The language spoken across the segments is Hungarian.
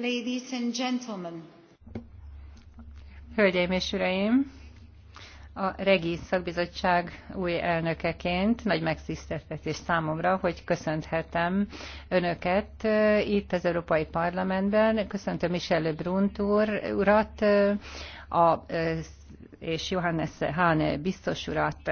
Ladies and gentlemen. Hölgyeim és uraim, a Regi Szakbizottság új elnökeként nagy megtiszteltetés számomra, hogy köszönhetem Önöket e, itt az Európai Parlamentben. Köszöntöm Michel Brunt úr, urat e, a, e, és Johannes Hane biztos urat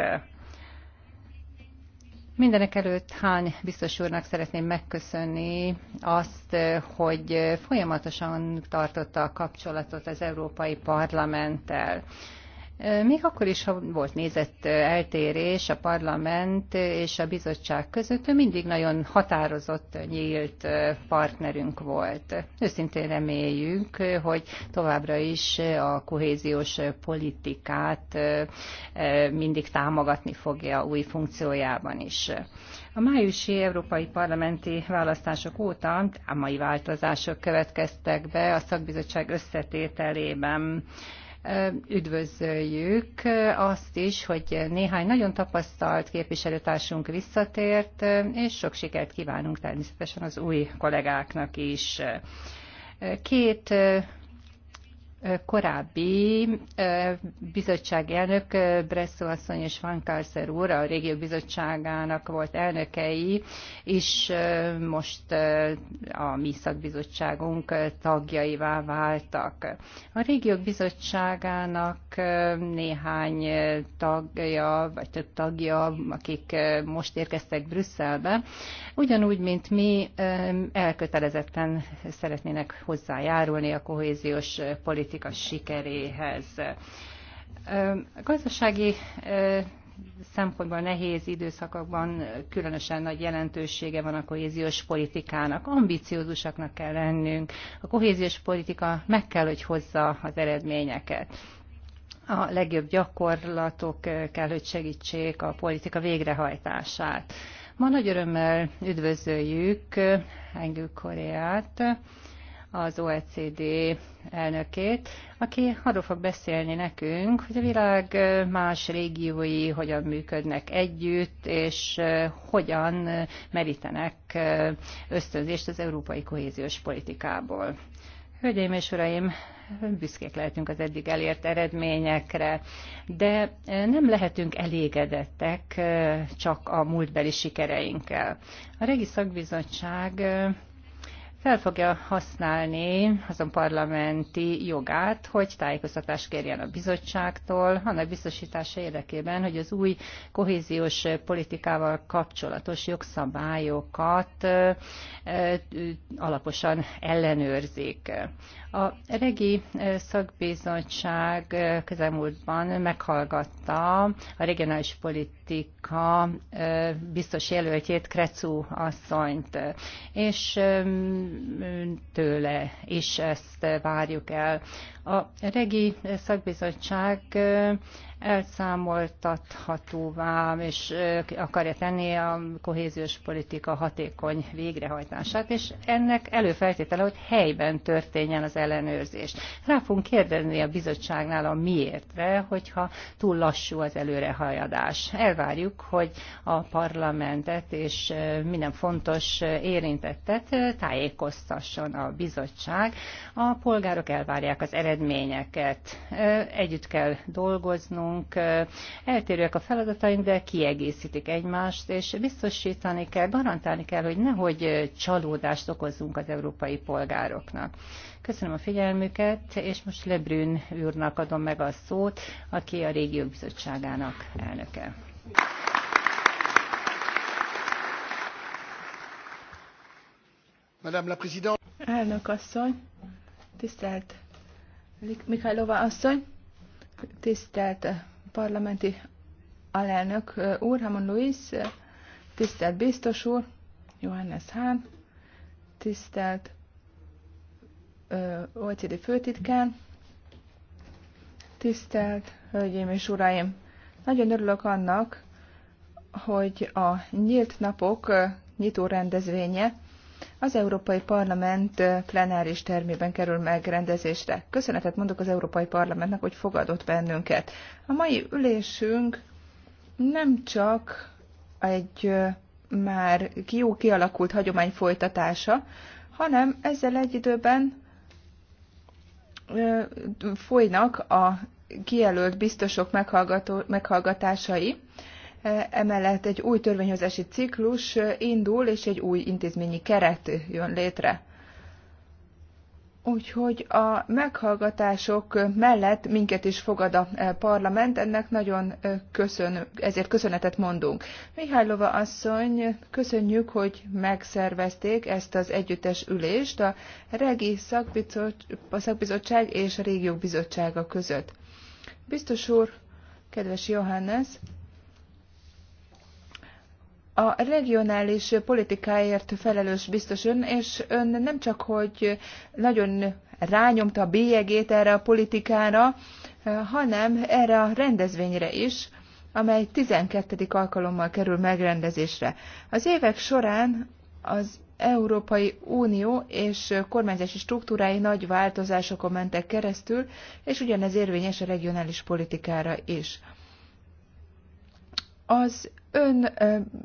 Mindenek előtt hány biztos úrnak szeretném megköszönni azt, hogy folyamatosan tartotta a kapcsolatot az Európai Parlamenttel. Még akkor is, ha volt nézett eltérés a parlament és a bizottság között, ő mindig nagyon határozott, nyílt partnerünk volt. Őszintén reméljük, hogy továbbra is a kohéziós politikát mindig támogatni fogja a új funkciójában is. A májusi európai parlamenti választások óta mai változások következtek be a szakbizottság összetételében. Üdvözöljük azt is, hogy néhány nagyon tapasztalt képviselőtársunk visszatért, és sok sikert kívánunk természetesen az új kollégáknak is. Két korábbi bizottság elnök Bresszó asszony és Van Karcer úr, a régió bizottságának volt elnökei, és most a mi szakbizottságunk tagjaivá váltak. A régió bizottságának néhány tagja, vagy több tagja, akik most érkeztek Brüsszelbe, ugyanúgy, mint mi, elkötelezetten szeretnének hozzájárulni a kohéziós politikához politika sikeréhez. A gazdasági szempontból nehéz időszakokban különösen nagy jelentősége van a kohéziós politikának. Ambiciózusaknak kell lennünk. A kohéziós politika meg kell, hogy hozza az eredményeket. A legjobb gyakorlatok kell, hogy segítsék a politika végrehajtását. Ma nagy örömmel üdvözöljük Engő Koreát, az OECD elnökét, aki arról fog beszélni nekünk, hogy a világ más régiói hogyan működnek együtt, és hogyan merítenek ösztönzést az európai kohéziós politikából. Hölgyeim és Uraim, büszkék lehetünk az eddig elért eredményekre, de nem lehetünk elégedettek csak a múltbeli sikereinkkel. A Regi Szakbizottság fel fogja használni azon parlamenti jogát, hogy tájékoztatást kérjen a bizottságtól, annak biztosítása érdekében, hogy az új kohéziós politikával kapcsolatos jogszabályokat alaposan ellenőrzik. A Regi Szakbizottság közelmúltban meghallgatta a regionális politika biztos jelöltjét, Krecu asszonyt, és tőle is ezt várjuk el. A Regi Szakbizottság elszámoltathatóvá, és akarja tenni a kohéziós politika hatékony végrehajtását, és ennek előfeltétele, hogy helyben történjen az ellenőrzés. Rá fogunk kérdezni a bizottságnál a miértre, hogyha túl lassú az előrehajadás. Elvárjuk, hogy a parlamentet és minden fontos érintettet tájékoztasson a bizottság. A polgárok elvárják az eredményeket. Együtt kell dolgoznunk, vagyunk, eltérőek a feladataink, de kiegészítik egymást, és biztosítani kell, garantálni kell, hogy nehogy csalódást okozzunk az európai polgároknak. Köszönöm a figyelmüket, és most Lebrün úrnak adom meg a szót, aki a Régiók Bizottságának elnöke. Madame la Présidente. Elnök asszony, tisztelt Mikhailova asszony, tisztelt parlamenti alelnök úr, Hamon Luis, tisztelt biztos úr, Johannes Hahn, tisztelt OECD főtitkán, tisztelt Hölgyeim és Uraim! Nagyon örülök annak, hogy a Nyílt Napok nyitó rendezvénye az Európai Parlament plenáris termében kerül megrendezésre. Köszönetet mondok az Európai Parlamentnek, hogy fogadott bennünket. A mai ülésünk nem csak egy már jó kialakult hagyomány folytatása, hanem ezzel egy időben folynak a kijelölt biztosok meghallgatásai, emellett egy új törvényhozási ciklus indul, és egy új intézményi keret jön létre. Úgyhogy a meghallgatások mellett minket is fogad a e, parlament, ennek nagyon e, köszön, ezért köszönetet mondunk. Mihálylova asszony, köszönjük, hogy megszervezték ezt az együttes ülést a Regi Szakbizottság és a Régiók Bizottsága között. Biztos úr, kedves Johannes, a regionális politikáért felelős biztos ön, és ön nem csak, hogy nagyon rányomta a bélyegét erre a politikára, hanem erre a rendezvényre is, amely 12. alkalommal kerül megrendezésre. Az évek során az Európai Unió és kormányzási struktúrái nagy változásokon mentek keresztül, és ugyanez érvényes a regionális politikára is. Az ön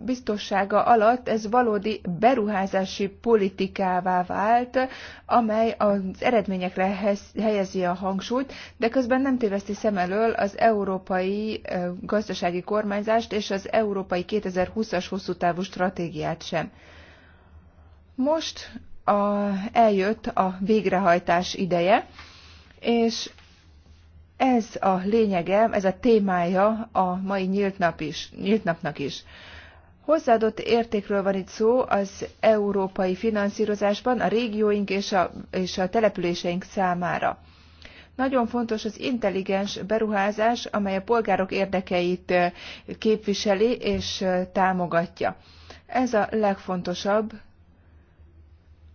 biztossága alatt ez valódi beruházási politikává vált, amely az eredményekre helyezi a hangsúlyt, de közben nem téveszti szem elől az európai gazdasági kormányzást és az európai 2020-as hosszú távú stratégiát sem. Most a, eljött a végrehajtás ideje, és ez a lényege, ez a témája a mai nyílt, nap is, nyílt napnak is. Hozzáadott értékről van itt szó az európai finanszírozásban a régióink és a, és a településeink számára. Nagyon fontos az intelligens beruházás, amely a polgárok érdekeit képviseli és támogatja. Ez a legfontosabb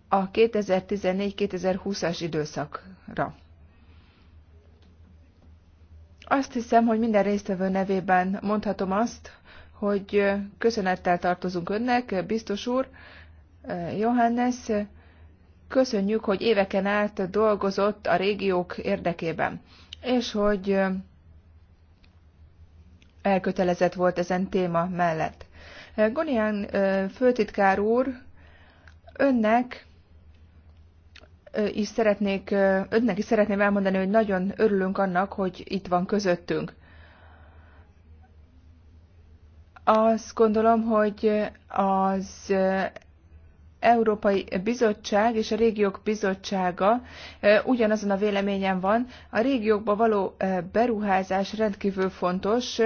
a 2014-2020-as időszakra. Azt hiszem, hogy minden résztvevő nevében mondhatom azt, hogy köszönettel tartozunk önnek, biztos úr, Johannes, köszönjük, hogy éveken át dolgozott a régiók érdekében, és hogy elkötelezett volt ezen téma mellett. Gonián főtitkár úr, önnek is szeretnék, önnek is szeretném elmondani, hogy nagyon örülünk annak, hogy itt van közöttünk. Azt gondolom, hogy az Európai Bizottság és a Régiók Bizottsága ugyanazon a véleményen van. A régiókba való beruházás rendkívül fontos,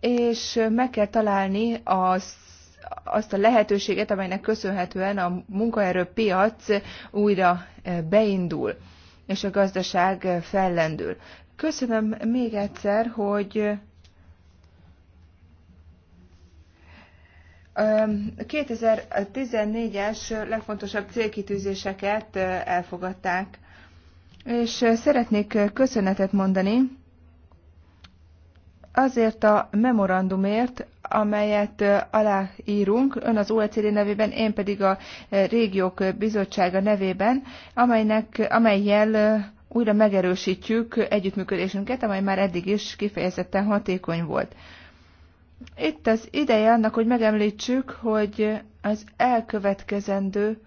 és meg kell találni az azt a lehetőséget, amelynek köszönhetően a munkaerőpiac újra eh, beindul, és a gazdaság eh, fellendül. Köszönöm még egyszer, hogy 2014-es eh, legfontosabb célkitűzéseket elfogadták, és szeretnék köszönetet mondani azért a memorandumért, amelyet aláírunk, ön az OECD nevében, én pedig a Régiók Bizottsága nevében, amelynek, amelyel újra megerősítjük együttműködésünket, amely már eddig is kifejezetten hatékony volt. Itt az ideje annak, hogy megemlítsük, hogy az elkövetkezendő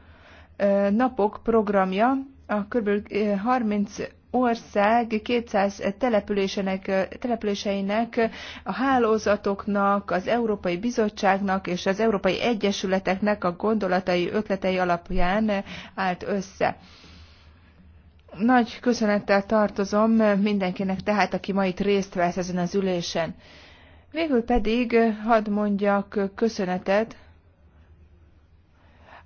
napok programja a kb. 30 ország 200 településének, településeinek, a hálózatoknak, az Európai Bizottságnak és az Európai Egyesületeknek a gondolatai, ötletei alapján állt össze. Nagy köszönettel tartozom mindenkinek tehát, aki ma itt részt vesz ezen az ülésen. Végül pedig hadd mondjak köszönetet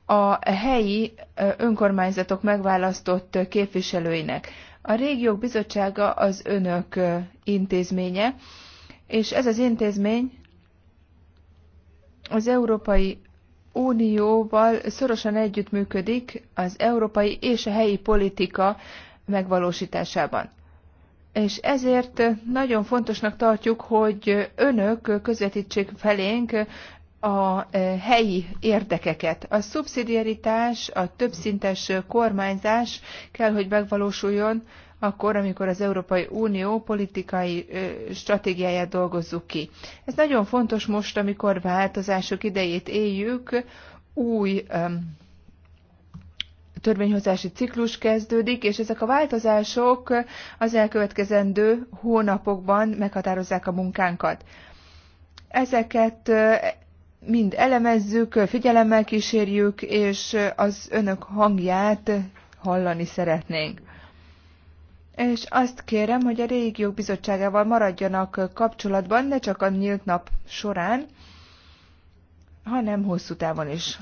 a helyi önkormányzatok megválasztott képviselőinek. A régiók bizottsága az önök intézménye, és ez az intézmény az Európai Unióval szorosan együttműködik az európai és a helyi politika megvalósításában. És ezért nagyon fontosnak tartjuk, hogy önök közvetítsék felénk a e, helyi érdekeket. A szubszidiaritás, a többszintes kormányzás kell, hogy megvalósuljon akkor, amikor az Európai Unió politikai e, stratégiáját dolgozzuk ki. Ez nagyon fontos most, amikor változások idejét éljük, új e, törvényhozási ciklus kezdődik, és ezek a változások az elkövetkezendő hónapokban meghatározzák a munkánkat. Ezeket mind elemezzük, figyelemmel kísérjük, és az önök hangját hallani szeretnénk. És azt kérem, hogy a régiók bizottságával maradjanak kapcsolatban, ne csak a nyílt nap során, hanem hosszú távon is.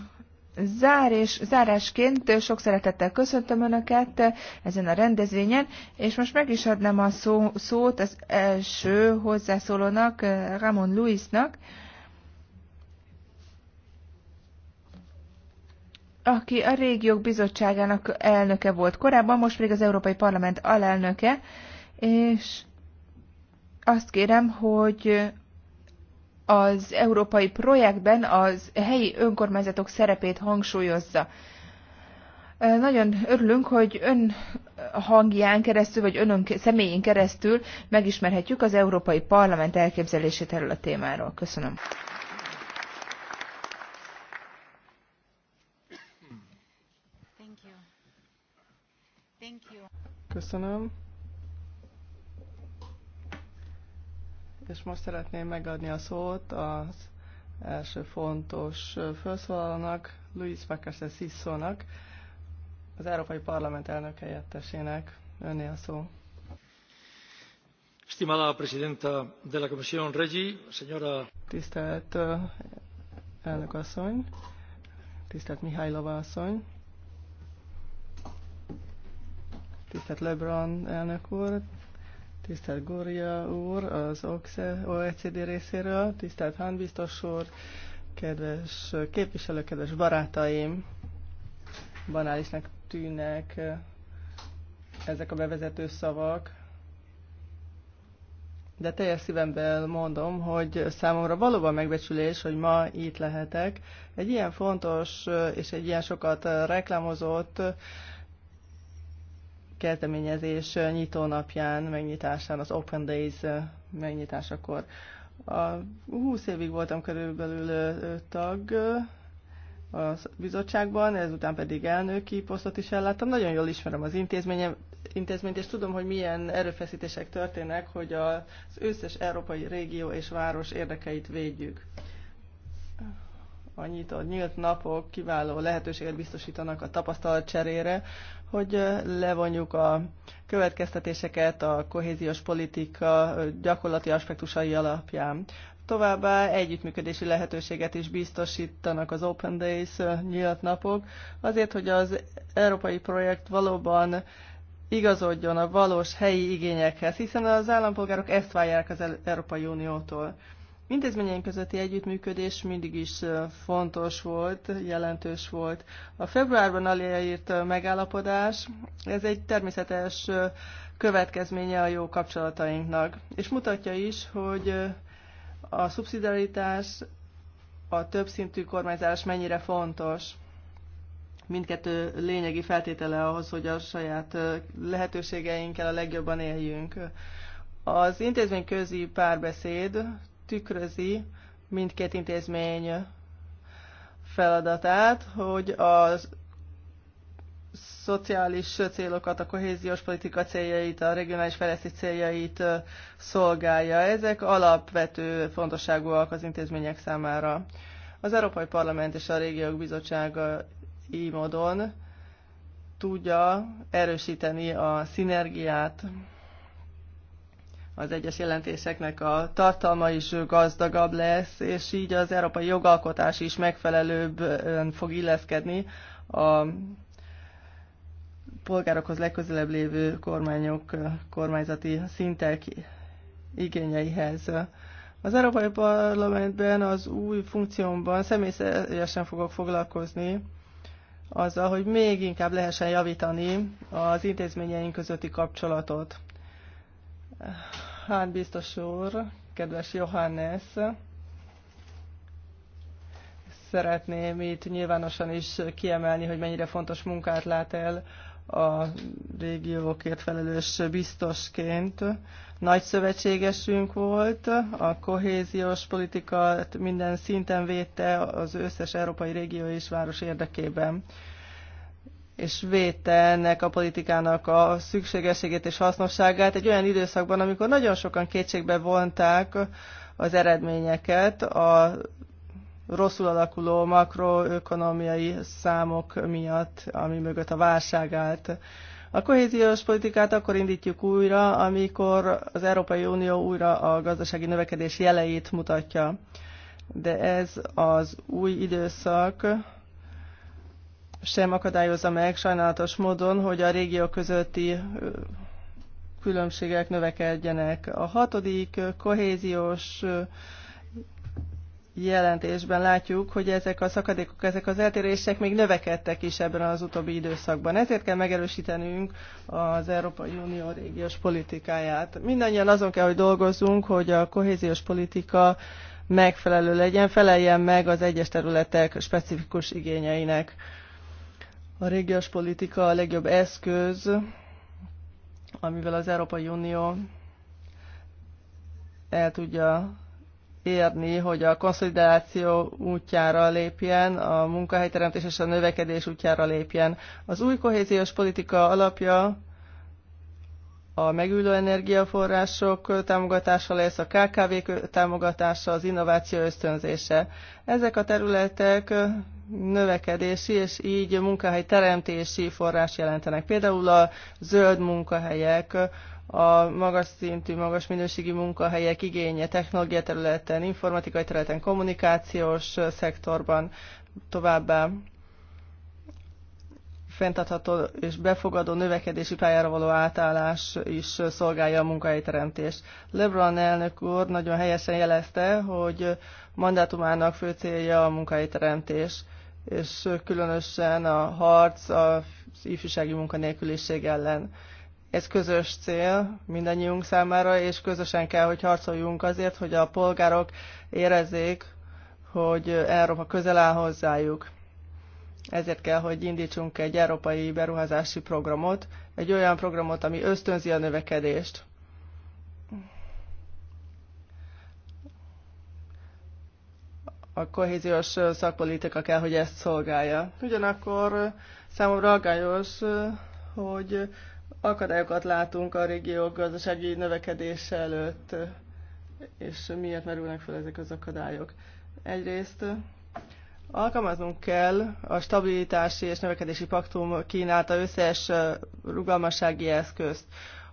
Zár és, zárásként sok szeretettel köszöntöm Önöket ezen a rendezvényen, és most meg is adnám a szó, szót az első hozzászólónak, Ramon Luisnak, aki a régiók bizottságának elnöke volt korábban, most pedig az Európai Parlament alelnöke, és azt kérem, hogy az európai projektben az helyi önkormányzatok szerepét hangsúlyozza. Nagyon örülünk, hogy ön hangján keresztül, vagy önön személyén keresztül megismerhetjük az Európai Parlament elképzelését erről a témáról. Köszönöm. Köszönöm. És most szeretném megadni a szót az első fontos felszólalónak, Luis Vacase Sissónak, az Európai Parlament elnök helyettesének. Önné a szó. Estimada presidenta de la Comisión Regi, señora... Tisztelt elnök asszony, tisztelt Mihálylova asszony, tisztelt Lebron elnök úr, tisztelt Gória úr az OECD e részéről, tisztelt Hán biztos úr, kedves képviselő, kedves barátaim, banálisnak tűnnek eh, ezek a bevezető szavak, de teljes szívemből mondom, hogy számomra valóban megbecsülés, hogy ma itt lehetek. Egy ilyen fontos eh, és egy ilyen sokat eh, reklámozott kezdeményezés nyitónapján, megnyitásán, az Open Days megnyitásakor. A 20 évig voltam körülbelül tag a bizottságban, ezután pedig elnöki posztot is elláttam. Nagyon jól ismerem az intézményem, intézményt, és tudom, hogy milyen erőfeszítések történnek, hogy az összes európai régió és város érdekeit védjük a nyitott, nyílt napok kiváló lehetőséget biztosítanak a tapasztalat cserére, hogy levonjuk a következtetéseket a kohéziós politika gyakorlati aspektusai alapján. Továbbá együttműködési lehetőséget is biztosítanak az Open Days nyílt napok, azért, hogy az európai projekt valóban igazodjon a valós helyi igényekhez, hiszen az állampolgárok ezt várják az Európai Uniótól. Intézményeink közötti együttműködés mindig is fontos volt, jelentős volt. A februárban aláírt megállapodás, ez egy természetes következménye a jó kapcsolatainknak, és mutatja is, hogy a szubszidiaritás, a többszintű kormányzás mennyire fontos mindkettő lényegi feltétele ahhoz, hogy a saját lehetőségeinkkel a legjobban éljünk. Az intézmény közi párbeszéd tükrözi mindkét intézmény feladatát, hogy a szociális célokat, a kohéziós politika céljait, a regionális fejlesztés céljait szolgálja. Ezek alapvető fontosságúak az intézmények számára. Az Európai Parlament és a Régiók Bizottsága így módon tudja erősíteni a szinergiát az egyes jelentéseknek a tartalma is gazdagabb lesz, és így az európai jogalkotás is megfelelőbben fog illeszkedni a polgárokhoz legközelebb lévő kormányok kormányzati szintek igényeihez. Az Európai Parlamentben az új funkciómban személyesen fogok foglalkozni azzal, hogy még inkább lehessen javítani az intézményeink közötti kapcsolatot. Hát biztos úr, kedves Johannes, szeretném itt nyilvánosan is kiemelni, hogy mennyire fontos munkát lát el a régiókért felelős biztosként. Nagy szövetségesünk volt, a kohéziós politikát minden szinten védte az összes európai régió és város érdekében és védte ennek a politikának a szükségességét és hasznosságát egy olyan időszakban, amikor nagyon sokan kétségbe vonták az eredményeket a rosszul alakuló makroökonomiai számok miatt, ami mögött a válság állt. A kohéziós politikát akkor indítjuk újra, amikor az Európai Unió újra a gazdasági növekedés jeleit mutatja. De ez az új időszak sem akadályozza meg sajnálatos módon, hogy a régió közötti különbségek növekedjenek. A hatodik kohéziós jelentésben látjuk, hogy ezek a szakadékok, ezek az eltérések még növekedtek is ebben az utóbbi időszakban. Ezért kell megerősítenünk az Európai Unió régiós politikáját. Mindannyian azon kell, hogy dolgozzunk, hogy a kohéziós politika megfelelő legyen, feleljen meg az egyes területek specifikus igényeinek. A régiós politika a legjobb eszköz, amivel az Európai Unió el tudja érni, hogy a konszolidáció útjára lépjen, a munkahelyteremtés és a növekedés útjára lépjen. Az új kohéziós politika alapja a megülő energiaforrások támogatása lesz, a KKV támogatása, az innováció ösztönzése. Ezek a területek növekedési és így munkahely teremtési forrás jelentenek. Például a zöld munkahelyek, a magas szintű, magas minőségi munkahelyek igénye technológia területen, informatikai területen, kommunikációs szektorban, továbbá fenntartható és befogadó növekedési pályára való átállás is szolgálja a munkahelyteremtést. LeBron elnök úr nagyon helyesen jelezte, hogy mandátumának fő célja a teremtés, és különösen a harc az ifjúsági munkanélküliség ellen. Ez közös cél mindannyiunk számára, és közösen kell, hogy harcoljunk azért, hogy a polgárok érezzék, hogy Európa közel áll hozzájuk. Ezért kell, hogy indítsunk egy európai beruházási programot, egy olyan programot, ami ösztönzi a növekedést a kohéziós szakpolitika kell, hogy ezt szolgálja. Ugyanakkor számomra aggályos, hogy akadályokat látunk a régió gazdasági növekedése előtt, és miért merülnek fel ezek az akadályok. Egyrészt alkalmaznunk kell a stabilitási és növekedési paktum kínálta összes rugalmassági eszközt.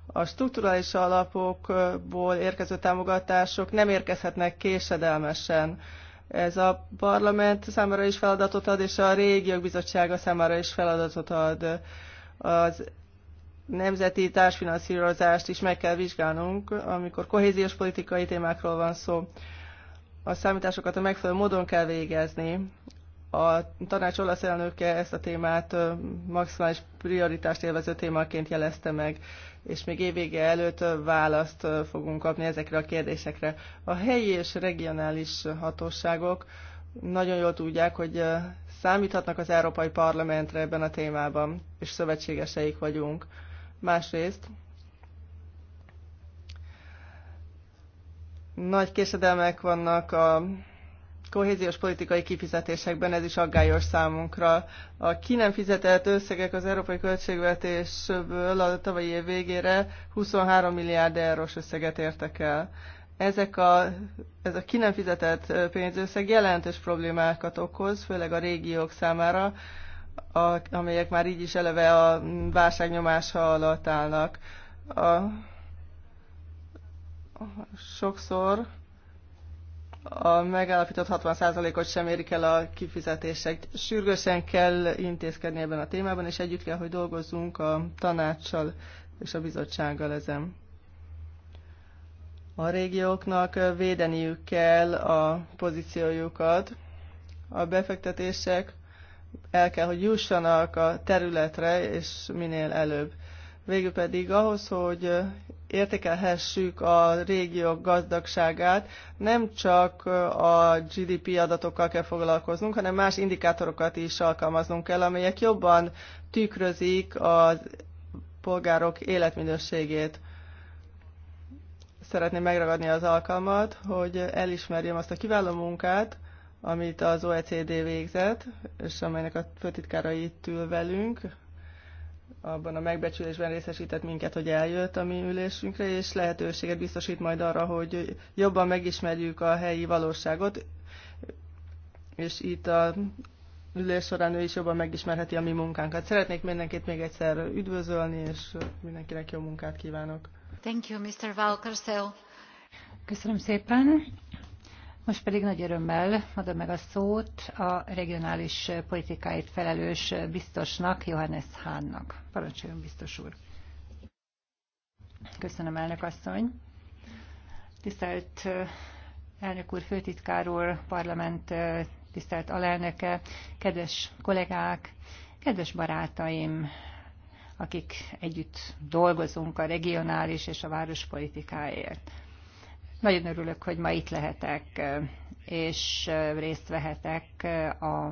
A strukturális alapokból érkező támogatások nem érkezhetnek késedelmesen ez a parlament számára is feladatot ad, és a régiók bizottsága számára is feladatot ad. Az nemzeti társfinanszírozást is meg kell vizsgálnunk, amikor kohéziós politikai témákról van szó. A számításokat a megfelelő módon kell végezni. A tanács olasz elnöke ezt a témát maximális prioritást élvező témaként jelezte meg és még évvége előtt választ fogunk kapni ezekre a kérdésekre. A helyi és regionális hatóságok nagyon jól tudják, hogy számíthatnak az Európai Parlamentre ebben a témában, és szövetségeseik vagyunk. Másrészt nagy késedelmek vannak a kohéziós politikai kifizetésekben ez is aggályos számunkra. A ki nem fizetett összegek az európai költségvetésből a tavalyi év végére 23 milliárd eurós összeget értek el. Ezek a, ez a ki nem fizetett pénzösszeg jelentős problémákat okoz, főleg a régiók számára, a, amelyek már így is eleve a válság nyomása alatt állnak. A, sokszor a megállapított 60%-ot sem érik el a kifizetések. Sürgősen kell intézkedni ebben a témában, és együtt kell, hogy dolgozzunk a tanácssal és a bizottsággal ezen. A régióknak védeniük kell a pozíciójukat. A befektetések el kell, hogy jussanak a területre, és minél előbb. Végül pedig ahhoz, hogy értékelhessük a régiók gazdagságát, nem csak a GDP adatokkal kell foglalkoznunk, hanem más indikátorokat is alkalmaznunk kell, amelyek jobban tükrözik a polgárok életminőségét. Szeretném megragadni az alkalmat, hogy elismerjem azt a kiváló munkát, amit az OECD végzett, és amelynek a főtitkára itt ül velünk, abban a megbecsülésben részesített minket, hogy eljött a mi ülésünkre, és lehetőséget biztosít majd arra, hogy jobban megismerjük a helyi valóságot, és itt a ülés során ő is jobban megismerheti a mi munkánkat. Szeretnék mindenkit még egyszer üdvözölni, és mindenkinek jó munkát kívánok. Thank you, Mr. Valkersel. Köszönöm szépen. Most pedig nagy örömmel adom meg a szót a regionális politikáért felelős biztosnak, Johannes Hánnak. Parancsoljon, biztos úr! Köszönöm, elnök asszony! Tisztelt elnök úr, főtitkár úr, parlament tisztelt alelnöke, kedves kollégák, kedves barátaim, akik együtt dolgozunk a regionális és a várospolitikáért. Nagyon örülök, hogy ma itt lehetek, és részt vehetek a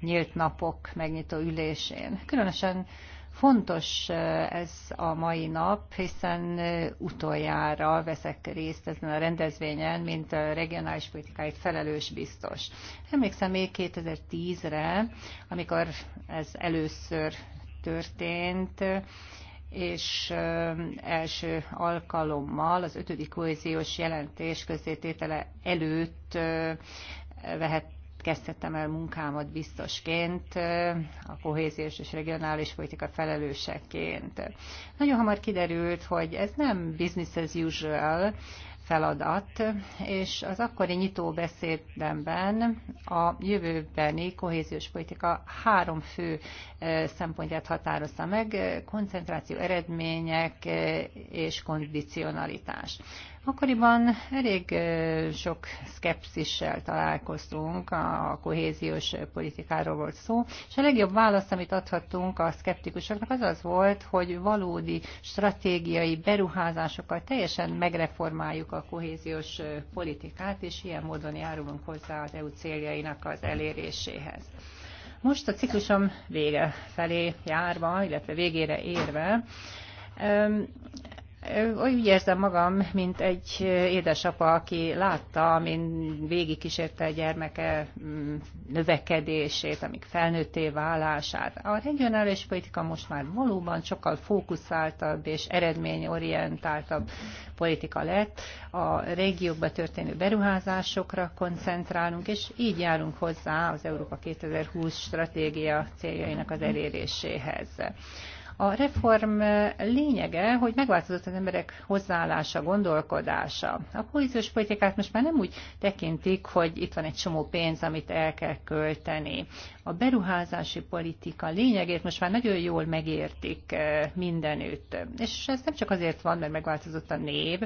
nyílt napok megnyitó ülésén. Különösen fontos ez a mai nap, hiszen utoljára veszek részt ezen a rendezvényen, mint a regionális politikáit felelős biztos. Emlékszem még 2010-re, amikor ez először történt, és első alkalommal az ötödik kohéziós jelentés közzététele előtt vehet kezdhettem el munkámat biztosként, a kohéziós és regionális politika felelőseként. Nagyon hamar kiderült, hogy ez nem business as usual, feladat, és az akkori nyitó beszédemben a jövőbeni kohéziós politika három fő e, szempontját határozta meg, koncentráció, eredmények e, és kondicionalitás. Akkoriban elég sok szkepszissel találkoztunk, a kohéziós politikáról volt szó, és a legjobb válasz, amit adhattunk a szkeptikusoknak, az az volt, hogy valódi stratégiai beruházásokkal teljesen megreformáljuk a kohéziós politikát, és ilyen módon járulunk hozzá az EU céljainak az eléréséhez. Most a ciklusom vége felé járva, illetve végére érve, úgy érzem magam, mint egy édesapa, aki látta, amin végigkísérte a gyermeke mm, növekedését, amik felnőtté válását. A regionális politika most már valóban sokkal fókuszáltabb és eredményorientáltabb politika lett. A régiókba történő beruházásokra koncentrálunk, és így járunk hozzá az Európa 2020 stratégia céljainak az eléréséhez. A reform lényege, hogy megváltozott az emberek hozzáállása, gondolkodása. A kohéziós politikát most már nem úgy tekintik, hogy itt van egy csomó pénz, amit el kell költeni. A beruházási politika lényegét most már nagyon jól megértik eh, mindenütt. És ez nem csak azért van, mert megváltozott a név,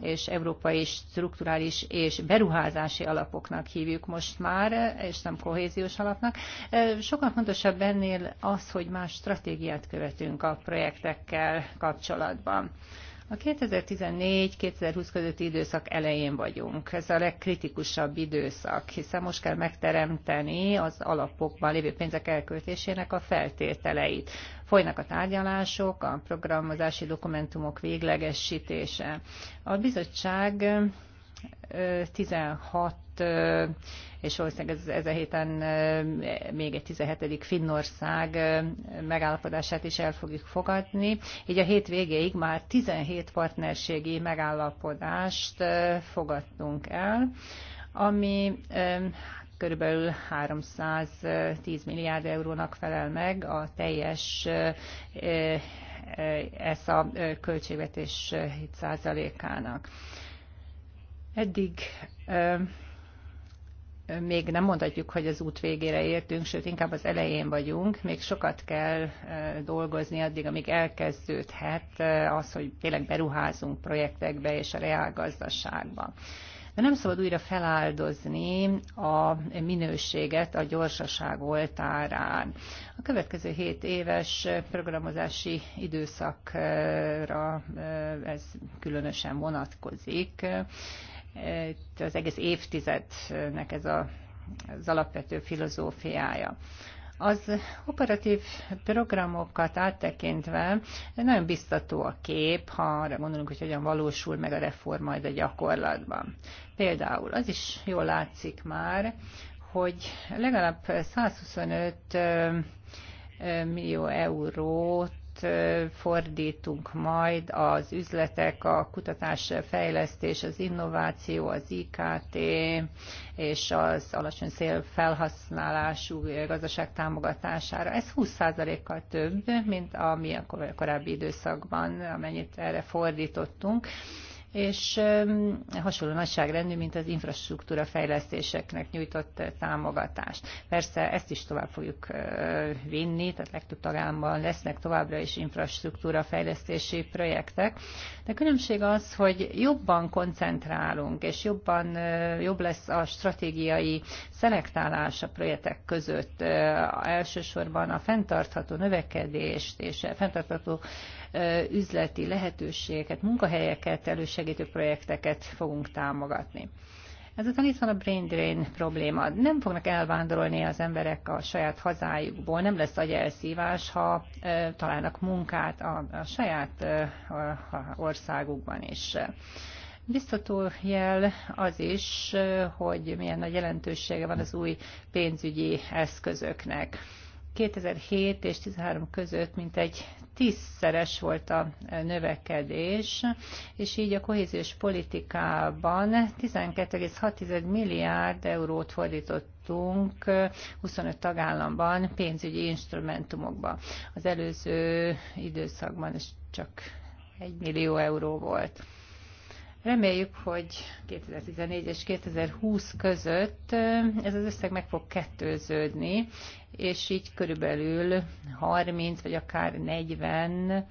és európai strukturális és beruházási alapoknak hívjuk most már, és nem kohéziós alapnak. Eh, sokkal fontosabb ennél az, hogy más stratégiát követünk végzünk a projektekkel kapcsolatban. A 2014-2020 közötti időszak elején vagyunk. Ez a legkritikusabb időszak, hiszen most kell megteremteni az alapokban lévő pénzek elköltésének a feltételeit. Folynak a tárgyalások, a programozási dokumentumok véglegesítése. A bizottság 16 volt, és valószínűleg ez, ez a héten még egy 17. Finnország megállapodását is el fogjuk fogadni. Így a hét végéig már 17 partnerségi megállapodást fogadtunk el, ami körülbelül 310 milliárd eurónak felel meg a teljes ez a költségvetés 7%-ának. Eddig még nem mondhatjuk, hogy az út végére értünk, sőt, inkább az elején vagyunk. Még sokat kell e, dolgozni addig, amíg elkezdődhet e, az, hogy tényleg beruházunk projektekbe és a reálgazdaságba. De nem szabad újra feláldozni a minőséget a gyorsaság oltárán. A következő 7 éves programozási időszakra e, ez különösen vonatkozik itt az egész évtizednek ez a, az alapvető filozófiája. Az operatív programokat áttekintve nagyon biztató a kép, ha arra gondolunk, hogy hogyan valósul meg a reform majd a gyakorlatban. Például az is jól látszik már, hogy legalább 125 millió eurót fordítunk majd az üzletek, a kutatás, fejlesztés, az innováció, az IKT és az alacsony szél felhasználású gazdaság támogatására. Ez 20%-kal több, mint ami a korábbi időszakban, amennyit erre fordítottunk és hasonló nagyságrendű, mint az infrastruktúra fejlesztéseknek nyújtott támogatást. Persze ezt is tovább fogjuk vinni, tehát legtöbb tagállamban lesznek továbbra is infrastruktúra fejlesztési projektek, de különbség az, hogy jobban koncentrálunk, és jobban jobb lesz a stratégiai szelektálás a projektek között, elsősorban a fenntartható növekedést és a fenntartható üzleti lehetőségeket, munkahelyeket elősegítő projekteket fogunk támogatni. Ezután itt van a brain drain probléma. Nem fognak elvándorolni az emberek a saját hazájukból, nem lesz agyelszívás, ha e, találnak munkát a, a saját e, a országukban is. Biztató jel az is, hogy milyen nagy jelentősége van az új pénzügyi eszközöknek. 2007 és 2013 között mintegy tízszeres volt a növekedés, és így a kohéziós politikában 12,6 milliárd eurót fordított 25 tagállamban pénzügyi instrumentumokba. Az előző időszakban ez csak 1 millió euró volt. Reméljük, hogy 2014 és 2020 között ez az összeg meg fog kettőződni, és így körülbelül 30 vagy akár 40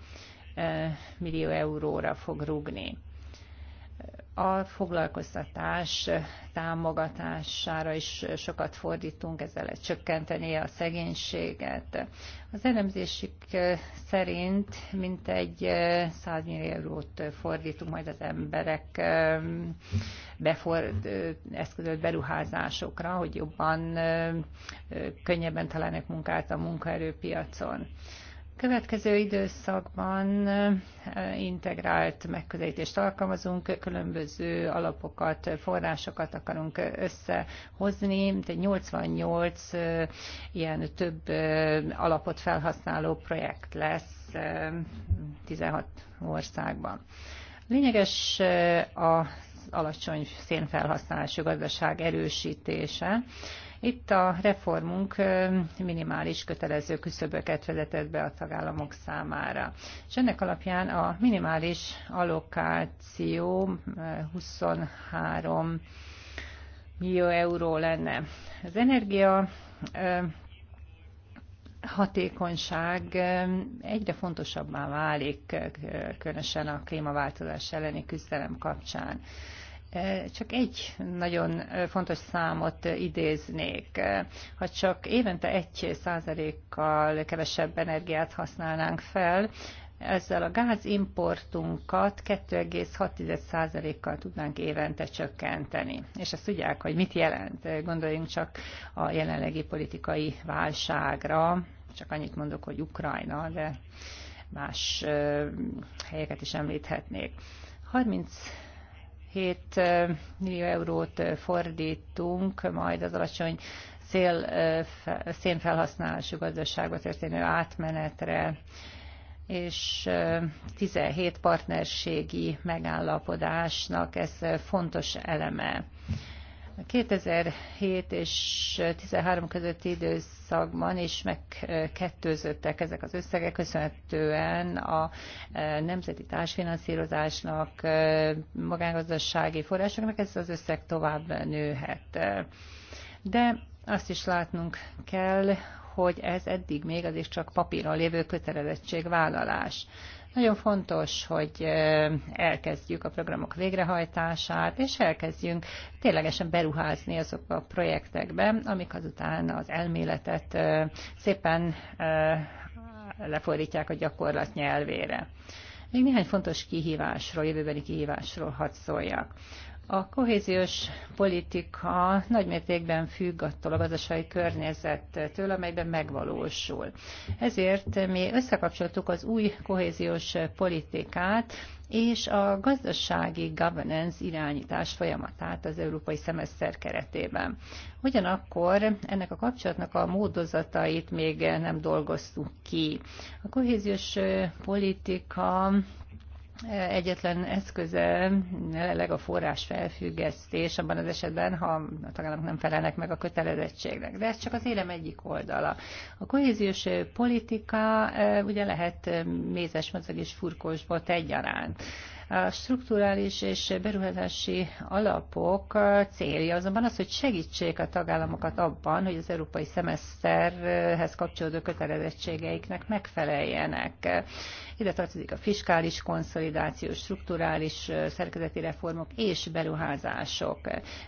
millió euróra fog rugni. A foglalkoztatás támogatására is sokat fordítunk, ezzel lehet csökkenteni a szegénységet. Az elemzésük szerint mintegy 100 millió eurót fordítunk majd az emberek beford, eszközölt beruházásokra, hogy jobban könnyebben találnak munkát a munkaerőpiacon következő időszakban eh, integrált megközelítést alkalmazunk, különböző alapokat, forrásokat akarunk összehozni, mint egy 88 eh, ilyen több eh, alapot felhasználó projekt lesz 16 országban. Lényeges a alacsony szénfelhasználású gazdaság erősítése. Itt a reformunk minimális kötelező küszöböket vezetett be a tagállamok számára. És ennek alapján a minimális allokáció 23 millió euró lenne. Az energia hatékonyság egyre fontosabbá válik, különösen a klímaváltozás elleni küzdelem kapcsán. Csak egy nagyon fontos számot idéznék. Ha csak évente egy százalékkal kevesebb energiát használnánk fel, ezzel a gázimportunkat 2,6%-kal tudnánk évente csökkenteni. És ezt tudják, hogy mit jelent. Gondoljunk csak a jelenlegi politikai válságra, csak annyit mondok, hogy Ukrajna, de más helyeket is említhetnék. 30 7 millió eurót fordítunk majd az alacsony szél, szénfelhasználású gazdaságba történő átmenetre és 17 partnerségi megállapodásnak ez fontos eleme. 2007 és 2013 közötti időszakban is megkettőzöttek ezek az összegek, köszönhetően a e, nemzeti társfinanszírozásnak, e, magángazdasági forrásoknak ez az összeg tovább nőhet. De azt is látnunk kell, hogy ez eddig még az is csak papíron lévő kötelezettségvállalás. Nagyon fontos, hogy elkezdjük a programok végrehajtását, és elkezdjünk ténylegesen beruházni azokba a projektekbe, amik azután az elméletet szépen lefordítják a gyakorlat nyelvére. Még néhány fontos kihívásról, jövőbeni kihívásról hadd szóljak. A kohéziós politika nagymértékben függ attól a gazdasági környezettől, amelyben megvalósul. Ezért mi összekapcsoltuk az új kohéziós politikát és a gazdasági governance irányítás folyamatát az európai szemeszter keretében. Ugyanakkor ennek a kapcsolatnak a módozatait még nem dolgoztuk ki. A kohéziós politika egyetlen eszköze, jelenleg a forrás felfüggesztés, abban az esetben, ha a tagállamok nem felelnek meg a kötelezettségnek. De ez csak az élem egyik oldala. A kohéziós politika eh, ugye lehet eh, mézes, mozog és furkós bot egyaránt. A strukturális és beruházási alapok célja azonban az, hogy segítsék a tagállamokat abban, hogy az európai szemeszterhez kapcsolódó kötelezettségeiknek megfeleljenek. Ide tartozik a fiskális konszolidáció, strukturális szerkezeti reformok és beruházások.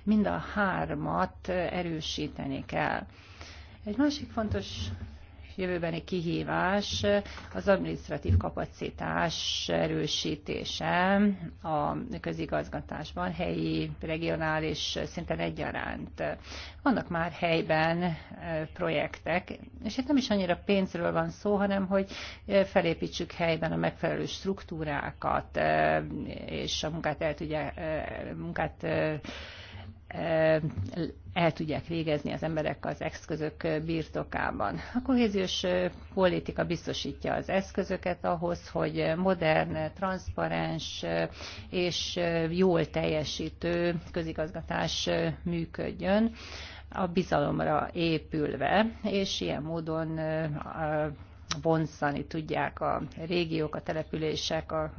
Mind a hármat erősíteni kell. Egy másik fontos jövőbeni kihívás az administratív kapacitás erősítése a közigazgatásban, helyi, regionális szinten egyaránt. Vannak már helyben eh, projektek, és itt nem is annyira pénzről van szó, hanem hogy eh, felépítsük helyben a megfelelő struktúrákat, eh, és a munkát el tudja munkát el tudják végezni az emberek az eszközök birtokában. A kohéziós politika biztosítja az eszközöket ahhoz, hogy modern, transzparens és jól teljesítő közigazgatás működjön a bizalomra épülve, és ilyen módon vonzani tudják a régiók, a települések, a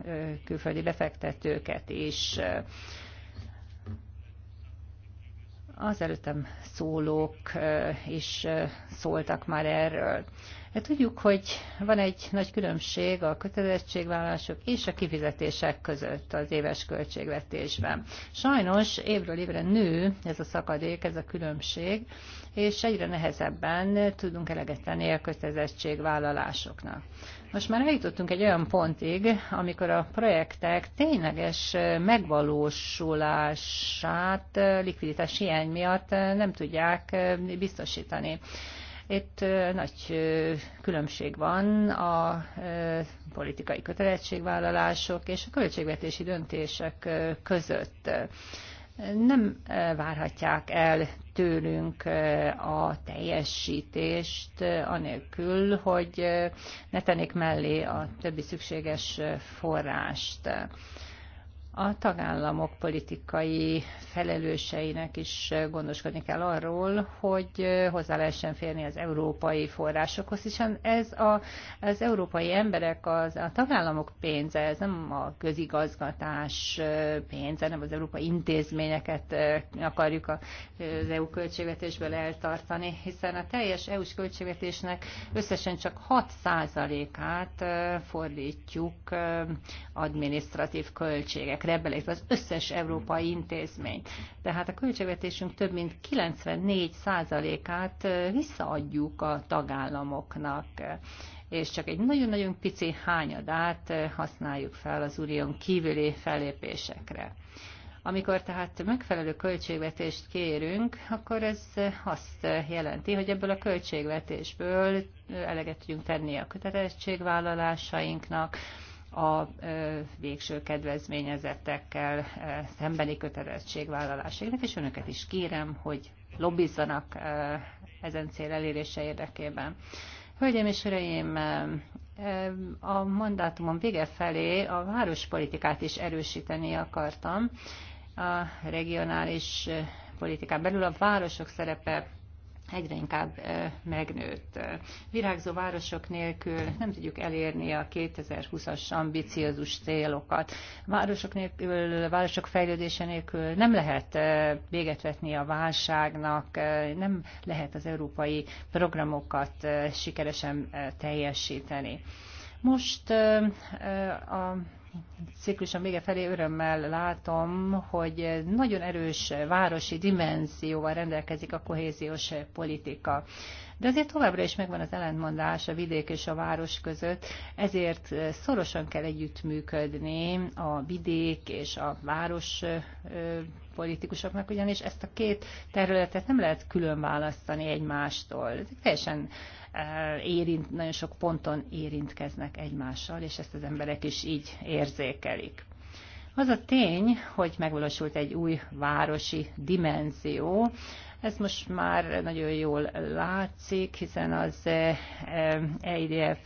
külföldi befektetőket is. És az előttem szólók is szóltak már erről. Tudjuk, hogy van egy nagy különbség a kötelezettségvállalások és a kifizetések között az éves költségvetésben. Sajnos évről évre nő ez a szakadék, ez a különbség, és egyre nehezebben tudunk eleget tenni a kötelezettségvállalásoknak. Most már eljutottunk egy olyan pontig, amikor a projektek tényleges megvalósulását likviditás hiány miatt nem tudják biztosítani. Itt nagy különbség van a politikai kötelezettségvállalások és a költségvetési döntések között nem eh, várhatják el tőlünk eh, a teljesítést, eh, anélkül, hogy ne tennék mellé a többi szükséges forrást a tagállamok politikai felelőseinek is gondoskodni kell arról, hogy hozzá lehessen férni az európai forrásokhoz, hiszen ez a, az európai emberek, az, a tagállamok pénze, ez nem a közigazgatás pénze, nem az európai intézményeket akarjuk az EU költségvetésből eltartani, hiszen a teljes EU-s költségvetésnek összesen csak 6%-át fordítjuk adminisztratív költségek ezekre belépve az összes európai intézményt. Tehát a költségvetésünk több mint 94%-át visszaadjuk a tagállamoknak és csak egy nagyon-nagyon pici hányadát használjuk fel az unión kívüli fellépésekre. Amikor tehát megfelelő költségvetést kérünk, akkor ez azt jelenti, hogy ebből a költségvetésből eleget tudjunk tenni a kötelezettségvállalásainknak, a végső kedvezményezettekkel szembeni kötelezettségvállalásének, és önöket is kérem, hogy lobbizzanak ezen cél elérése érdekében. Hölgyeim és Uraim, a mandátumom vége felé a várospolitikát is erősíteni akartam. A regionális politikán belül a városok szerepe egyre inkább megnőtt. Virágzó városok nélkül nem tudjuk elérni a 2020-as ambiciózus célokat. Városok nélkül, városok fejlődése nélkül nem lehet véget vetni a válságnak, nem lehet az európai programokat sikeresen teljesíteni. Most a ciklusom vége felé örömmel látom, hogy nagyon erős városi dimenzióval rendelkezik a kohéziós politika. De azért továbbra is megvan az ellentmondás a vidék és a város között, ezért szorosan kell együttműködni a vidék és a város politikusoknak, ugyanis ezt a két területet nem lehet külön választani egymástól. Ezek teljesen eh, érint, nagyon sok ponton érintkeznek egymással, és ezt az emberek is így érzékelik. Az a tény, hogy megvalósult egy új városi dimenzió, ez most már nagyon jól látszik, hiszen az EIDF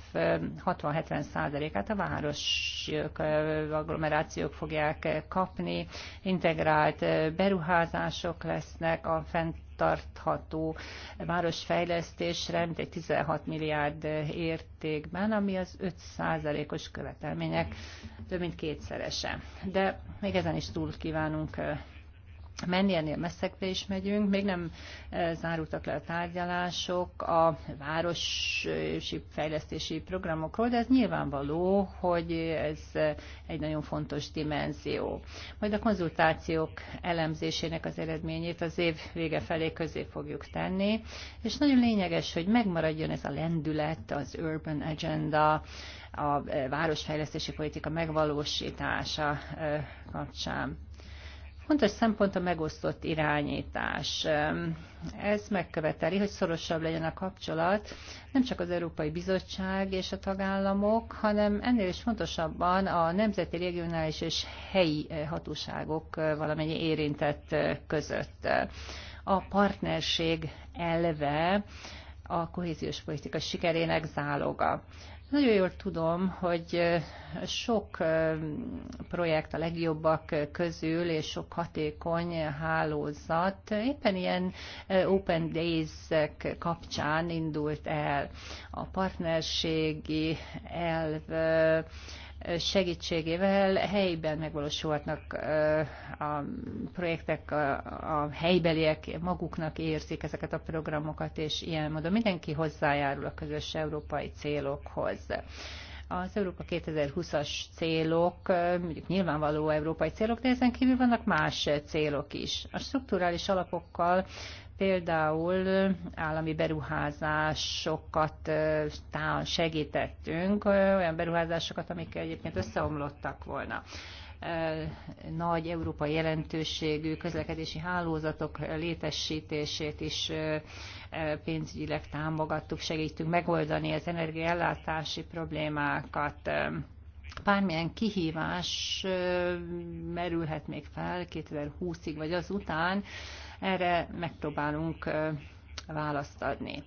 60 70 százalékát a városok, eh, agglomerációk fogják eh, kapni, integrált eh, beruházások lesznek, a fent fenntartható városfejlesztésre, mint egy 16 milliárd értékben, ami az 5%-os követelmények több mint kétszerese. De még ezen is túl kívánunk menni, ennél messzekre is megyünk. Még nem eh, zárultak le a tárgyalások a városi fejlesztési programokról, de ez nyilvánvaló, hogy ez eh, egy nagyon fontos dimenzió. Majd a konzultációk elemzésének az eredményét az év vége felé közé fogjuk tenni, és nagyon lényeges, hogy megmaradjon ez a lendület, az Urban Agenda, a eh, városfejlesztési politika megvalósítása kapcsán. Fontos szempont a megosztott irányítás. Ez megköveteli, hogy szorosabb legyen a kapcsolat nem csak az Európai Bizottság és a tagállamok, hanem ennél is fontosabban a nemzeti, regionális és helyi hatóságok valamennyi érintett között. A partnerség elve a kohéziós politika sikerének záloga. Nagyon jól tudom, hogy sok projekt a legjobbak közül, és sok hatékony hálózat éppen ilyen Open days kapcsán indult el. A partnerségi elv segítségével helyben megvalósulhatnak a projektek, a, a helybeliek maguknak érzik ezeket a programokat, és ilyen módon mindenki hozzájárul a közös európai célokhoz. Az Európa 2020-as célok, mondjuk nyilvánvaló európai célok, de ezen kívül vannak más célok is. A strukturális alapokkal például állami beruházásokat segítettünk, olyan beruházásokat, amik egyébként összeomlottak volna nagy európai jelentőségű közlekedési hálózatok létesítését is pénzügyileg támogattuk, segítünk megoldani az energiaellátási problémákat. Bármilyen kihívás merülhet még fel 2020-ig vagy azután, erre megpróbálunk választ adni.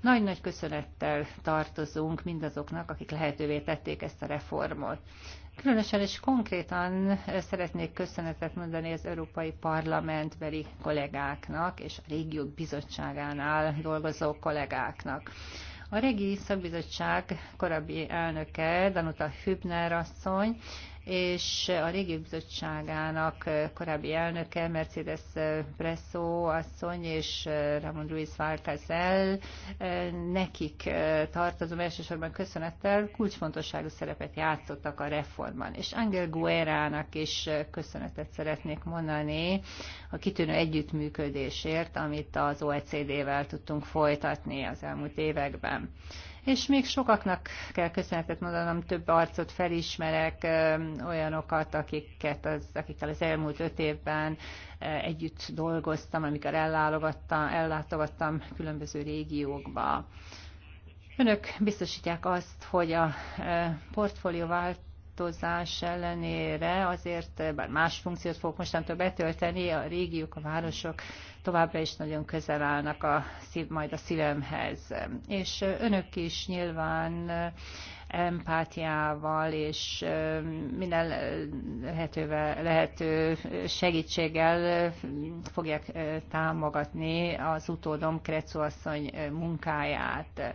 Nagy-nagy köszönettel tartozunk mindazoknak, akik lehetővé tették ezt a reformot. Különösen és konkrétan szeretnék köszönetet mondani az Európai Parlamentbeli kollégáknak és a régiók bizottságánál dolgozó kollégáknak. A régi Szakbizottság korábbi elnöke, Danuta Hübner asszony, és a régi bizottságának korábbi elnöke Mercedes Presso asszony és Ramon Luis Valcazel nekik tartozom elsősorban köszönettel kulcsfontosságú szerepet játszottak a reformban. És Angel Guerának is köszönetet szeretnék mondani a kitűnő együttműködésért, amit az OECD-vel tudtunk folytatni az elmúlt években és még sokaknak kell köszönetet mondanom, több arcot felismerek, olyanokat, akiket az, akikkel az elmúlt öt évben együtt dolgoztam, amikor ellátogattam különböző régiókba. Önök biztosítják azt, hogy a portfólió vált változás ellenére azért, bár más funkciót fogok mostantól betölteni, a régiók, a városok továbbra is nagyon közel állnak a szív, majd a szívemhez. És önök is nyilván eh, empátiával és eh, minden lehetővel, lehető segítséggel eh, fogják támogatni az utódom Krecu asszony munkáját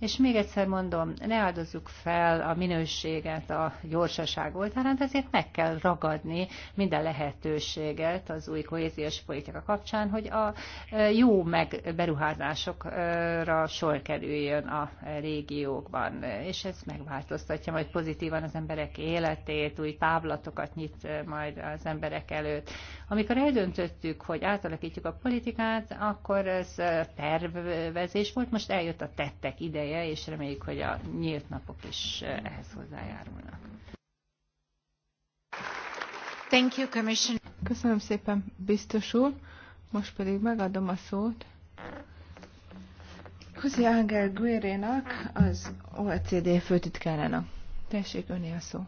és még egyszer mondom, ne áldozzuk fel a minőséget a gyorsaság oltárán, de ezért meg kell ragadni minden lehetőséget az új kohéziós politika kapcsán, hogy a e, jó megberuházásokra sor kerüljön a régiókban, és ez megváltoztatja majd pozitívan az emberek életét, új távlatokat nyit majd az emberek előtt. Amikor eldöntöttük, hogy átalakítjuk a politikát, akkor ez tervezés volt, most eljött a tettek ideje ideje, és reméljük, hogy a nyílt napok is eh, ehhez hozzájárulnak. Thank you, Commissioner. Köszönöm szépen, biztos úr. Most pedig megadom a szót. José Ángel Guérénak, az OECD főtitkárának. Tessék, öné a szó.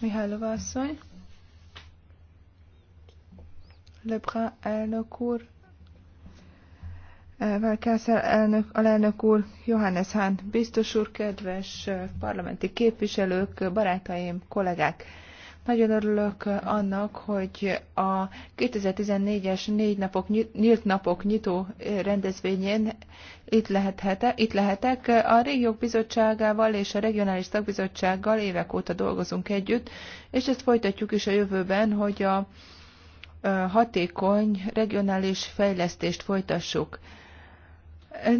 Mihálova asszony. Lebrun elnök úr, Valkászel elnök, alelnök úr, Johannes Hahn biztos úr, kedves parlamenti képviselők, barátaim, kollégák! Nagyon örülök annak, hogy a 2014-es négy napok, nyílt napok nyitó rendezvényén itt, lehethet, itt lehetek. A Régiók Bizottságával és a Regionális Tagbizottsággal évek óta dolgozunk együtt, és ezt folytatjuk is a jövőben, hogy a hatékony regionális fejlesztést folytassuk.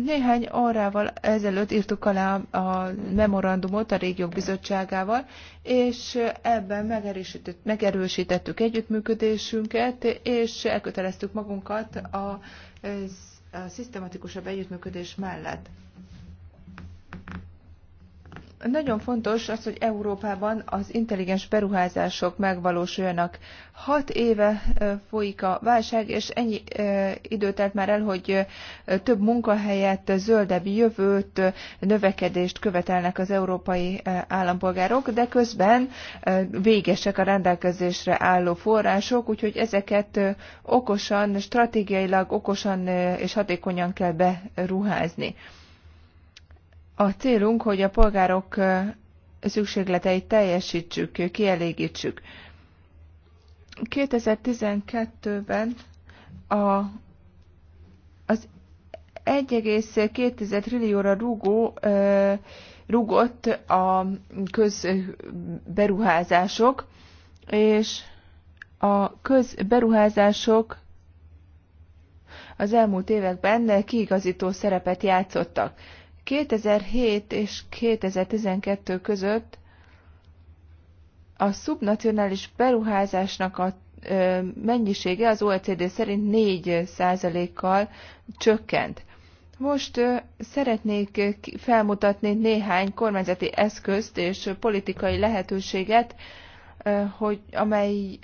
Néhány órával ezelőtt írtuk alá a memorandumot a régiók bizottságával, és ebben megerősített, megerősítettük együttműködésünket, és elköteleztük magunkat a, a szisztematikusabb együttműködés mellett. Nagyon fontos az, hogy Európában az intelligens beruházások megvalósuljanak. Hat éve folyik a válság, és ennyi idő telt már el, hogy több munkahelyet, zöldebb jövőt, növekedést követelnek az európai állampolgárok, de közben végesek a rendelkezésre álló források, úgyhogy ezeket okosan, stratégiailag okosan és hatékonyan kell beruházni. A célunk, hogy a polgárok szükségleteit teljesítsük, kielégítsük. 2012-ben a, az 1,2 trillióra rúgó, rúgott a közberuházások, és a közberuházások az elmúlt években kiigazító szerepet játszottak. 2007 és 2012 között a szubnacionális beruházásnak a mennyisége az OECD szerint 4%-kal csökkent. Most szeretnék felmutatni néhány kormányzati eszközt és politikai lehetőséget, hogy amely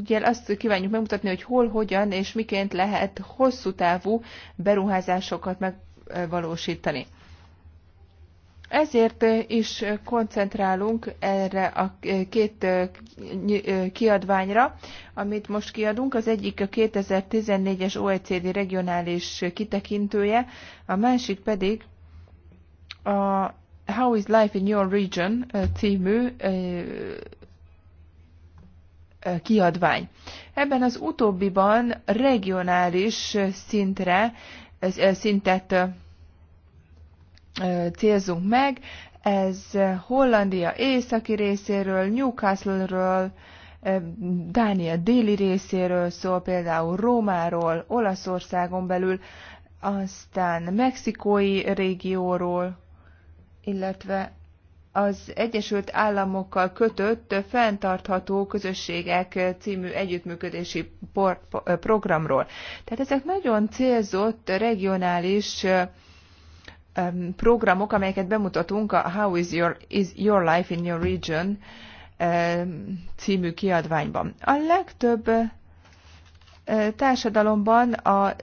ugye azt kívánjuk megmutatni, hogy hol, hogyan és miként lehet hosszú távú beruházásokat meg megvalósítani. Ezért is koncentrálunk erre a két kiadványra, amit most kiadunk. Az egyik a 2014-es OECD regionális kitekintője, a másik pedig a How is Life in Your Region című kiadvány. Ebben az utóbbiban regionális szintre szintet célzunk meg. Ez Hollandia északi részéről, Newcastle-ről, Dánia déli részéről szól, például Rómáról, Olaszországon belül, aztán mexikói régióról, illetve az Egyesült Államokkal kötött fenntartható közösségek című együttműködési programról. Tehát ezek nagyon célzott regionális programok, amelyeket bemutatunk a How is your, is your life in your region című kiadványban. A legtöbb társadalomban a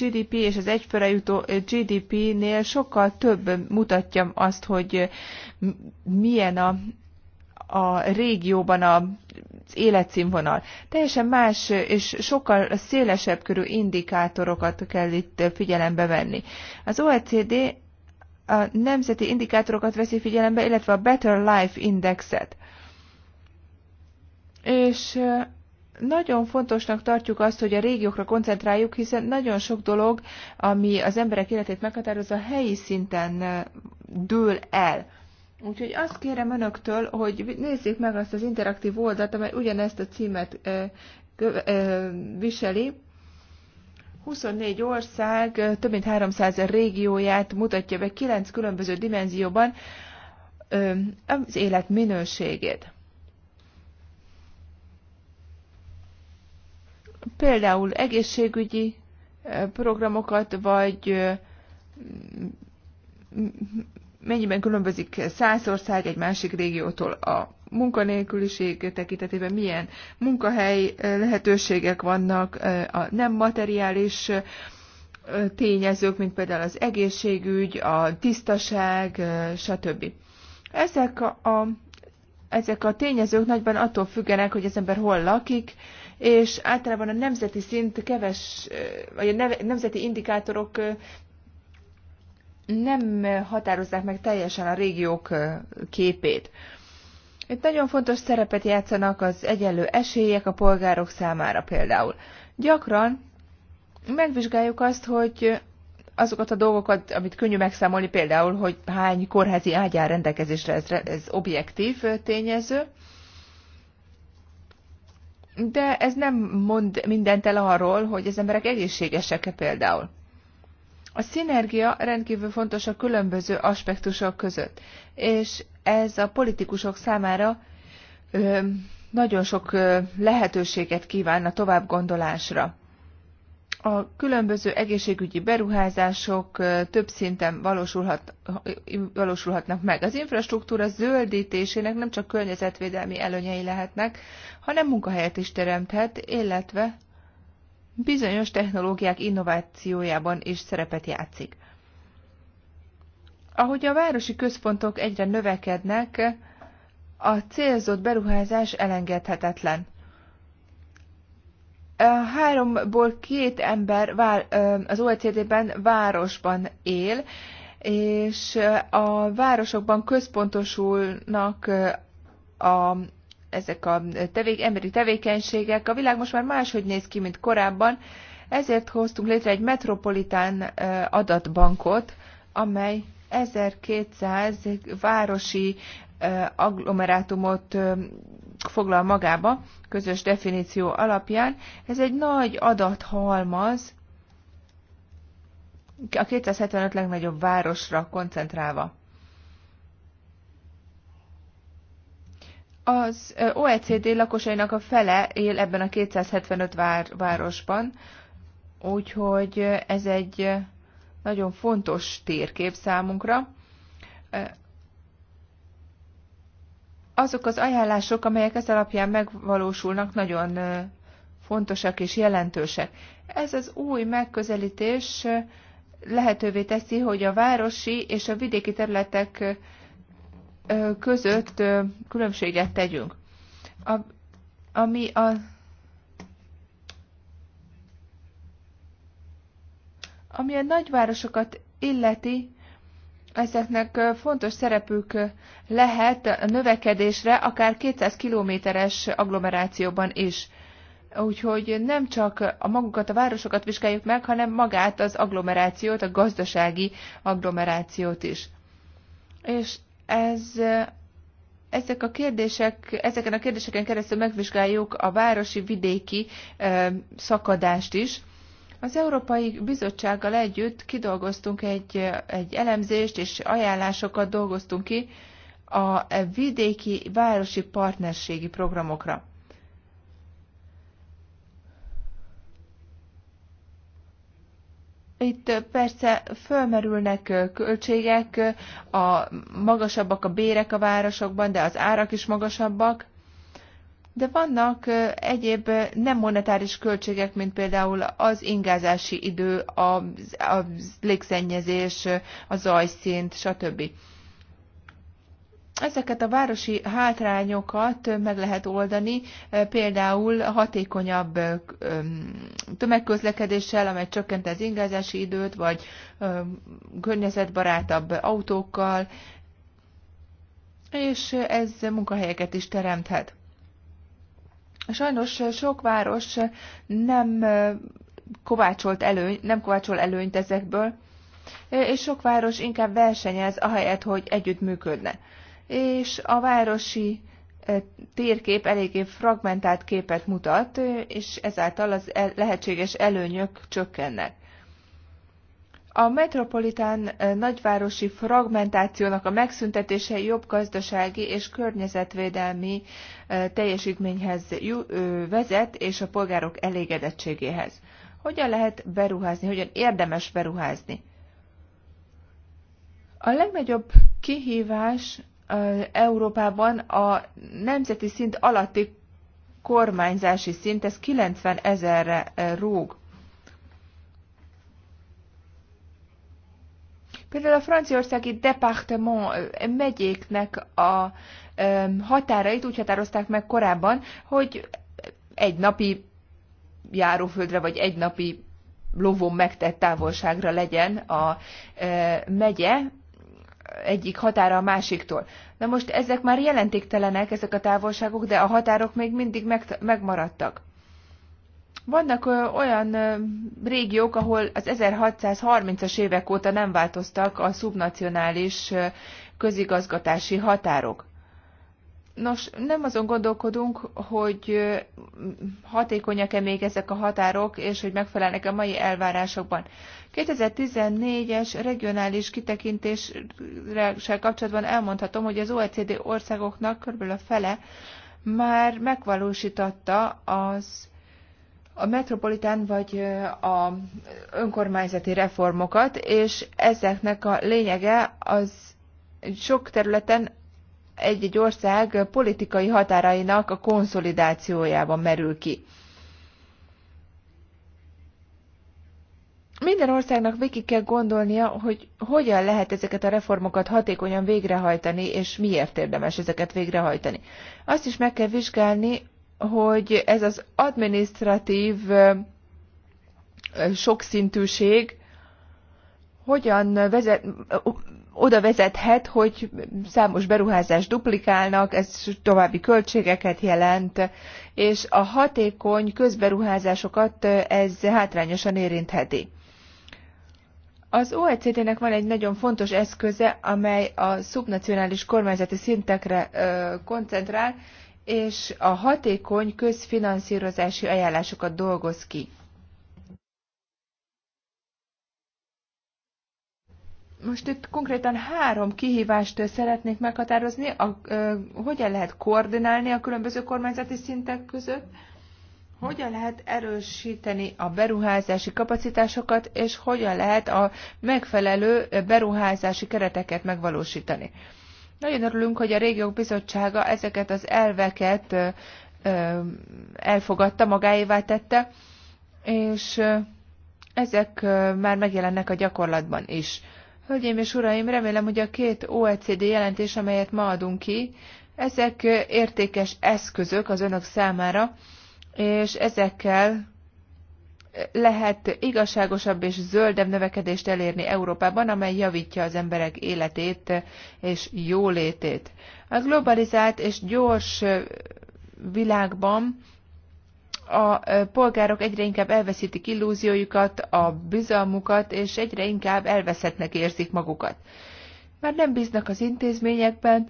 GDP és az egyfőre jutó GDP-nél sokkal több mutatja azt, hogy milyen a, a régióban a az életszínvonal. Teljesen más és sokkal szélesebb körű indikátorokat kell itt figyelembe venni. Az OECD a nemzeti indikátorokat veszi figyelembe, illetve a Better Life Indexet. És nagyon fontosnak tartjuk azt, hogy a régiókra koncentráljuk, hiszen nagyon sok dolog, ami az emberek életét meghatározza, helyi szinten dől el. Úgyhogy azt kérem önöktől, hogy nézzék meg azt az interaktív oldalt, amely ugyanezt a címet viseli. 24 ország több mint 300 régióját mutatja be 9 különböző dimenzióban az élet minőségét. például egészségügyi programokat, vagy mennyiben különbözik száz ország egy másik régiótól a munkanélküliség tekintetében, milyen munkahely lehetőségek vannak, a nem materiális tényezők, mint például az egészségügy, a tisztaság, stb. Ezek a, ezek a tényezők nagyban attól függenek, hogy az ember hol lakik, és általában a nemzeti szint keves, vagy a nemzeti indikátorok nem határozzák meg teljesen a régiók képét. Itt nagyon fontos szerepet játszanak az egyenlő esélyek a polgárok számára például. Gyakran megvizsgáljuk azt, hogy azokat a dolgokat, amit könnyű megszámolni, például, hogy hány kórházi ágy áll rendelkezésre, ez, ez objektív tényező, de ez nem mond mindent el arról, hogy az emberek egészségesek-e például. A szinergia rendkívül fontos a különböző aspektusok között, és ez a politikusok számára ö, nagyon sok ö, lehetőséget kíván a továbbgondolásra a különböző egészségügyi beruházások több szinten valósulhat, valósulhatnak meg. Az infrastruktúra zöldítésének nem csak környezetvédelmi előnyei lehetnek, hanem munkahelyet is teremthet, illetve bizonyos technológiák innovációjában is szerepet játszik. Ahogy a városi központok egyre növekednek, a célzott beruházás elengedhetetlen Háromból két ember vár, az OECD-ben városban él, és a városokban központosulnak a, ezek a tevék, emberi tevékenységek. A világ most már máshogy néz ki, mint korábban, ezért hoztunk létre egy metropolitán adatbankot, amely 1200 városi agglomerátumot foglal magába, közös definíció alapján. Ez egy nagy adathalmaz, a 275 legnagyobb városra koncentrálva. Az OECD lakosainak a fele él ebben a 275 vár, városban, úgyhogy ez egy nagyon fontos térkép számunkra azok az ajánlások, amelyek ez alapján megvalósulnak, nagyon fontosak és jelentősek. Ez az új megközelítés lehetővé teszi, hogy a városi és a vidéki területek között különbséget tegyünk. A, ami a ami a nagyvárosokat illeti, ezeknek fontos szerepük lehet a növekedésre, akár 200 kilométeres agglomerációban is. Úgyhogy nem csak a magukat, a városokat vizsgáljuk meg, hanem magát az agglomerációt, a gazdasági agglomerációt is. És ez, ezek a kérdések, ezeken a kérdéseken keresztül megvizsgáljuk a városi vidéki szakadást is az Európai Bizottsággal együtt kidolgoztunk egy, egy elemzést, és ajánlásokat dolgoztunk ki a vidéki városi partnerségi programokra. Itt persze fölmerülnek költségek, a magasabbak a bérek a városokban, de az árak is magasabbak de vannak egyéb nem monetáris költségek, mint például az ingázási idő, a, a légszennyezés, a zajszint, stb. Ezeket a városi hátrányokat meg lehet oldani, például hatékonyabb tömegközlekedéssel, amely csökkenti az ingázási időt, vagy környezetbarátabb autókkal, és ez munkahelyeket is teremthet. Sajnos sok város nem kovácsolt előny, nem kovácsol előnyt ezekből, és sok város inkább versenyez, ahelyett, hogy együttműködne. És a városi térkép eléggé fragmentált képet mutat, és ezáltal az lehetséges előnyök csökkennek. A metropolitán eh, nagyvárosi fragmentációnak a megszüntetése jobb gazdasági és környezetvédelmi eh, teljesítményhez vezet, és a polgárok elégedettségéhez. Hogyan lehet beruházni, hogyan érdemes beruházni? A legnagyobb kihívás Európában a nemzeti szint alatti kormányzási szint, ez 90 ezerre rúg. Például a franciaországi département megyéknek a határait úgy határozták meg korábban, hogy egy napi járóföldre vagy egy napi lovon megtett távolságra legyen a e, megye egyik határa a másiktól. Na most ezek már jelentéktelenek, ezek a távolságok, de a határok még mindig megmaradtak. Vannak olyan régiók, ahol az 1630-as évek óta nem változtak a szubnacionális közigazgatási határok. Nos, nem azon gondolkodunk, hogy hatékonyak-e még ezek a határok, és hogy megfelelnek a mai elvárásokban. 2014-es regionális kitekintéssel kapcsolatban elmondhatom, hogy az OECD országoknak kb. a fele már megvalósította az a metropolitán vagy a önkormányzati reformokat, és ezeknek a lényege az sok területen egy-egy ország politikai határainak a konszolidációjában merül ki. Minden országnak végig kell gondolnia, hogy hogyan lehet ezeket a reformokat hatékonyan végrehajtani, és miért érdemes ezeket végrehajtani. Azt is meg kell vizsgálni, hogy ez az administratív sokszintűség hogyan vezet, oda vezethet, hogy számos beruházást duplikálnak, ez további költségeket jelent, és a hatékony közberuházásokat ez hátrányosan érintheti. Az OECD-nek van egy nagyon fontos eszköze, amely a szubnacionális kormányzati szintekre koncentrál, és a hatékony közfinanszírozási ajánlásokat dolgoz ki. Most itt konkrétan három kihívást szeretnék meghatározni, a, a, hogyan lehet koordinálni a különböző kormányzati szintek között, hogyan lehet erősíteni a beruházási kapacitásokat, és hogyan lehet a megfelelő beruházási kereteket megvalósítani. Nagyon örülünk, hogy a régiók bizottsága ezeket az elveket elfogadta, magáévá tette, és ezek már megjelennek a gyakorlatban is. Hölgyeim és uraim, remélem, hogy a két OECD jelentés, amelyet ma adunk ki, ezek értékes eszközök az önök számára, és ezekkel lehet igazságosabb és zöldebb növekedést elérni Európában, amely javítja az emberek életét és jólétét. A globalizált és gyors világban a polgárok egyre inkább elveszítik illúziójukat, a bizalmukat, és egyre inkább elveszettnek érzik magukat. Már nem bíznak az intézményekben,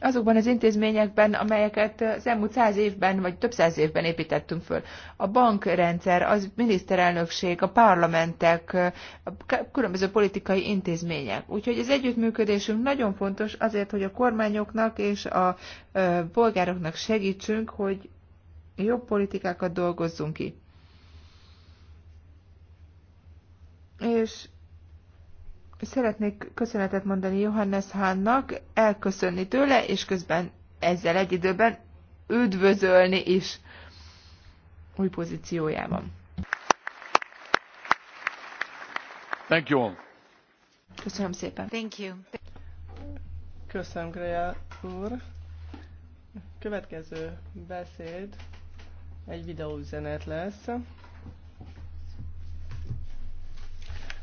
azokban az intézményekben, amelyeket az elmúlt száz évben, vagy több száz évben építettünk föl. A bankrendszer, az miniszterelnökség, a parlamentek, a különböző politikai intézmények. Úgyhogy az együttműködésünk nagyon fontos azért, hogy a kormányoknak és a polgároknak segítsünk, hogy jobb politikákat dolgozzunk ki. És Szeretnék köszönetet mondani Johannes Hánnak, elköszönni tőle, és közben ezzel egy időben üdvözölni is új pozíciójában. Thank you all. Köszönöm szépen. Thank you. Köszönöm, Greja úr. Következő beszéd egy videóüzenet lesz.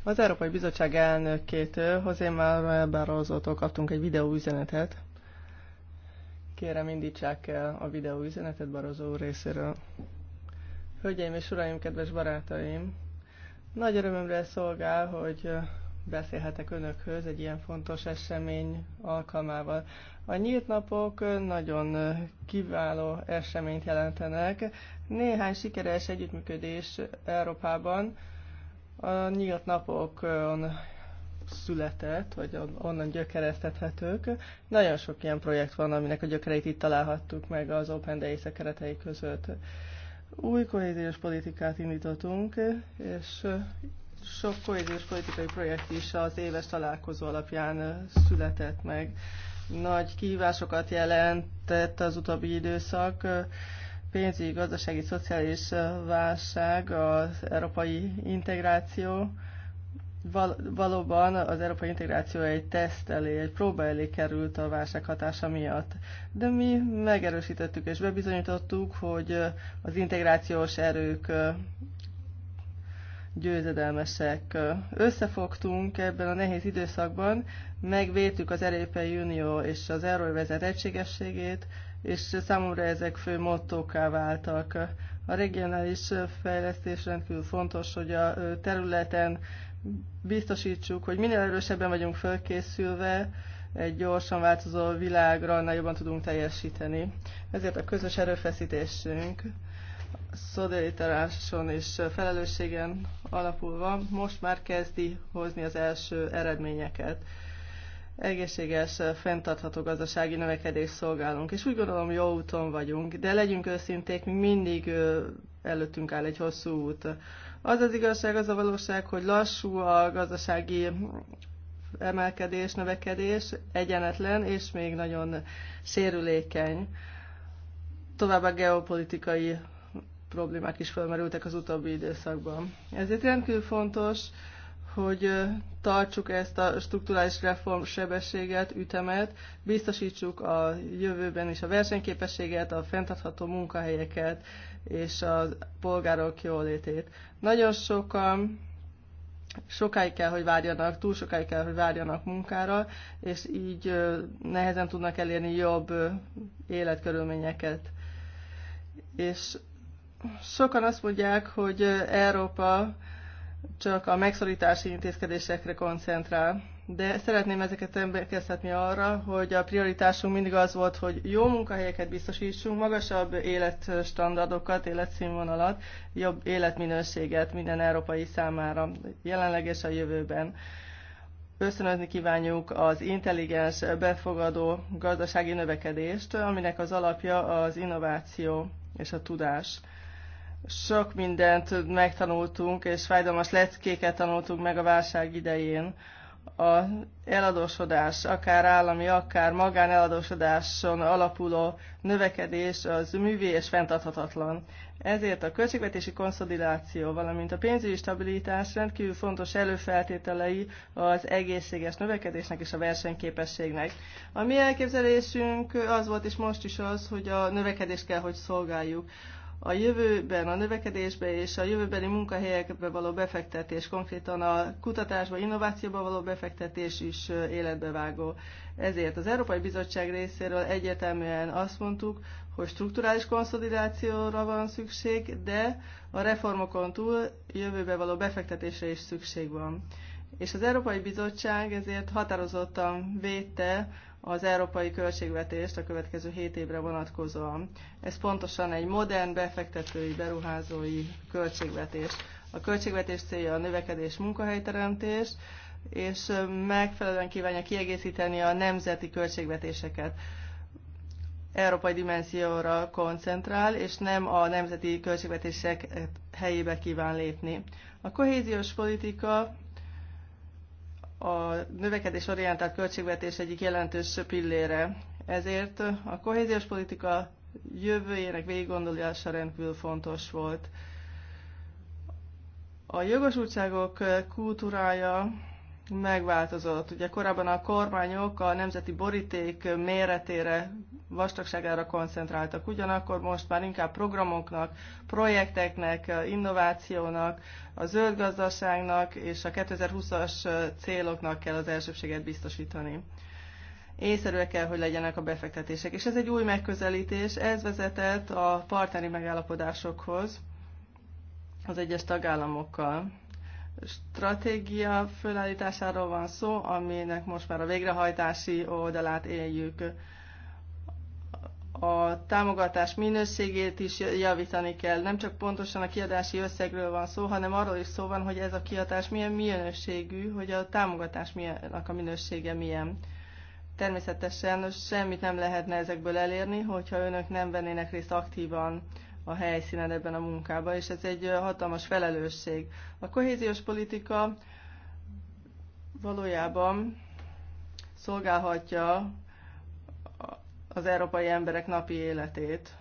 Az Európai Bizottság elnökétől, José Manuel Barrosótól kaptunk egy videóüzenetet. Kérem, indítsák el a videóüzenetet barozó úr részéről. Hölgyeim és uraim, kedves barátaim! Nagy örömömre szolgál, hogy beszélhetek önökhöz egy ilyen fontos esemény alkalmával. A nyílt napok nagyon kiváló eseményt jelentenek. Néhány sikeres együttműködés Európában, a nyílt napok született, vagy onnan gyökereztethetők. Nagyon sok ilyen projekt van, aminek a gyökereit itt találhattuk meg az Open Days-e keretei között. Új kohéziós politikát indítottunk, és sok kohéziós politikai projekt is az éves találkozó alapján született meg. Nagy kihívásokat jelentett az utóbbi időszak, pénzügyi, gazdasági, szociális válság, az európai integráció, Val- valóban az európai integráció egy teszt elé, egy próba elé került a válság hatása miatt. De mi megerősítettük és bebizonyítottuk, hogy az integrációs erők győzedelmesek. Összefogtunk ebben a nehéz időszakban, megvédtük az Európai Unió és az Euróvezet egységességét, és számomra ezek fő mottóká váltak. A regionális fejlesztés rendkívül fontos, hogy a területen biztosítsuk, hogy minél erősebben vagyunk fölkészülve, egy gyorsan változó világra annál jobban tudunk teljesíteni. Ezért a közös erőfeszítésünk szolidaritáson és felelősségen alapulva most már kezdi hozni az első eredményeket egészséges, fenntartható gazdasági növekedést szolgálunk. És úgy gondolom, jó úton vagyunk, de legyünk őszinték, mi mindig előttünk áll egy hosszú út. Az az igazság, az a valóság, hogy lassú a gazdasági emelkedés, növekedés, egyenetlen és még nagyon sérülékeny. Továbbá geopolitikai problémák is felmerültek az utóbbi időszakban. Ezért rendkívül fontos, hogy tartsuk ezt a strukturális reform sebességet, ütemet, biztosítsuk a jövőben is a versenyképességet, a fenntartható munkahelyeket és a polgárok jólétét. Nagyon sokan sokáig kell, hogy várjanak, túl sokáig kell, hogy várjanak munkára, és így nehezen tudnak elérni jobb életkörülményeket. És sokan azt mondják, hogy Európa csak a megszorítási intézkedésekre koncentrál. De szeretném ezeket emlékeztetni arra, hogy a prioritásunk mindig az volt, hogy jó munkahelyeket biztosítsunk, magasabb életstandardokat, életszínvonalat, jobb életminőséget minden európai számára, jelenleg és a jövőben. Ösztönözni kívánjuk az intelligens, befogadó gazdasági növekedést, aminek az alapja az innováció és a tudás sok mindent megtanultunk, és fájdalmas leckéket tanultunk meg a válság idején. A eladósodás, akár állami, akár magáneladósodáson alapuló növekedés az művé és fenntarthatatlan. Ezért a költségvetési konszolidáció, valamint a pénzügyi stabilitás rendkívül fontos előfeltételei az egészséges növekedésnek és a versenyképességnek. A mi elképzelésünk az volt, és most is az, hogy a növekedést kell, hogy szolgáljuk a jövőben, a növekedésbe és a jövőbeni munkahelyekbe való befektetés, konkrétan a kutatásba, innovációba való befektetés is életbevágó. Ezért az Európai Bizottság részéről egyértelműen azt mondtuk, hogy strukturális konszolidációra van szükség, de a reformokon túl jövőbe való befektetésre is szükség van. És az Európai Bizottság ezért határozottan védte az európai költségvetést a következő 7 évre vonatkozóan. Ez pontosan egy modern befektetői, beruházói költségvetés. A költségvetés célja a növekedés, munkahelyteremtés, és megfelelően kívánja kiegészíteni a nemzeti költségvetéseket. Európai dimenzióra koncentrál, és nem a nemzeti költségvetések helyébe kíván lépni. A kohéziós politika a növekedés orientált költségvetés egyik jelentős pillére. Ezért a kohéziós politika jövőjének végiggondolása rendkívül fontos volt. A jogosultságok kultúrája megváltozott. Ugye korábban a kormányok a nemzeti boríték méretére, vastagságára koncentráltak, ugyanakkor most már inkább programoknak, projekteknek, innovációnak, a zöld gazdaságnak és a 2020-as céloknak kell az elsőbséget biztosítani. Észszerűek kell, hogy legyenek a befektetések. És ez egy új megközelítés, ez vezetett a partneri megállapodásokhoz az egyes tagállamokkal stratégia fölállításáról van szó, aminek most már a végrehajtási oldalát éljük. A támogatás minőségét is javítani kell. Nem csak pontosan a kiadási összegről van szó, hanem arról is szó van, hogy ez a kiadás milyen minőségű, hogy a támogatás milyen a minősége milyen. Természetesen semmit nem lehetne ezekből elérni, hogyha önök nem vennének részt aktívan a helyszínen ebben a munkában, és ez egy hatalmas felelősség. A kohéziós politika valójában szolgálhatja az európai emberek napi életét,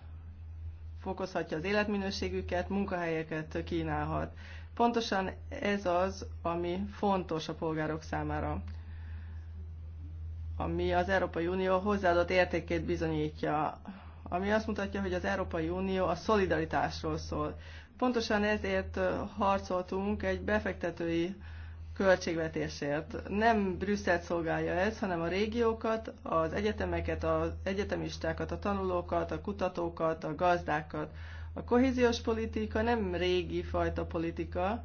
fokozhatja az életminőségüket, munkahelyeket kínálhat. Pontosan ez az, ami fontos a polgárok számára, ami az Európai Unió hozzáadott értékét bizonyítja ami azt mutatja, hogy az Európai Unió a szolidaritásról szól. Pontosan ezért harcoltunk egy befektetői költségvetésért. Nem Brüsszel szolgálja ez, hanem a régiókat, az egyetemeket, az egyetemistákat, a tanulókat, a kutatókat, a gazdákat. A kohéziós politika nem régi fajta politika,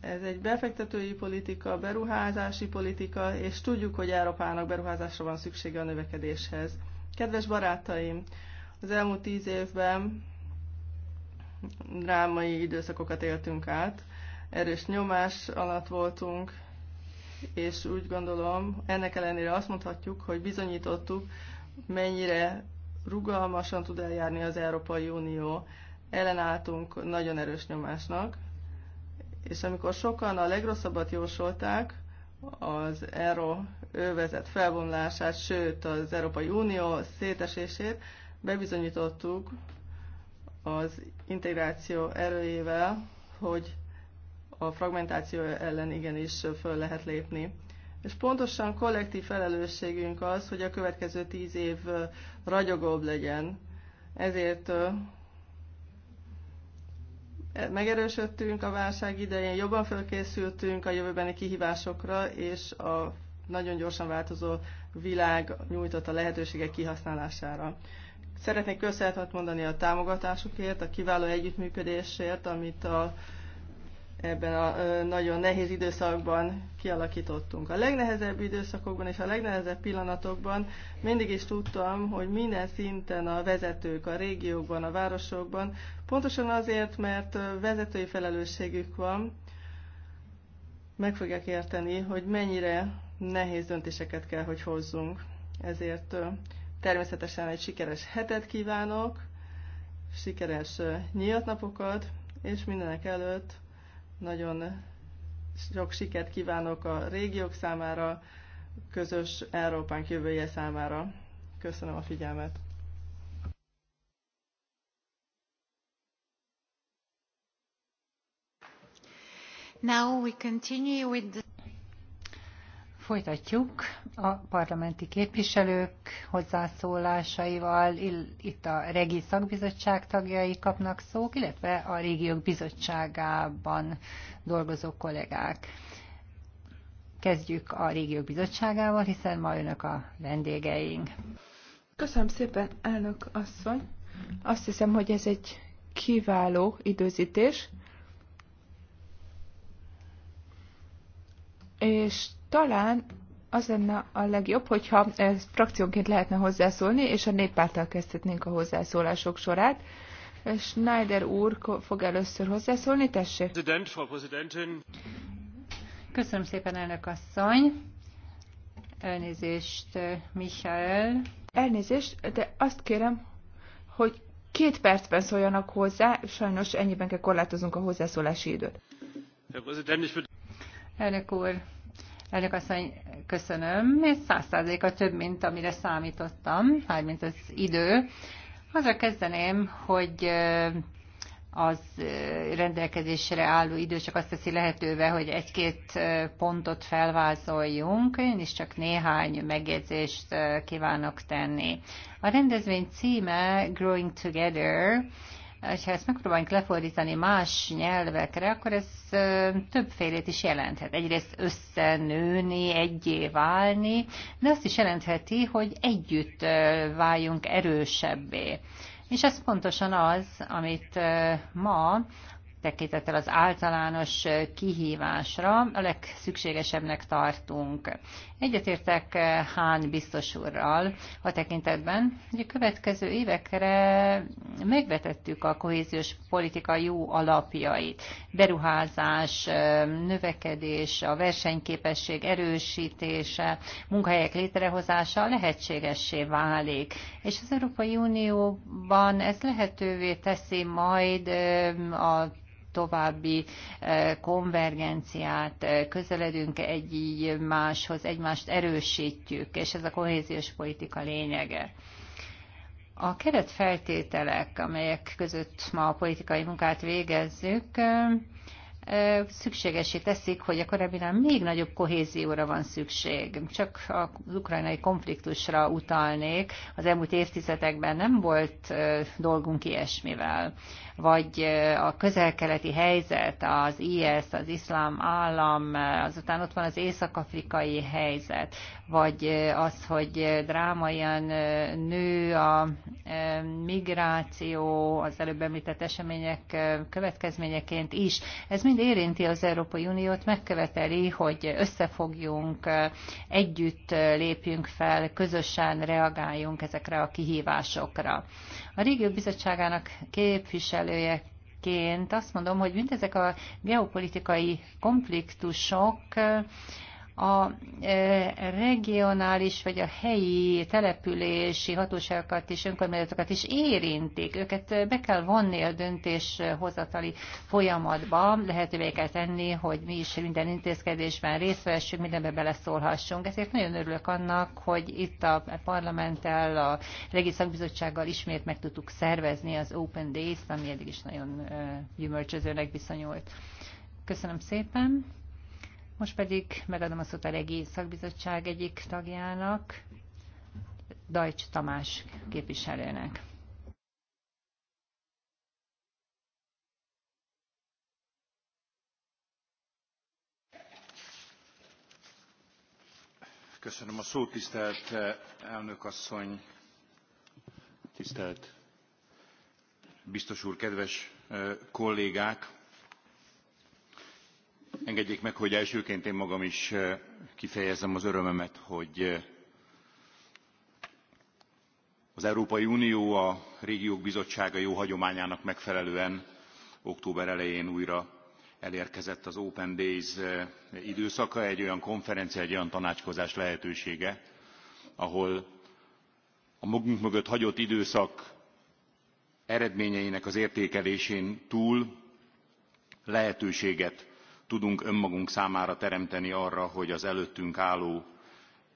ez egy befektetői politika, beruházási politika, és tudjuk, hogy Európának beruházásra van szüksége a növekedéshez. Kedves barátaim, az elmúlt tíz évben drámai időszakokat éltünk át, erős nyomás alatt voltunk, és úgy gondolom, ennek ellenére azt mondhatjuk, hogy bizonyítottuk, mennyire rugalmasan tud eljárni az Európai Unió. Ellenálltunk nagyon erős nyomásnak, és amikor sokan a legrosszabbat jósolták, az euró övezet felvonulását, sőt az Európai Unió szétesését, bebizonyítottuk az integráció erőjével, hogy a fragmentáció ellen igenis föl lehet lépni. És pontosan kollektív felelősségünk az, hogy a következő tíz év ragyogóbb legyen. Ezért e, megerősödtünk a válság idején, jobban felkészültünk a jövőbeni kihívásokra, és a nagyon gyorsan változó világ nyújtotta lehetőségek kihasználására. Szeretnék köszönetet mondani a támogatásukért, a kiváló együttműködésért, amit a, ebben a nagyon nehéz időszakban kialakítottunk. A legnehezebb időszakokban és a legnehezebb pillanatokban mindig is tudtam, hogy minden szinten a vezetők, a régiókban, a városokban, pontosan azért, mert vezetői felelősségük van, meg fogják érteni, hogy mennyire nehéz döntéseket kell, hogy hozzunk. Ezért Természetesen egy sikeres hetet kívánok, sikeres nyílt napokat, és mindenek előtt nagyon sok sikert kívánok a régiók számára, közös Európánk jövője számára. Köszönöm a figyelmet! Now we continue with the... Folytatjuk a parlamenti képviselők hozzászólásaival, itt a Regi Szakbizottság tagjai kapnak szót, illetve a Régiók Bizottságában dolgozó kollégák. Kezdjük a Régiók Bizottságával, hiszen ma önök a vendégeink. Köszönöm szépen, elnök asszony. Azt hiszem, hogy ez egy kiváló időzítés. és talán az lenne a legjobb, hogyha ez frakciónként lehetne hozzászólni, és a néppárttal kezdhetnénk a hozzászólások sorát. Schneider úr fog először hozzászólni, tessék. Köszönöm szépen, elnök asszony. Elnézést, eh, Michael. Elnézést, de azt kérem, hogy két percben szóljanak hozzá, sajnos ennyiben kell korlátozunk a hozzászólási időt. Elnök úr, Elnök asszony, köszönöm. Ez 100%-a több, mint amire számítottam, mármint az idő. Azzal kezdeném, hogy az rendelkezésre álló idő csak azt teszi lehetővé, hogy egy-két pontot felvázoljunk, én is csak néhány megjegyzést kívánok tenni. A rendezvény címe Growing Together, ha ezt megpróbáljuk lefordítani más nyelvekre, akkor ez többfélét is jelenthet. Egyrészt összenőni, egyé válni, de azt is jelentheti, hogy együtt váljunk erősebbé. És ez pontosan az, amit ma tekintettel az általános kihívásra a legszükségesebbnek tartunk. Egyetértek Hán biztos úrral a tekintetben, hogy a következő évekre megvetettük a kohéziós politika jó alapjait. Beruházás, növekedés, a versenyképesség erősítése, munkahelyek létrehozása lehetségessé válik. És az Európai Unióban ez lehetővé teszi majd a további eh, konvergenciát, eh, közeledünk egymáshoz, egymást erősítjük, és ez a kohéziós politika lényege. A keretfeltételek, amelyek között ma a politikai munkát végezzük, eh, szükségesé teszik, hogy a korábbinál még nagyobb kohézióra van szükség. Csak az ukrajnai konfliktusra utalnék. Az elmúlt évtizedekben nem volt dolgunk ilyesmivel vagy a közelkeleti helyzet, az IS, az iszlám állam, azután ott van az észak-afrikai helyzet, vagy az, hogy drámaian nő a migráció, az előbb említett események következményeként is. Ez mind érinti az Európai Uniót, megköveteli, hogy összefogjunk, együtt lépjünk fel, közösen reagáljunk ezekre a kihívásokra. A régió bizottságának képviselője ként azt mondom, hogy mindezek a geopolitikai konfliktusok a e, regionális vagy a helyi települési hatóságokat és önkormányzatokat is érintik. Őket be kell vonni a döntéshozatali folyamatba, lehetővé kell tenni, hogy mi is minden intézkedésben részt vehessünk, mindenbe beleszólhassunk. Ezért nagyon örülök annak, hogy itt a parlamenttel, a Regi Szakbizottsággal ismét meg tudtuk szervezni az Open Days-t, ami eddig is nagyon e, gyümölcsözőnek bizonyult. Köszönöm szépen! Most pedig megadom a szót a Regi Szakbizottság egyik tagjának, Dajcs Tamás képviselőnek. Köszönöm a szót, tisztelt eh, elnökasszony, asszony, tisztelt biztos úr, kedves eh, kollégák! engedjék meg hogy elsőként én magam is eh, kifejezzem az örömömet hogy eh, az európai unió a régiók bizottsága jó hagyományának megfelelően október elején újra elérkezett az open days eh, időszaka egy olyan konferencia egy olyan tanácskozás lehetősége ahol a magunk mögött hagyott időszak eredményeinek az értékelésén túl lehetőséget tudunk önmagunk számára teremteni arra, hogy az előttünk álló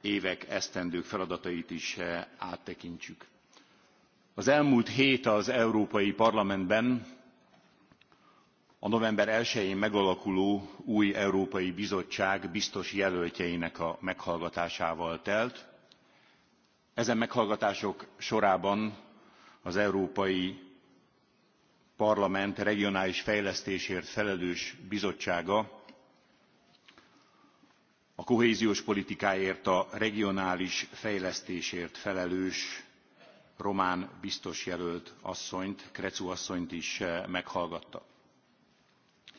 évek, esztendők feladatait is eh, áttekintsük. Az elmúlt hét az Európai Parlamentben a november 1-én megalakuló új Európai Bizottság biztos jelöltjeinek a meghallgatásával telt. Ezen meghallgatások sorában az Európai parlament regionális fejlesztésért felelős bizottsága a kohéziós politikáért a regionális fejlesztésért felelős román biztos jelölt asszonyt creu asszonyt is eh, meghallgatta.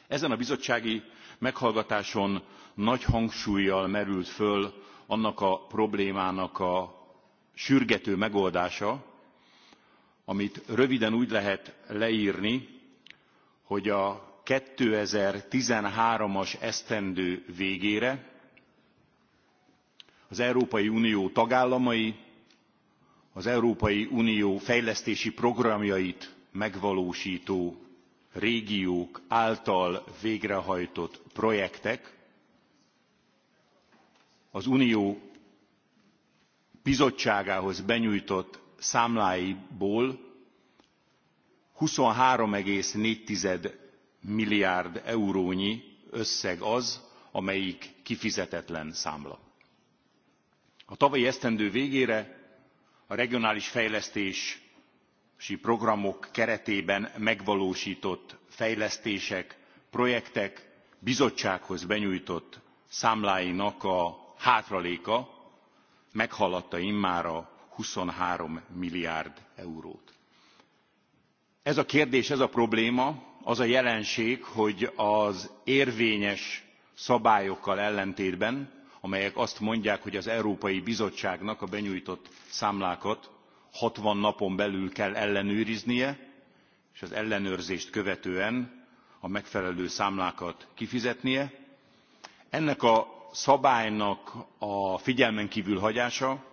ezen a bizottsági meghallgatáson nagy hangsúllyal merült föl annak a problémának a sürgető megoldása amit röviden úgy lehet leírni, hogy a 2013-as esztendő végére az Európai Unió tagállamai az Európai Unió fejlesztési programjait megvalósító régiók által végrehajtott projektek az unió bizottságához benyújtott számláiból 23,4 milliárd eurónyi összeg az, amelyik kifizetetlen számla. A tavalyi esztendő végére a regionális fejlesztési programok keretében megvalósított fejlesztések, projektek bizottsághoz benyújtott számláinak a hátraléka meghaladta immár a 23 milliárd eurót. Ez a kérdés, ez a probléma, az a jelenség, hogy az érvényes szabályokkal ellentétben, amelyek azt mondják, hogy az Európai Bizottságnak a benyújtott számlákat 60 napon belül kell ellenőriznie, és az ellenőrzést követően a megfelelő számlákat kifizetnie. Ennek a szabálynak a figyelmen kívül hagyása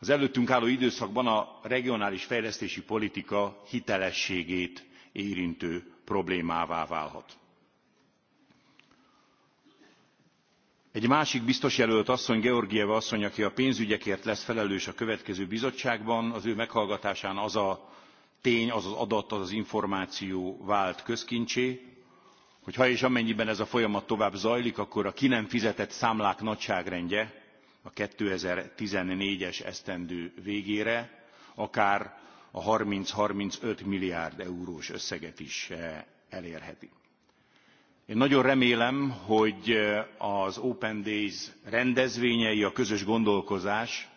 az előttünk álló időszakban a regionális fejlesztési politika hitelességét érintő problémává válhat. egy másik biztosjelölt asszony georgieva asszony aki a pénzügyekért lesz felelős a következő bizottságban az ő meghallgatásán az a tény az az adat az az információ vált közkincsé hogy ha és amennyiben ez a folyamat tovább zajlik akkor a ki nem fizetett számlák nagyságrendje a 2014-es esztendő végére akár a 30-35 milliárd eurós összeget is eh, elérheti. Én nagyon remélem, hogy eh, az Open Days rendezvényei, a közös gondolkozás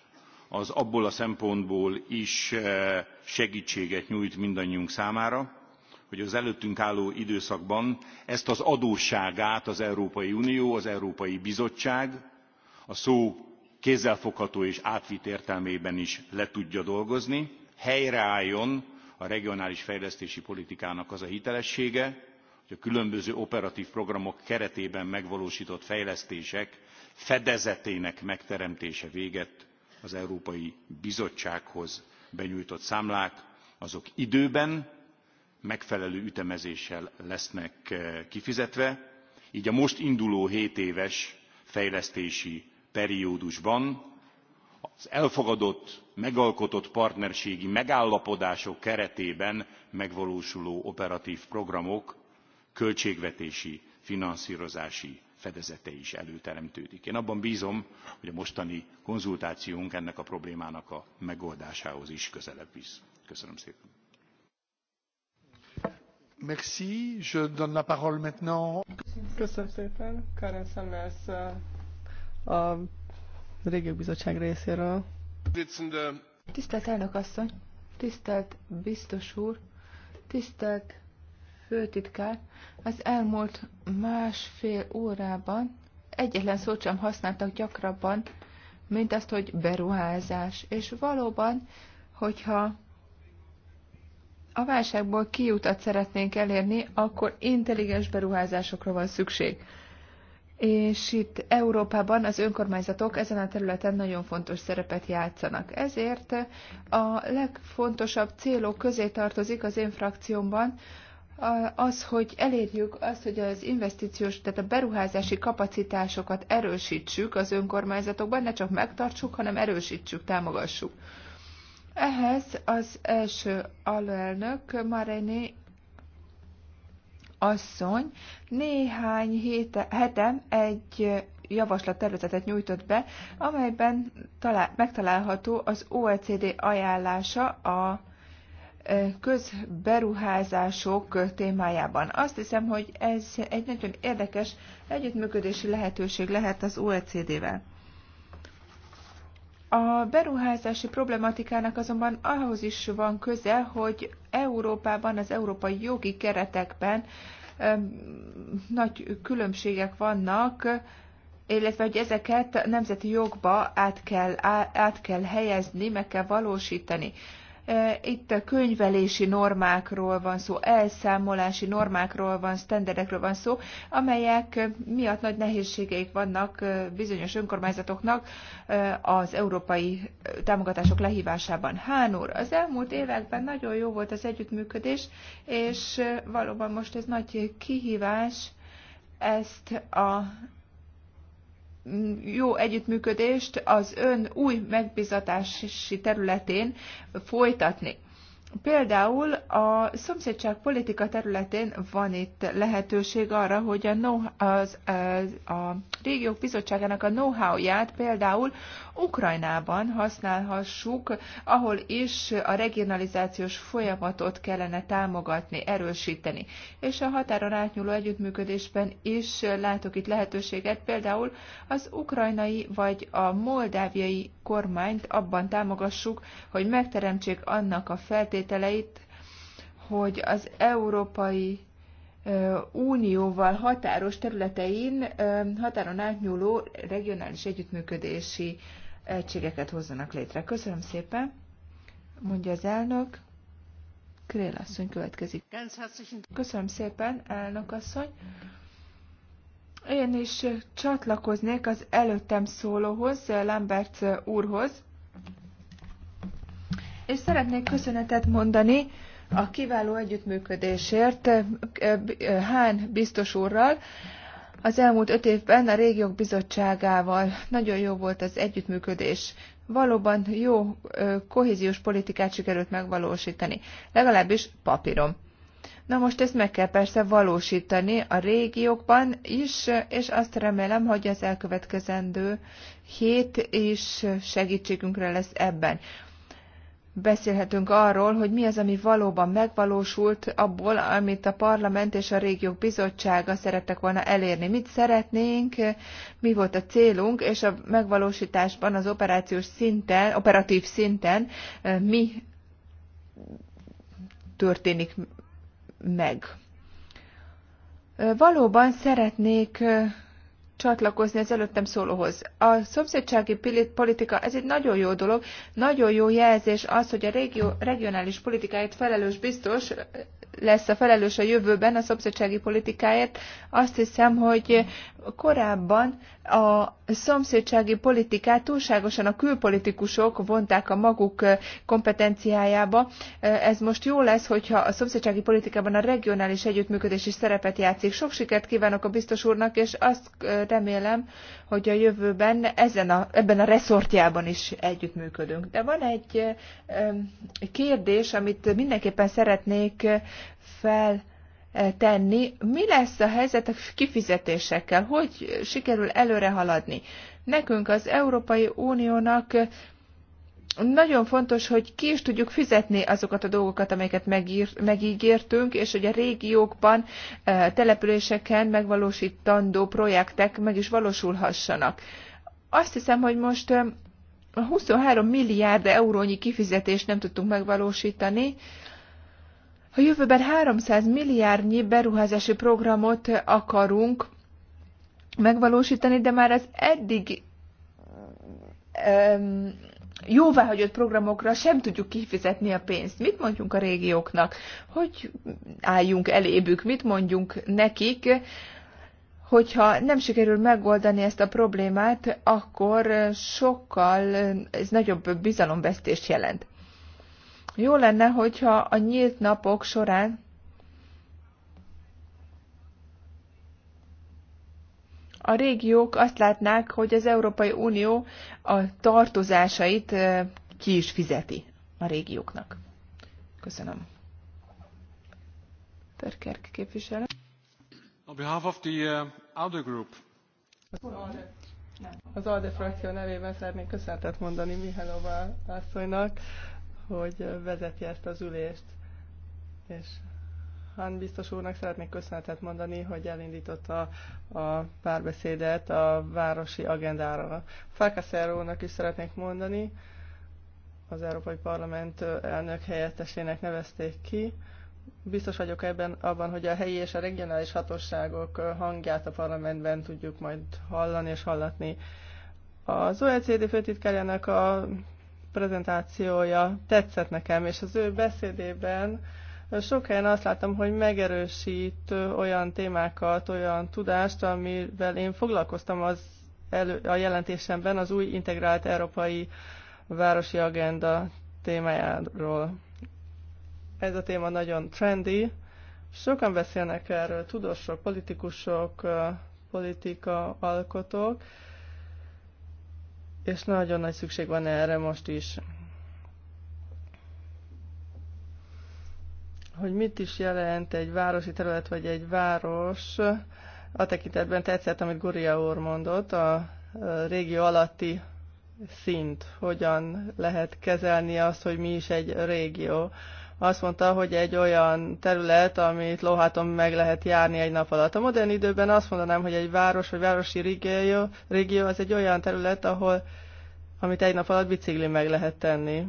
az abból a szempontból is eh, segítséget nyújt mindannyiunk számára, hogy az előttünk álló időszakban ezt az adósságát az Európai Unió, az Európai Bizottság a szó kézzelfogható és átvitt értelmében is le tudja dolgozni helyreálljon a regionális fejlesztési politikának az a hitelessége hogy a különböző operatv programok keretében megvalóstott fejlesztések fedezetének megteremtése végett az európai bizottsághoz benyújtott számlák azok időben megfelelő ütemezéssel lesznek eh, kifizetve gy a most induló hétéves fejlesztési periódusban az elfogadott megalkotott partnerségi megállapodások keretében megvalósuló operatv programok költségvetési finanszrozási fedezete is előteremtődik. én abban bzom hogy a mostani konzultációnk ennek a problémának a megoldásához is közelebb visz. köszönöm szépen. Merci. Je donne la parole maintenant. Köszönöm szépen. Karen Sanders a Régiók Bizottság részéről. Tisztelt elnök asszony, tisztelt biztos úr, tisztelt főtitkár, az elmúlt másfél órában egyetlen szót sem használtak gyakrabban, mint azt, hogy beruházás. És valóban, hogyha a válságból kiutat szeretnénk elérni, akkor intelligens beruházásokra van szükség és itt Európában az önkormányzatok ezen a területen nagyon fontos szerepet játszanak. Ezért a legfontosabb célok közé tartozik az én frakciómban az, hogy elérjük azt, hogy az investíciós, tehát a beruházási kapacitásokat erősítsük az önkormányzatokban, ne csak megtartsuk, hanem erősítsük, támogassuk. Ehhez az első alelnök, Maréni asszony néhány héte, hete egy javaslattervezetet nyújtott be, amelyben talál, megtalálható az OECD ajánlása a közberuházások témájában. Azt hiszem, hogy ez egy nagyon érdekes együttműködési lehetőség lehet az OECD-vel. A beruházási problematikának azonban ahhoz is van köze, hogy Európában, az európai jogi keretekben nagy különbségek vannak, illetve hogy ezeket nemzeti jogba át kell, át kell helyezni, meg kell valósítani. E, itt a könyvelési normákról van szó, elszámolási normákról van, sztenderekről van szó, amelyek miatt nagy nehézségeik vannak e, bizonyos önkormányzatoknak e, az európai támogatások lehívásában. Hán úr, az elmúlt években nagyon jó volt az együttműködés, és valóban most ez nagy kihívás ezt a jó együttműködést az ön új megbizatási területén folytatni. Például a szomszédság politika területén van itt lehetőség arra, hogy a, know, az, az, a régiók bizottságának a know-how-ját például Ukrajnában használhassuk, ahol is a regionalizációs folyamatot kellene támogatni, erősíteni. És a határon átnyúló együttműködésben is látok itt lehetőséget, például az ukrajnai vagy a moldáviai kormányt abban támogassuk, hogy megteremtsék annak a feltételeit, hogy az európai unióval határos területein határon átnyúló regionális együttműködési egységeket hozzanak létre. Köszönöm szépen, mondja az elnök. Krél asszony következik. Köszönöm szépen, elnök asszony. Én is csatlakoznék az előttem szólóhoz, Lambert úrhoz, és szeretnék köszönetet mondani a kiváló együttműködésért Hán biztos úrral, az elmúlt öt évben a régiók bizottságával. Nagyon jó volt az együttműködés. Valóban jó kohéziós politikát sikerült megvalósítani, legalábbis papírom. Na most ezt meg kell persze valósítani a régiókban is, és azt remélem, hogy az elkövetkezendő hét is segítségünkre lesz ebben beszélhetünk arról, hogy mi az, ami valóban megvalósult abból, amit a parlament és a régiók bizottsága szerettek volna elérni. Mit szeretnénk, mi volt a célunk, és a megvalósításban az operációs szinten, operatív szinten mi történik meg. Valóban szeretnék csatlakozni az előttem szólóhoz. A szomszédsági politika, ez egy nagyon jó dolog, nagyon jó jelzés az, hogy a régió, regionális politikáért felelős biztos lesz a felelős a jövőben a szomszédsági politikáért. Azt hiszem, hogy korábban a szomszédsági politikát túlságosan a külpolitikusok vonták a maguk kompetenciájába. Ez most jó lesz, hogyha a szomszédsági politikában a regionális együttműködés is szerepet játszik. Sok sikert kívánok a biztos úrnak, és azt remélem, hogy a jövőben ezen a, ebben a reszortjában is együttműködünk. De van egy kérdés, amit mindenképpen szeretnék fel tenni. Mi lesz a helyzet a kifizetésekkel? Hogy sikerül előre haladni? Nekünk az Európai Uniónak nagyon fontos, hogy ki is tudjuk fizetni azokat a dolgokat, amelyeket megír, megígértünk, és hogy a régiókban, településeken megvalósítandó projektek meg is valósulhassanak. Azt hiszem, hogy most 23 milliárd eurónyi kifizetést nem tudtunk megvalósítani, a jövőben 300 milliárdnyi beruházási programot akarunk megvalósítani, de már az eddig um, jóváhagyott programokra sem tudjuk kifizetni a pénzt. Mit mondjunk a régióknak? Hogy álljunk elébük? Mit mondjunk nekik? Hogyha nem sikerül megoldani ezt a problémát, akkor sokkal ez nagyobb bizalomvesztést jelent. Jó lenne, hogyha a nyílt napok során a régiók azt látnák, hogy az Európai Unió a tartozásait ki is fizeti a régióknak. Köszönöm. Terkerk képviselő. On behalf of the uh, ALDE group. Az ALDE frakció nevében szeretnék köszönetet mondani Mihálova asszonynak hogy vezeti ezt az ülést. És Han biztos úrnak szeretnék köszönetet mondani, hogy elindította a párbeszédet a városi agendára. Falkaszer úrnak is szeretnék mondani, az Európai Parlament elnök helyettesének nevezték ki. Biztos vagyok ebben abban, hogy a helyi és a regionális hatóságok hangját a parlamentben tudjuk majd hallani és hallatni. Az OECD főtitkárjának a prezentációja tetszett nekem, és az ő beszédében sok helyen azt láttam, hogy megerősít olyan témákat, olyan tudást, amivel én foglalkoztam az elő, a jelentésemben az új integrált európai városi agenda témájáról. Ez a téma nagyon trendy. Sokan beszélnek erről, tudósok, politikusok, politika alkotók, és nagyon nagy szükség van erre most is. Hogy mit is jelent egy városi terület, vagy egy város, a tekintetben tetszett, amit Guria úr mondott, a régió alatti szint, hogyan lehet kezelni azt, hogy mi is egy régió azt mondta, hogy egy olyan terület, amit lóháton meg lehet járni egy nap alatt. A modern időben azt mondanám, hogy egy város vagy városi régió, régió az egy olyan terület, ahol amit egy nap alatt bicikli meg lehet tenni.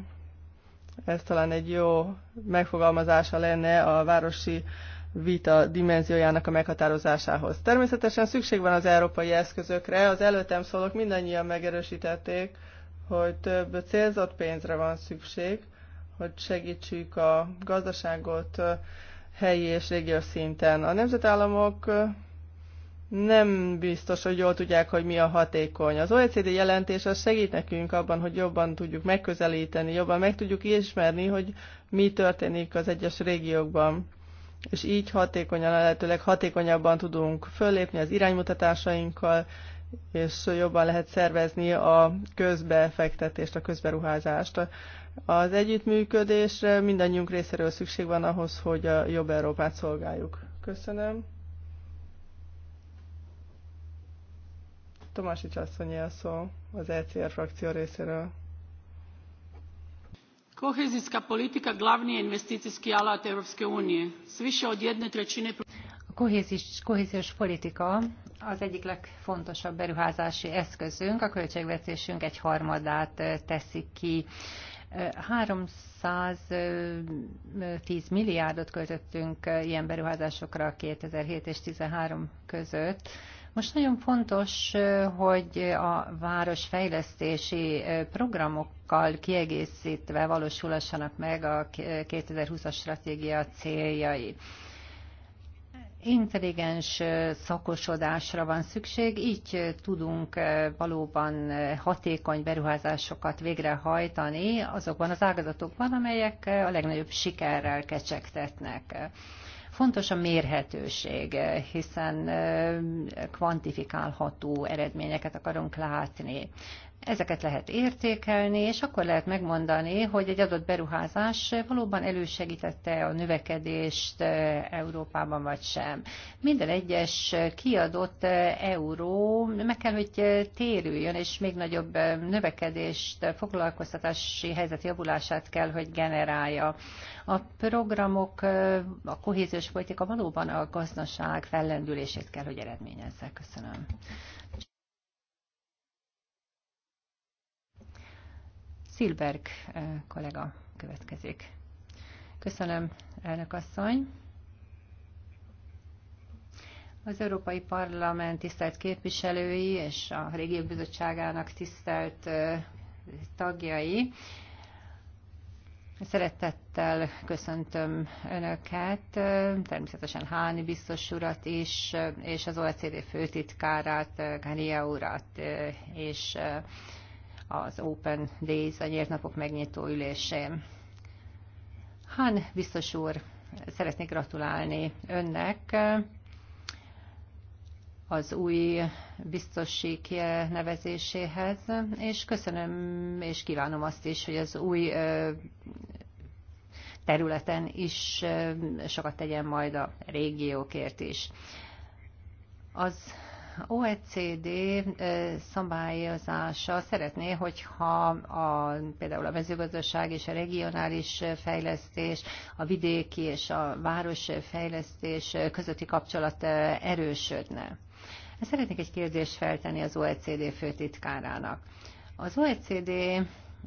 Ez talán egy jó megfogalmazása lenne a városi vita dimenziójának a meghatározásához. Természetesen szükség van az európai eszközökre, az előttem szólók mindannyian megerősítették, hogy több célzott pénzre van szükség, hogy segítsük a gazdaságot helyi és régiós szinten. A nemzetállamok nem biztos, hogy jól tudják, hogy mi a hatékony. Az OECD jelentés az segít nekünk abban, hogy jobban tudjuk megközelíteni, jobban meg tudjuk ismerni, hogy mi történik az egyes régiókban. És így hatékonyan, lehetőleg hatékonyabban tudunk föllépni az iránymutatásainkkal, és jobban lehet szervezni a közbefektetést, a közberuházást. Az együttműködésre mindannyiunk részéről szükség van ahhoz, hogy a jobb Európát szolgáljuk. Köszönöm. Tomásics asszonyi a szó az ECR frakció részéről. Kohezijska politika glavni je investicijski alat Europske unije. S od jedne trećine... Kohéziós politika az egyik legfontosabb beruházási eszközünk, a költségvetésünk egy harmadát teszik ki. 310 milliárdot költöttünk ilyen beruházásokra 2007 és 2013 között. Most nagyon fontos, hogy a városfejlesztési programokkal kiegészítve valósulassanak meg a 2020-as stratégia céljai intelligens szakosodásra van szükség, így tudunk valóban hatékony beruházásokat végrehajtani azokban az ágazatokban, amelyek a legnagyobb sikerrel kecsegtetnek. Fontos a mérhetőség, hiszen kvantifikálható eredményeket akarunk látni. Ezeket lehet értékelni, és akkor lehet megmondani, hogy egy adott beruházás valóban elősegítette a növekedést eh, Európában vagy sem. Minden egyes kiadott eh, euró meg kell, hogy eh, térüljön, és még nagyobb növekedést, foglalkoztatási helyzet javulását kell, hogy generálja. A programok, a kohéziós politika valóban a gazdaság fellendülését kell, hogy eredményezze. Köszönöm. Szilberg kollega következik. Köszönöm, elnök asszony. Az Európai Parlament tisztelt képviselői és a Régiók Bizottságának tisztelt tagjai. Szeretettel köszöntöm Önöket, természetesen Háni biztos urat is, és az OECD főtitkárát, Gania urat, és az Open Days, a nyílt napok megnyitó ülésén. Han biztos úr, szeretnék gratulálni önnek az új biztosi nevezéséhez, és köszönöm és kívánom azt is, hogy az új területen is sokat tegyen majd a régiókért is. Az OECD szabályozása szeretné, hogyha a, például a mezőgazdaság és a regionális fejlesztés, a vidéki és a fejlesztés közötti kapcsolat erősödne. Szeretnék egy kérdést feltenni az OECD főtitkárának. Az OECD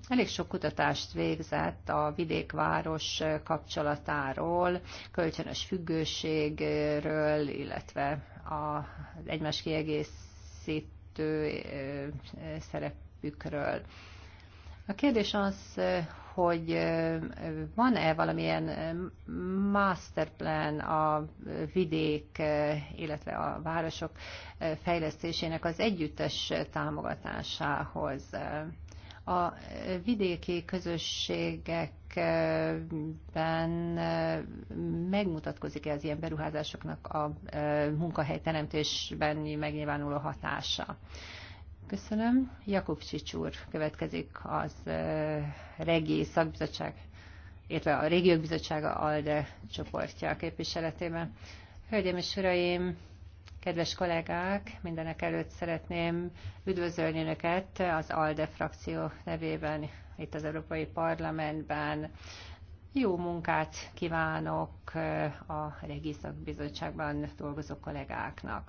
elég sok kutatást végzett a vidékváros kapcsolatáról, kölcsönös függőségről, illetve az egymás kiegészítő szerepükről. A kérdés az, hogy van-e valamilyen masterplan a vidék, illetve a városok fejlesztésének az együttes támogatásához. A vidéki közösségek években eh, megmutatkozik -e az ilyen beruházásoknak a eh, munkahelyteremtésben megnyilvánuló hatása. Köszönöm. Jakub Csics úr következik az eh, Regi Szakbizottság, illetve a Régiók Bizottsága ALDE csoportja képviseletében. Hölgyeim és Uraim, kedves kollégák, mindenek előtt szeretném üdvözölni Önöket az ALDE frakció nevében itt az Európai Parlamentben. Jó munkát kívánok eh, a Regiszak Bizottságban dolgozó kollégáknak.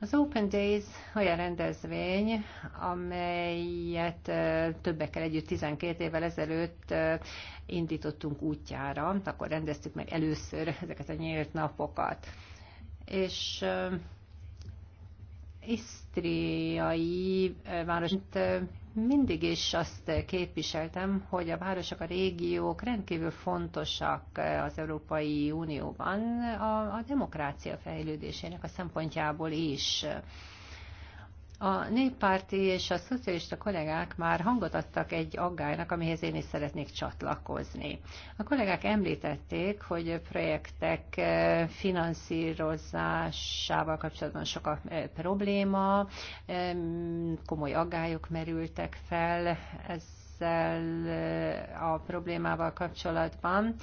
Az Open Days olyan rendezvény, amelyet eh, többekkel együtt 12 évvel ezelőtt eh, indítottunk útjára, akkor rendeztük meg először ezeket a nyílt napokat. És isztriai város mindig is azt képviseltem, hogy a városok, a régiók rendkívül fontosak az Európai Unióban a, a demokrácia fejlődésének a szempontjából is. A néppárti és a szocialista kollégák már hangot adtak egy aggálynak, amihez én is szeretnék csatlakozni. A kollégák említették, hogy projektek eh, finanszírozásával kapcsolatban sok a eh, probléma, komoly aggályok merültek fel ezzel eh, a problémával kapcsolatban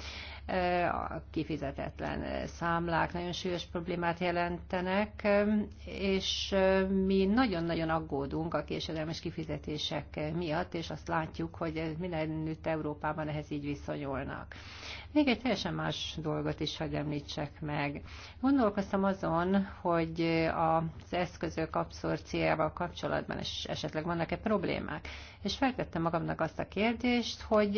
a kifizetetlen számlák nagyon súlyos problémát jelentenek, és mi nagyon-nagyon aggódunk a késedelmes kifizetések miatt, és azt látjuk, hogy mindenütt Európában ehhez így viszonyulnak. Még egy teljesen más dolgot is hogy említsek meg. Gondolkoztam azon, hogy az eszközök abszorciával kapcsolatban esetleg vannak-e problémák, és feltettem magamnak azt a kérdést, hogy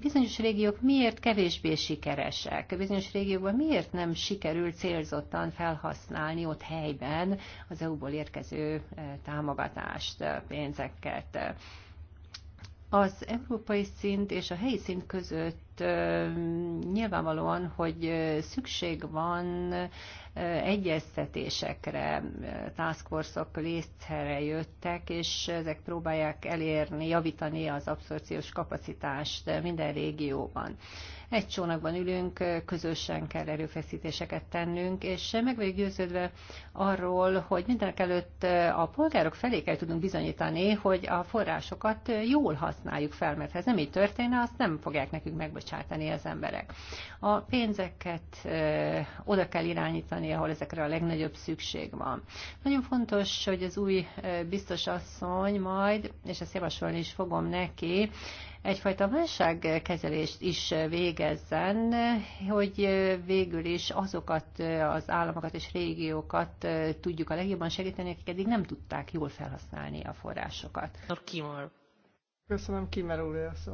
bizonyos régiók miért kevésbé sikeresek, bizonyos régiókban miért nem sikerül célzottan felhasználni ott helyben az EU-ból érkező eh, támogatást, eh, pénzeket. Az európai szint és a helyi szint között nyilvánvalóan, hogy szükség van egyeztetésekre, task force-ok jöttek, és ezek próbálják elérni, javítani az abszorciós kapacitást minden régióban egy csónakban ülünk, közösen kell erőfeszítéseket tennünk, és meg vagyok győződve arról, hogy mindenek előtt a polgárok felé kell tudunk bizonyítani, hogy a forrásokat jól használjuk fel, mert ha ez nem így történne, azt nem fogják nekünk megbocsátani az emberek. A pénzeket eh, oda kell irányítani, ahol ezekre a legnagyobb szükség van. Nagyon fontos, hogy az új eh, biztos asszony majd, és ezt javasolni is fogom neki, egyfajta válságkezelést is végezzen, hogy végül is azokat az államokat és régiókat tudjuk a legjobban segíteni, akik eddig nem tudták jól felhasználni a forrásokat. Köszönöm, Kimmer úr, a szó.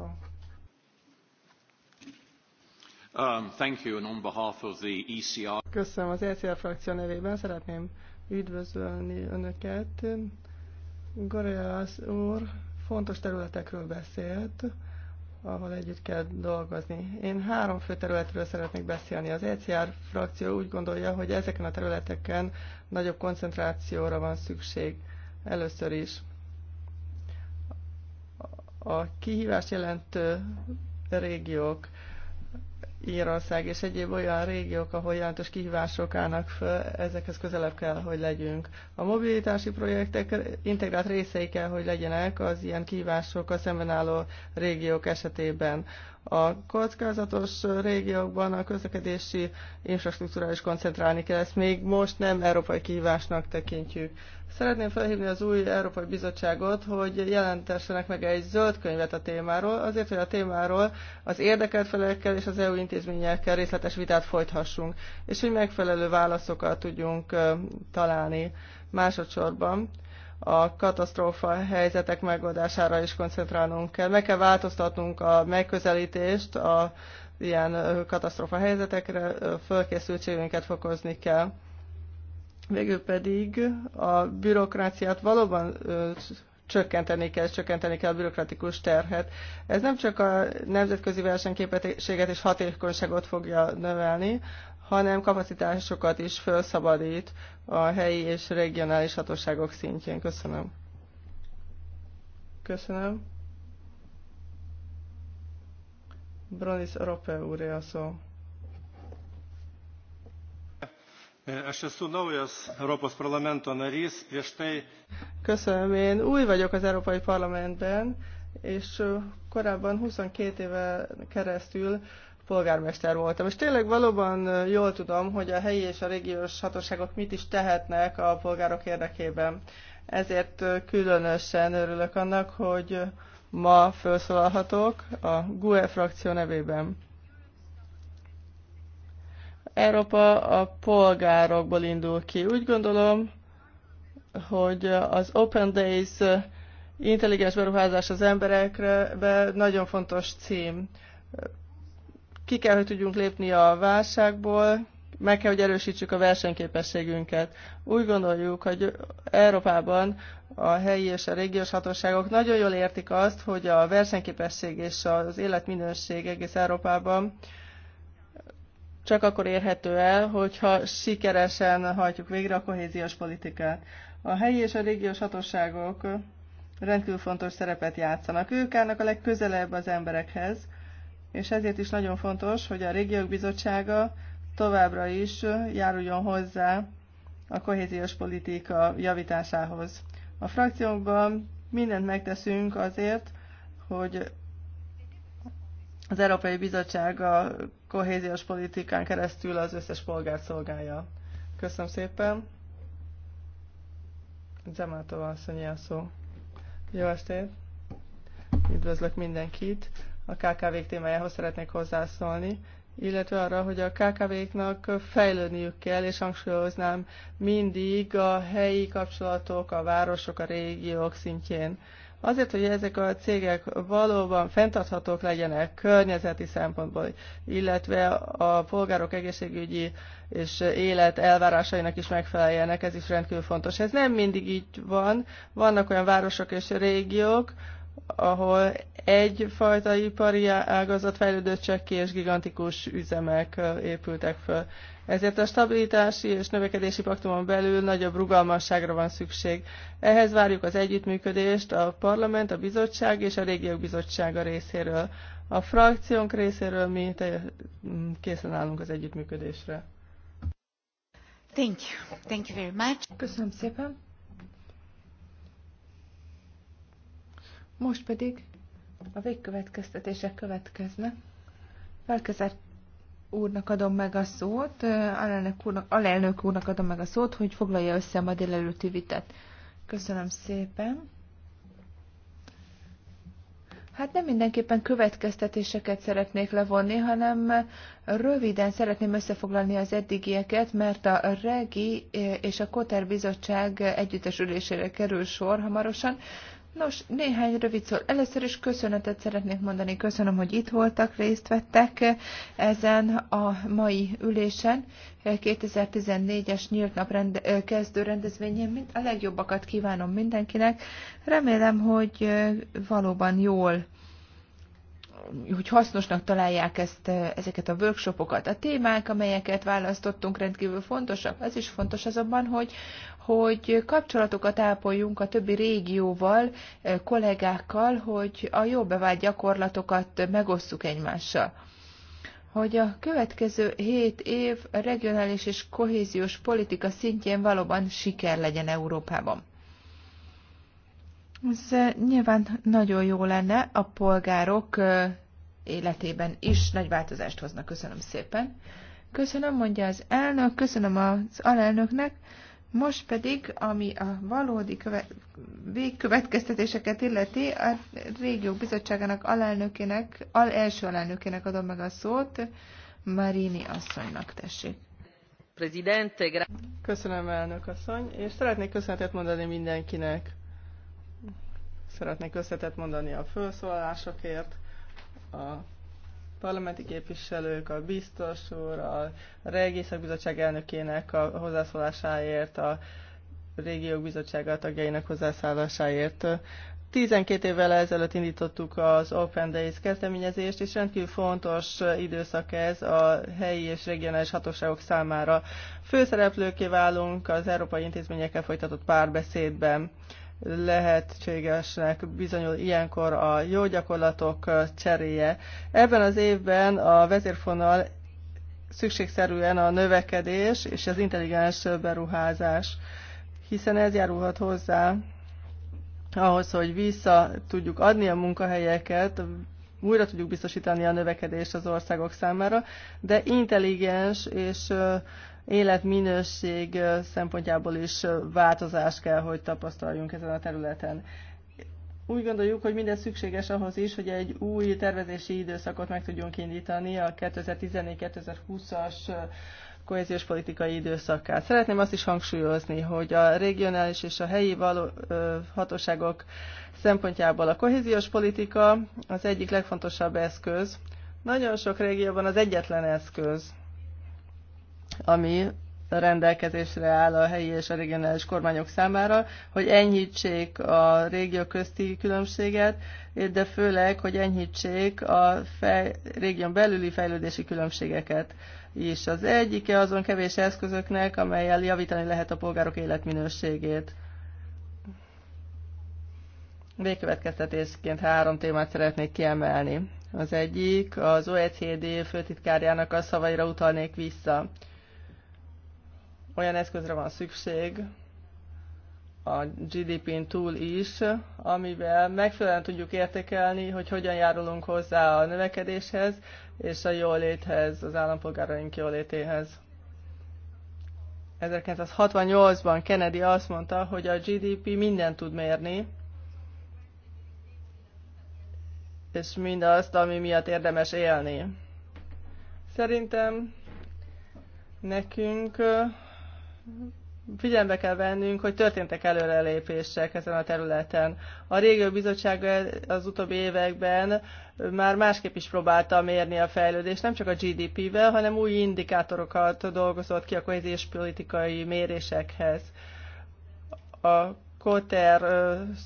Um, thank you, and on behalf of the ECR. Köszönöm az ECR frakció nevében, szeretném üdvözölni Önöket. Goreas úr, fontos területekről beszélt, ahol együtt kell dolgozni. Én három fő területről szeretnék beszélni. Az ECR frakció úgy gondolja, hogy ezeken a területeken nagyobb koncentrációra van szükség először is. A kihívást jelentő régiók, Írország és egyéb olyan régiók, ahol jelentős kihívások állnak föl, ezekhez közelebb kell, hogy legyünk. A mobilitási projektek integrált részei kell, hogy legyenek az ilyen kihívásokkal szemben álló régiók esetében. A kockázatos régiókban a közlekedési infrastruktúra is koncentrálni kell, ezt még most nem európai kihívásnak tekintjük. Szeretném felhívni az új Európai Bizottságot, hogy jelentessenek meg egy zöld könyvet a témáról, azért, hogy a témáról az érdekelt felekkel és az EU intézményekkel részletes vitát folythassunk, és hogy megfelelő válaszokat tudjunk találni. Másodszorban a katasztrófa helyzetek megoldására is koncentrálnunk kell. Meg kell változtatnunk a megközelítést, a ilyen katasztrófa helyzetekre fölkészültségünket fokozni kell. Végül pedig a bürokráciát valóban csökkenteni kell, csökkenteni kell a bürokratikus terhet. Ez nem csak a nemzetközi versenyképességet és hatékonyságot fogja növelni, hanem kapacitásokat is felszabadít a helyi és regionális hatóságok szintjén. Köszönöm. Köszönöm. Bronis Rope úré a szó. parlamento Köszönöm, én új vagyok az Európai Parlamentben, és korábban 22 éve keresztül polgármester voltam, és tényleg valóban jól tudom, hogy a helyi és a régiós hatóságok mit is tehetnek a polgárok érdekében. Ezért különösen örülök annak, hogy ma felszólalhatok a GUE frakció nevében. Európa a polgárokból indul ki. Úgy gondolom, hogy az Open Days intelligens beruházás az emberekre nagyon fontos cím ki kell, hogy tudjunk lépni a válságból, meg kell, hogy erősítsük a versenyképességünket. Úgy gondoljuk, hogy Európában a helyi és a régiós hatóságok nagyon jól értik azt, hogy a versenyképesség és az életminőség egész Európában csak akkor érhető el, hogyha sikeresen hajtjuk végre a kohéziós politikát. A helyi és a régiós hatóságok rendkívül fontos szerepet játszanak. Ők állnak a legközelebb az emberekhez, és ezért is nagyon fontos, hogy a Régiók Bizottsága továbbra is járuljon hozzá a kohéziós politika javításához. A frakciónkban mindent megteszünk azért, hogy az Európai Bizottság a kohéziós politikán keresztül az összes polgárt szolgálja. Köszönöm szépen. Zemátova asszonyi a szó. Jó estét! Üdvözlök mindenkit! a KKV-k témájához szeretnék hozzászólni, illetve arra, hogy a KKV-knak fejlődniük kell, és hangsúlyoznám mindig a helyi kapcsolatok, a városok, a régiók szintjén. Azért, hogy ezek a cégek valóban fenntarthatók legyenek környezeti szempontból, illetve a polgárok egészségügyi és élet elvárásainak is megfeleljenek, ez is rendkívül fontos. Ez nem mindig így van. Vannak olyan városok és régiók, ahol egyfajta ipari ágazat fejlődött csak ki, és gigantikus üzemek épültek föl. Ezért a stabilitási és növekedési paktumon belül nagyobb rugalmasságra van szükség. Ehhez várjuk az együttműködést a parlament, a bizottság és a régiók bizottsága részéről. A frakciónk részéről mi mm, készen állunk az együttműködésre. Thank you. Thank you very much. Köszönöm szépen. Most pedig a végkövetkeztetések következnek. Felkezett úrnak adom meg a szót, alelnök úrnak, alelnök úrnak adom meg a szót, hogy foglalja össze a ma délelőtti vitát. Köszönöm szépen. Hát nem mindenképpen következtetéseket szeretnék levonni, hanem röviden szeretném összefoglalni az eddigieket, mert a REGI és a KOTER bizottság együttes ülésére kerül sor hamarosan. Nos, néhány rövid szó. Először is köszönetet szeretnék mondani. Köszönöm, hogy itt voltak, részt vettek ezen a mai ülésen. 2014-es nyílt nap rende- kezdő rendezvényén a legjobbakat kívánom mindenkinek. Remélem, hogy valóban jól hogy hasznosnak találják ezt, ezeket a workshopokat. A témák, amelyeket választottunk, rendkívül fontosak. Az is fontos azonban, hogy hogy kapcsolatokat ápoljunk a többi régióval, eh, kollégákkal, hogy a jó bevált gyakorlatokat megosszuk egymással hogy a következő hét év regionális és kohéziós politika szintjén valóban siker legyen Európában. Ez eh, nyilván nagyon jó lenne, a polgárok eh, életében is nagy változást hoznak. Köszönöm szépen. Köszönöm, mondja az elnök, köszönöm az alelnöknek. Most pedig, ami a valódi köve- végkövetkeztetéseket illeti, a régió bizottságának alelnökének, al első alelnökének adom meg a szót, Marini asszonynak tessék. Presidente, Köszönöm, elnök asszony, és szeretnék köszönetet mondani mindenkinek. Szeretnék köszönetet mondani a felszólalásokért, a parlamenti képviselők, a biztos úr, a Régészek Bizottság elnökének a hozzászólásáért, a Régiók Bizottsága tagjainak hozzászólásáért. 12 évvel ezelőtt indítottuk az Open Days kezdeményezést, és rendkívül fontos időszak ez a helyi és regionális hatóságok számára. Főszereplőké válunk az európai intézményekkel folytatott párbeszédben lehetségesnek bizonyul ilyenkor a jó gyakorlatok cseréje. Ebben az évben a vezérfonal szükségszerűen a növekedés és az intelligens beruházás, hiszen ez járulhat hozzá ahhoz, hogy vissza tudjuk adni a munkahelyeket, újra tudjuk biztosítani a növekedést az országok számára, de intelligens és életminőség szempontjából is változás kell, hogy tapasztaljunk ezen a területen. Úgy gondoljuk, hogy minden szükséges ahhoz is, hogy egy új tervezési időszakot meg tudjunk indítani a 2014-2020-as kohéziós politikai időszakát. Szeretném azt is hangsúlyozni, hogy a regionális és a helyi való, ö, hatóságok szempontjából a kohéziós politika az egyik legfontosabb eszköz. Nagyon sok régióban az egyetlen eszköz, ami rendelkezésre áll a helyi és a regionális kormányok számára, hogy enyhítsék a régió közti különbséget, de főleg, hogy enyhítsék a fej, régión belüli fejlődési különbségeket és Az egyike azon kevés eszközöknek, amelyel javítani lehet a polgárok életminőségét. Végkövetkeztetésként három témát szeretnék kiemelni. Az egyik az OECD főtitkárjának a szavaira utalnék vissza olyan eszközre van szükség, a GDP-n túl is, amivel megfelelően tudjuk értékelni, hogy hogyan járulunk hozzá a növekedéshez és a jóléthez, az állampolgáraink jólétéhez. 1968-ban Kennedy azt mondta, hogy a GDP mindent tud mérni, és mindazt, ami miatt érdemes élni. Szerintem nekünk figyelembe kell vennünk, hogy történtek előrelépések ezen a területen. A régió bizottság az utóbbi években már másképp is próbálta mérni a fejlődést, nem csak a GDP-vel, hanem új indikátorokat dolgozott ki a kohéziós politikai mérésekhez. A Koter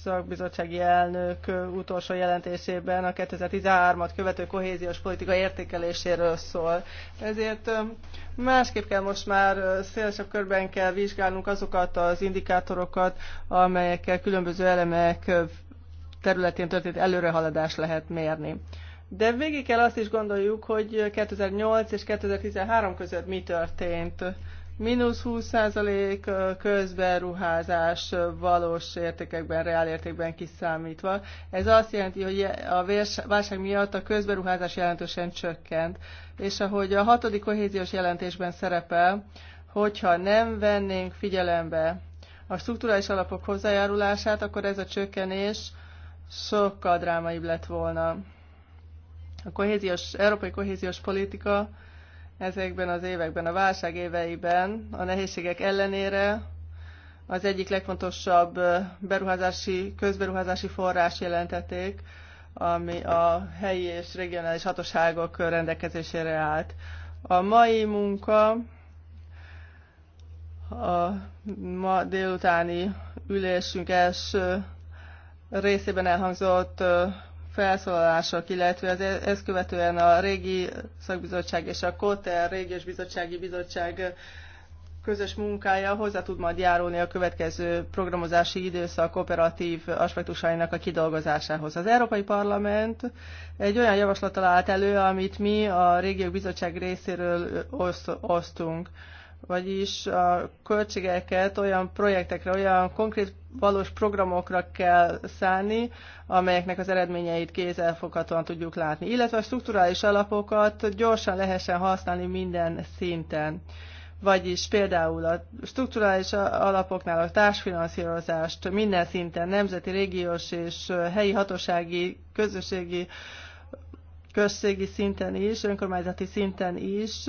szakbizottsági elnök utolsó jelentésében a 2013-at követő kohéziós politika értékeléséről szól. Ezért másképp kell most már szélesebb körben kell vizsgálnunk azokat az indikátorokat, amelyekkel különböző elemek területén történt előrehaladást lehet mérni. De végig kell azt is gondoljuk, hogy 2008 és 2013 között mi történt mínusz 20% közberuházás valós értékekben, reál értékben kiszámítva. Ez azt jelenti, hogy a válság miatt a közberuházás jelentősen csökkent, és ahogy a hatodik kohéziós jelentésben szerepel, hogyha nem vennénk figyelembe a strukturális alapok hozzájárulását, akkor ez a csökkenés sokkal drámaibb lett volna. A kohéziós, európai kohéziós politika ezekben az években, a válság éveiben, a nehézségek ellenére az egyik legfontosabb beruházási, közberuházási forrás jelentették, ami a helyi és regionális hatóságok rendelkezésére állt. A mai munka a ma délutáni ülésünk első részében elhangzott felszólalások, illetve az e- ezt követően a régi szakbizottság és a KOTER régiós bizottsági bizottság közös munkája hozzá tud majd járulni a következő programozási időszak operatív aspektusainak a kidolgozásához. Az Európai Parlament egy olyan javaslatot állt elő, amit mi a Régiók Bizottság részéről osztunk vagyis a költségeket olyan projektekre, olyan konkrét valós programokra kell szállni, amelyeknek az eredményeit kézzelfoghatóan tudjuk látni, illetve a strukturális alapokat gyorsan lehessen használni minden szinten. Vagyis például a strukturális alapoknál a társfinanszírozást minden szinten, nemzeti, régiós és helyi hatósági, közösségi, községi szinten is, önkormányzati szinten is,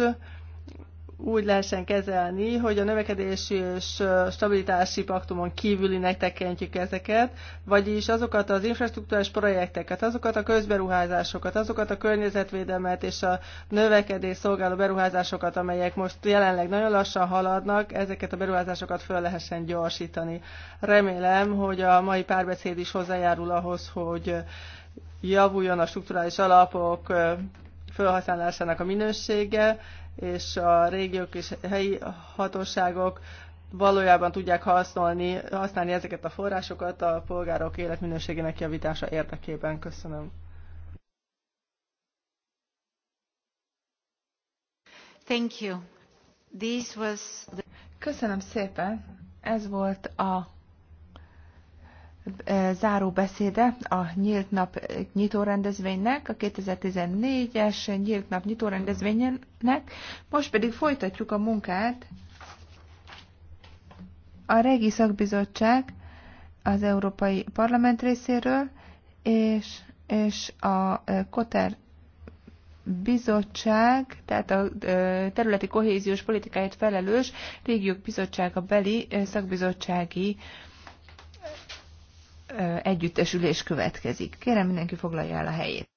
úgy lehessen kezelni, hogy a növekedési és stabilitási paktumon kívülinek tekintjük ezeket, vagyis azokat az infrastruktúrás projekteket, azokat a közberuházásokat, azokat a környezetvédelmet és a növekedés szolgáló beruházásokat, amelyek most jelenleg nagyon lassan haladnak, ezeket a beruházásokat föl lehessen gyorsítani. Remélem, hogy a mai párbeszéd is hozzájárul ahhoz, hogy javuljon a strukturális alapok felhasználásának a minősége, és a régiók és helyi hatóságok valójában tudják használni, használni ezeket a forrásokat a polgárok életminőségének javítása érdekében. Köszönöm. Thank you. This was the... Köszönöm szépen. Ez volt a záró beszéde a Nyílt Nap nyitórendezvénynek, a 2014-es Nyílt Nap nyitórendezvénynek. Most pedig folytatjuk a munkát. A Regi Szakbizottság az Európai Parlament részéről, és, és a Koter bizottság, tehát a területi kohéziós politikáért felelős régiók bizottsága beli szakbizottsági együttesülés következik. Kérem mindenki foglalja el a helyét.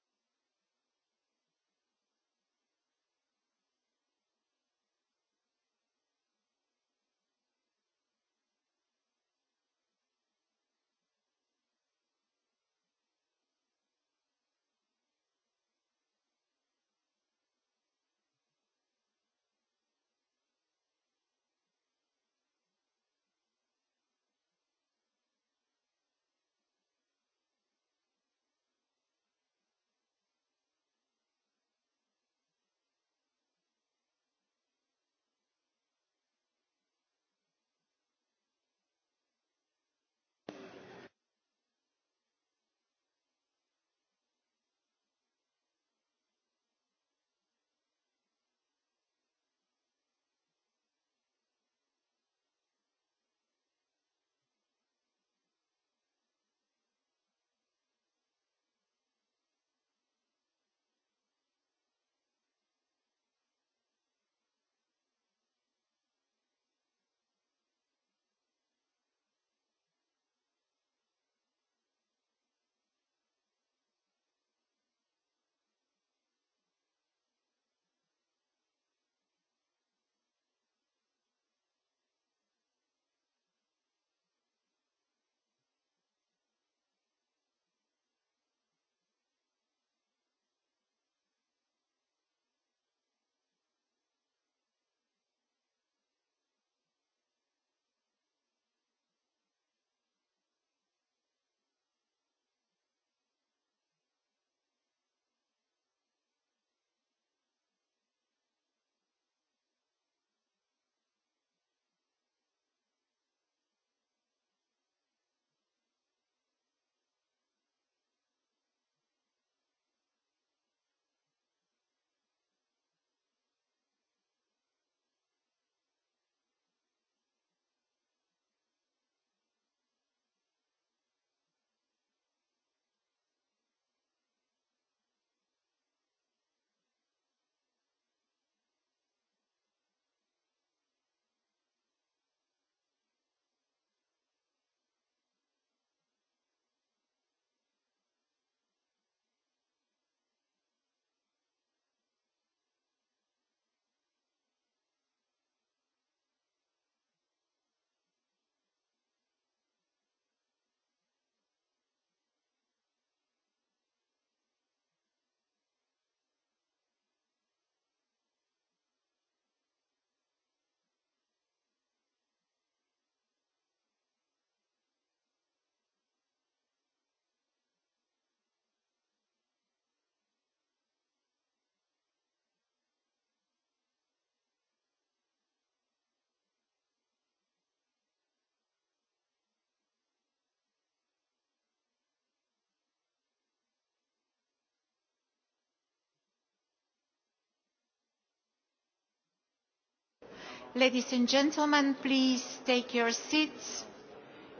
Ladies and gentlemen, please take your seats.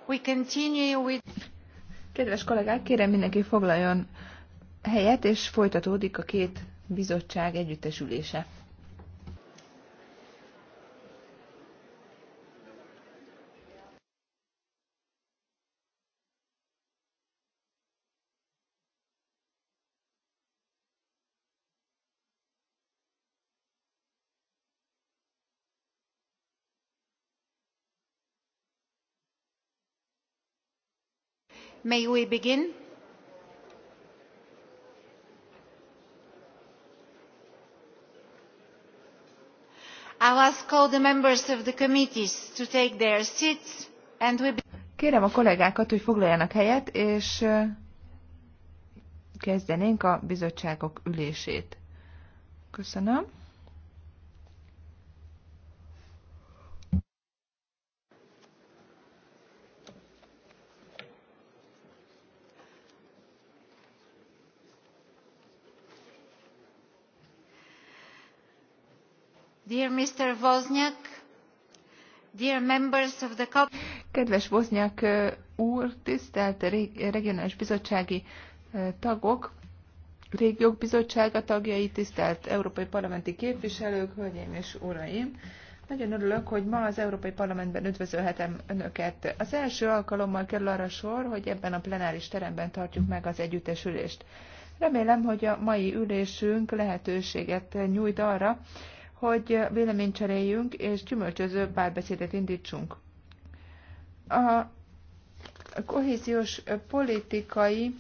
We continue with... Kedves kollégák, kérem mindenki foglaljon helyet, és folytatódik a két bizottság együttesülése. may we begin? I'll ask all the members of the committees to take their seats and we begin. Kérem a kollégákat, hogy foglaljanak helyet, és kezdenénk a bizottságok ülését. Köszönöm. Kedves Wozniak úr, tisztelt regionális bizottsági tagok, Régiók Bizottsága tagjai, tisztelt európai parlamenti képviselők, hölgyeim és uraim! Nagyon örülök, hogy ma az Európai Parlamentben üdvözölhetem Önöket. Az első alkalommal kerül arra sor, hogy ebben a plenáris teremben tartjuk meg az együttesülést. Remélem, hogy a mai ülésünk lehetőséget nyújt arra, hogy véleményt cseréljünk és gyümölcsöző párbeszédet indítsunk. A kohéziós politikai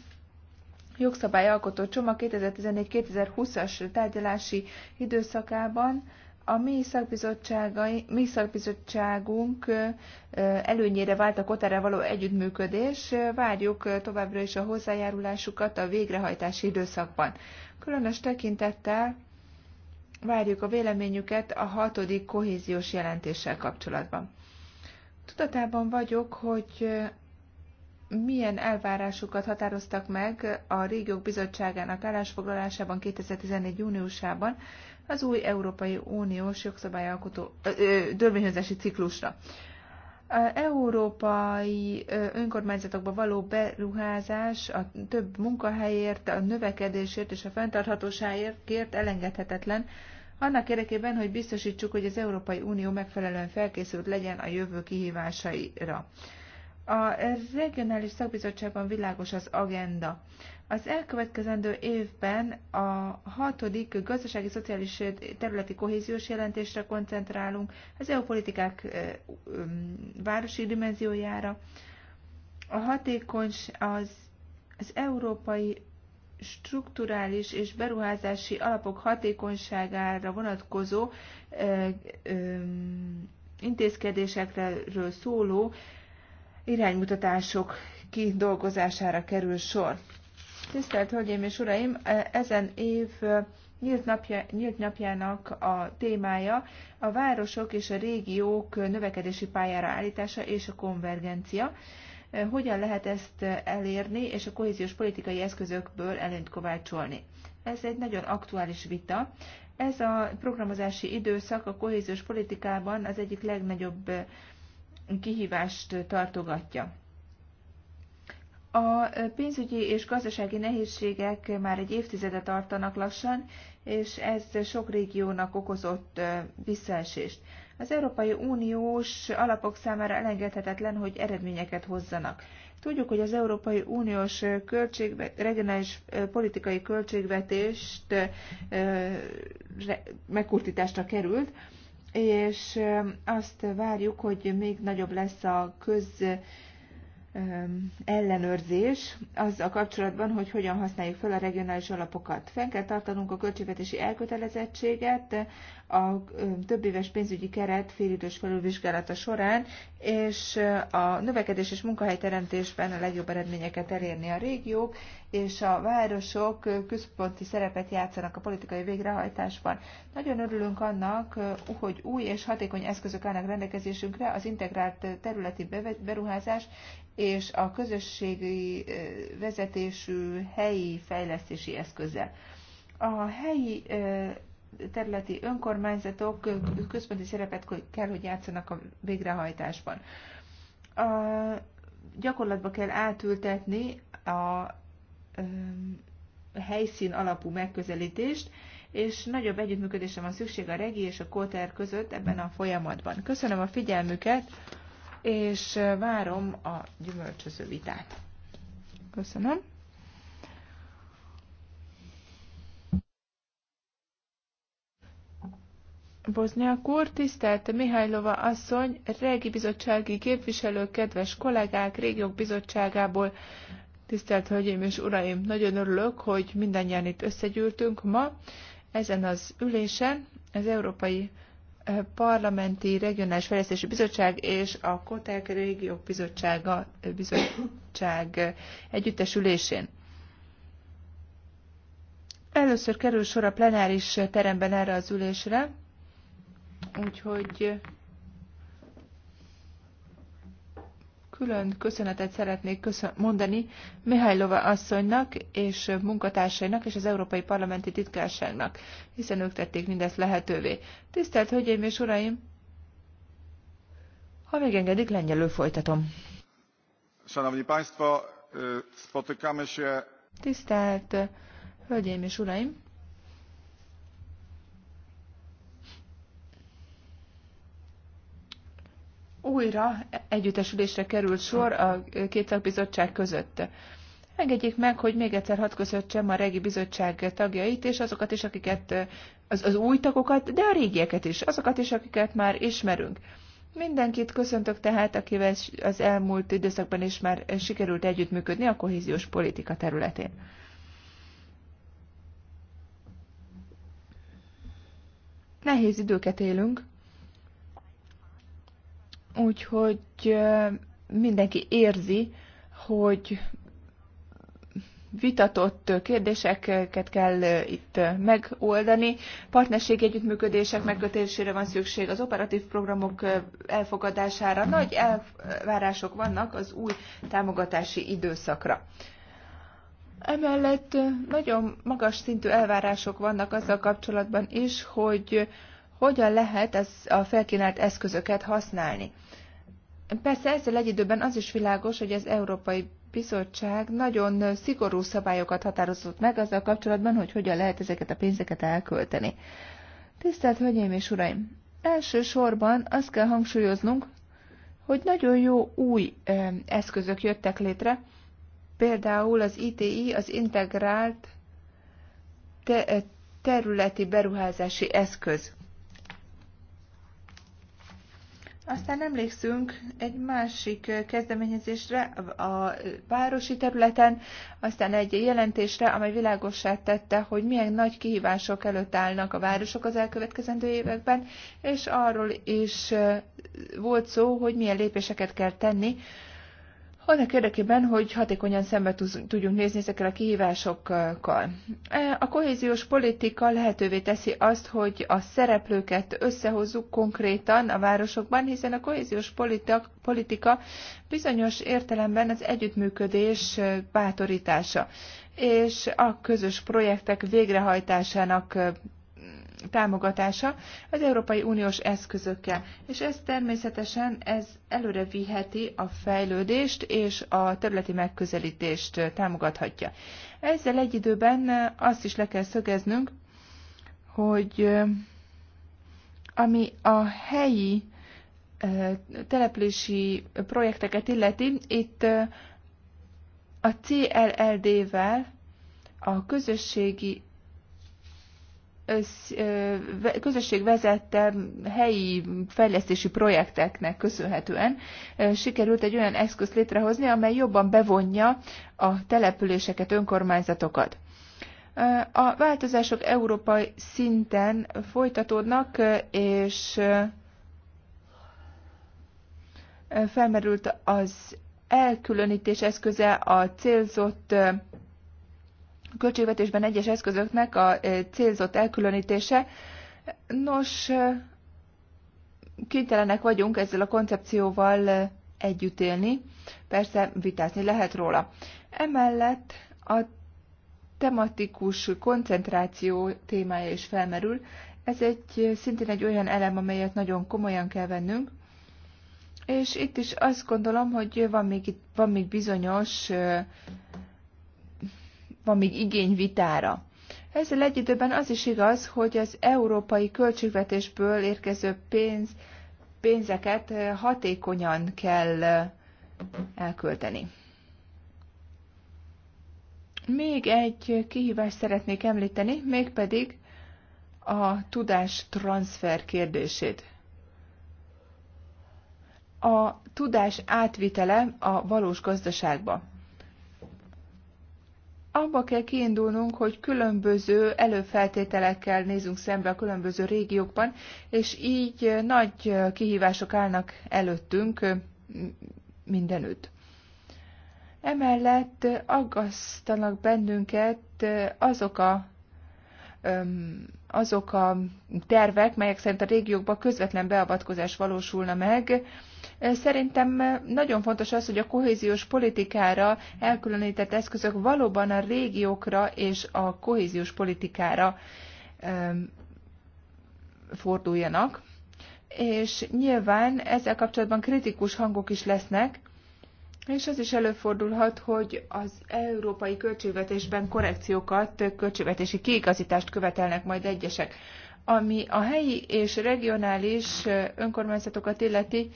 jogszabályalkotó csomag 2014-2020-as tárgyalási időszakában a mi, mi szakbizottságunk előnyére vált a kotára való együttműködés. Várjuk továbbra is a hozzájárulásukat a végrehajtási időszakban. Különös tekintettel Várjuk a véleményüket a hatodik kohéziós jelentéssel kapcsolatban. Tudatában vagyok, hogy milyen elvárásokat határoztak meg a Régiók Bizottságának állásfoglalásában 2014. júniusában az új Európai Uniós jogszabályalkotó dörvényhozási ciklusra európai önkormányzatokba való beruházás a több munkahelyért, a növekedésért és a fenntarthatóságért elengedhetetlen, annak érdekében, hogy biztosítsuk, hogy az Európai Unió megfelelően felkészült legyen a jövő kihívásaira. A regionális szakbizottságban világos az agenda. Az elkövetkezendő évben a hatodik gazdasági szociális területi kohéziós jelentésre koncentrálunk, az EU politikák városi dimenziójára. A hatékony az, az európai strukturális és beruházási alapok hatékonyságára vonatkozó ö, ö, intézkedésekről szóló iránymutatások kidolgozására kerül sor. Tisztelt Hölgyeim és Uraim, e, ezen év e, nyílt, napja, nyílt napjának a témája a városok és a régiók növekedési pályára állítása és a konvergencia. E, hogyan lehet ezt elérni, és a kohéziós politikai eszközökből előnyt kovácsolni? Ez egy nagyon aktuális vita. Ez a programozási időszak a kohéziós politikában az egyik legnagyobb kihívást tartogatja. A pénzügyi és gazdasági nehézségek már egy évtizede tartanak lassan, és ez sok régiónak okozott visszaesést. Az Európai Uniós alapok számára elengedhetetlen, hogy eredményeket hozzanak. Tudjuk, hogy az Európai Uniós költségve, regionális politikai költségvetést megkurtításra került, és azt várjuk, hogy még nagyobb lesz a köz ellenőrzés az a kapcsolatban, hogy hogyan használjuk fel a regionális alapokat. Fenn kell tartanunk a költségvetési elkötelezettséget, a éves pénzügyi keret félidős felülvizsgálata során, és a növekedés és munkahelyteremtésben a legjobb eredményeket elérni a régiók, és a városok központi szerepet játszanak a politikai végrehajtásban. Nagyon örülünk annak, hogy új és hatékony eszközök állnak rendelkezésünkre az integrált területi beruházás és a közösségi vezetésű helyi fejlesztési eszközzel. A helyi területi önkormányzatok központi szerepet kell, hogy játszanak a végrehajtásban. A gyakorlatba kell átültetni a helyszín alapú megközelítést, és nagyobb együttműködésre van szükség a regi és a kóter között ebben a folyamatban. Köszönöm a figyelmüket, és várom a gyümölcsöző vitát. Köszönöm. Boznyák úr, tisztelt Mihálylova asszony, régi bizottsági képviselő, kedves kollégák, régiók bizottságából, tisztelt hölgyeim és uraim, nagyon örülök, hogy mindannyian itt összegyűltünk ma ezen az ülésen, az Európai eh, Parlamenti Regionális Fejlesztési Bizottság és a Kotek Régiók Bizottsága eh, Bizottság eh, együttesülésén. Először kerül sor a plenáris teremben erre az ülésre, Úgyhogy külön köszönetet szeretnék köszön- mondani Mihajlova asszonynak és munkatársainak és az Európai Parlamenti Titkárságnak, hiszen ők tették mindezt lehetővé. Tisztelt Hölgyeim és Uraim! Ha engedik, lengyelül folytatom. Szanowni Państwo, spotykamy się... Tisztelt Hölgyeim és Uraim! újra együttesülésre került sor a két szakbizottság között. Engedjék meg, hogy még egyszer hat között sem a regi bizottság tagjait, és azokat is, akiket, az, az új tagokat, de a régieket is, azokat is, akiket már ismerünk. Mindenkit köszöntök tehát, akivel az elmúlt időszakban is már sikerült együttműködni a kohéziós politika területén. Nehéz időket élünk, Úgyhogy mindenki érzi, hogy vitatott kérdéseket kell itt megoldani. Partnerségi együttműködések megkötésére van szükség, az operatív programok elfogadására. Nagy elvárások vannak az új támogatási időszakra. Emellett nagyon magas szintű elvárások vannak azzal kapcsolatban is, hogy hogyan lehet ez a felkínált eszközöket használni. Persze ezzel egy időben az is világos, hogy az Európai Bizottság nagyon szigorú szabályokat határozott meg azzal kapcsolatban, hogy hogyan lehet ezeket a pénzeket elkölteni. Tisztelt Hölgyeim és Uraim! Elsősorban azt kell hangsúlyoznunk, hogy nagyon jó új eszközök jöttek létre, például az ITI, az integrált területi beruházási eszköz. Aztán emlékszünk egy másik kezdeményezésre a városi területen, aztán egy jelentésre, amely világossá tette, hogy milyen nagy kihívások előtt állnak a városok az elkövetkezendő években, és arról is volt szó, hogy milyen lépéseket kell tenni annak érdekében, hogy hatékonyan szembe tudjunk nézni ezekkel a kihívásokkal. E, a kohéziós politika lehetővé teszi azt, hogy a szereplőket összehozzuk konkrétan a városokban, hiszen a kohéziós politika bizonyos értelemben az együttműködés e, bátorítása és a közös projektek végrehajtásának e, támogatása az Európai Uniós eszközökkel. És ez természetesen ez előre viheti a fejlődést és a területi megközelítést támogathatja. Ezzel egy időben azt is le kell szögeznünk, hogy ami a helyi települési projekteket illeti, itt a CLLD-vel a közösségi közösség vezette helyi fejlesztési projekteknek köszönhetően sikerült egy olyan eszközt létrehozni, amely jobban bevonja a településeket, önkormányzatokat. A változások európai szinten folytatódnak, és felmerült az elkülönítés eszköze a célzott költségvetésben egyes eszközöknek a célzott elkülönítése. Nos, kénytelenek vagyunk ezzel a koncepcióval együtt élni, persze vitázni lehet róla. Emellett a tematikus koncentráció témája is felmerül. Ez egy szintén egy olyan elem, amelyet nagyon komolyan kell vennünk, és itt is azt gondolom, hogy van még, van még bizonyos van még igény vitára. Ezzel egy időben az is igaz, hogy az európai költségvetésből érkező pénz, pénzeket eh, hatékonyan kell eh, elkölteni. Még egy kihívást szeretnék említeni, mégpedig a tudás transfer kérdését. A tudás átvitele a valós gazdaságba abba kell kiindulnunk, hogy különböző előfeltételekkel nézünk szembe a különböző régiókban, és így nagy kihívások állnak előttünk mindenütt. Emellett aggasztanak bennünket azok a azok a tervek, melyek szerint a régiókba közvetlen beavatkozás valósulna meg, Szerintem nagyon fontos az, hogy a kohéziós politikára elkülönített eszközök valóban a régiókra és a kohéziós politikára forduljanak, és nyilván ezzel kapcsolatban kritikus hangok is lesznek, és az is előfordulhat, hogy az európai költségvetésben korrekciókat, költségvetési kiigazítást követelnek majd egyesek. Ami a helyi és regionális önkormányzatokat illeti,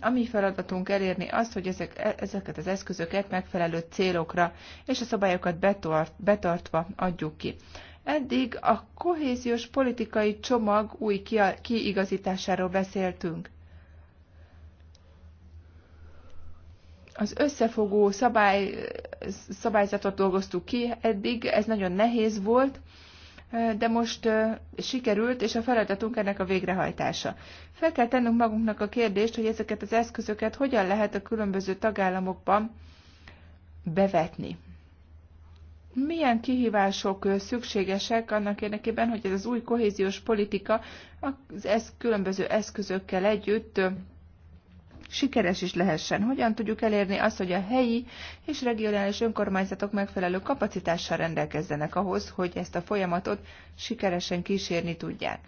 a mi feladatunk elérni azt, hogy ezek, ezeket az eszközöket megfelelő célokra és a szabályokat betart, betartva adjuk ki. Eddig a kohéziós politikai csomag új kiigazításáról beszéltünk. az összefogó szabály, szabályzatot dolgoztuk ki eddig, ez nagyon nehéz volt, de most sikerült, és a feladatunk ennek a végrehajtása. Fel kell tennünk magunknak a kérdést, hogy ezeket az eszközöket hogyan lehet a különböző tagállamokban bevetni. Milyen kihívások szükségesek annak érdekében, hogy ez az új kohéziós politika az ez különböző eszközökkel együtt sikeres is lehessen. Hogyan tudjuk elérni azt, hogy a helyi és regionális önkormányzatok megfelelő kapacitással rendelkezzenek ahhoz, hogy ezt a folyamatot sikeresen kísérni tudják.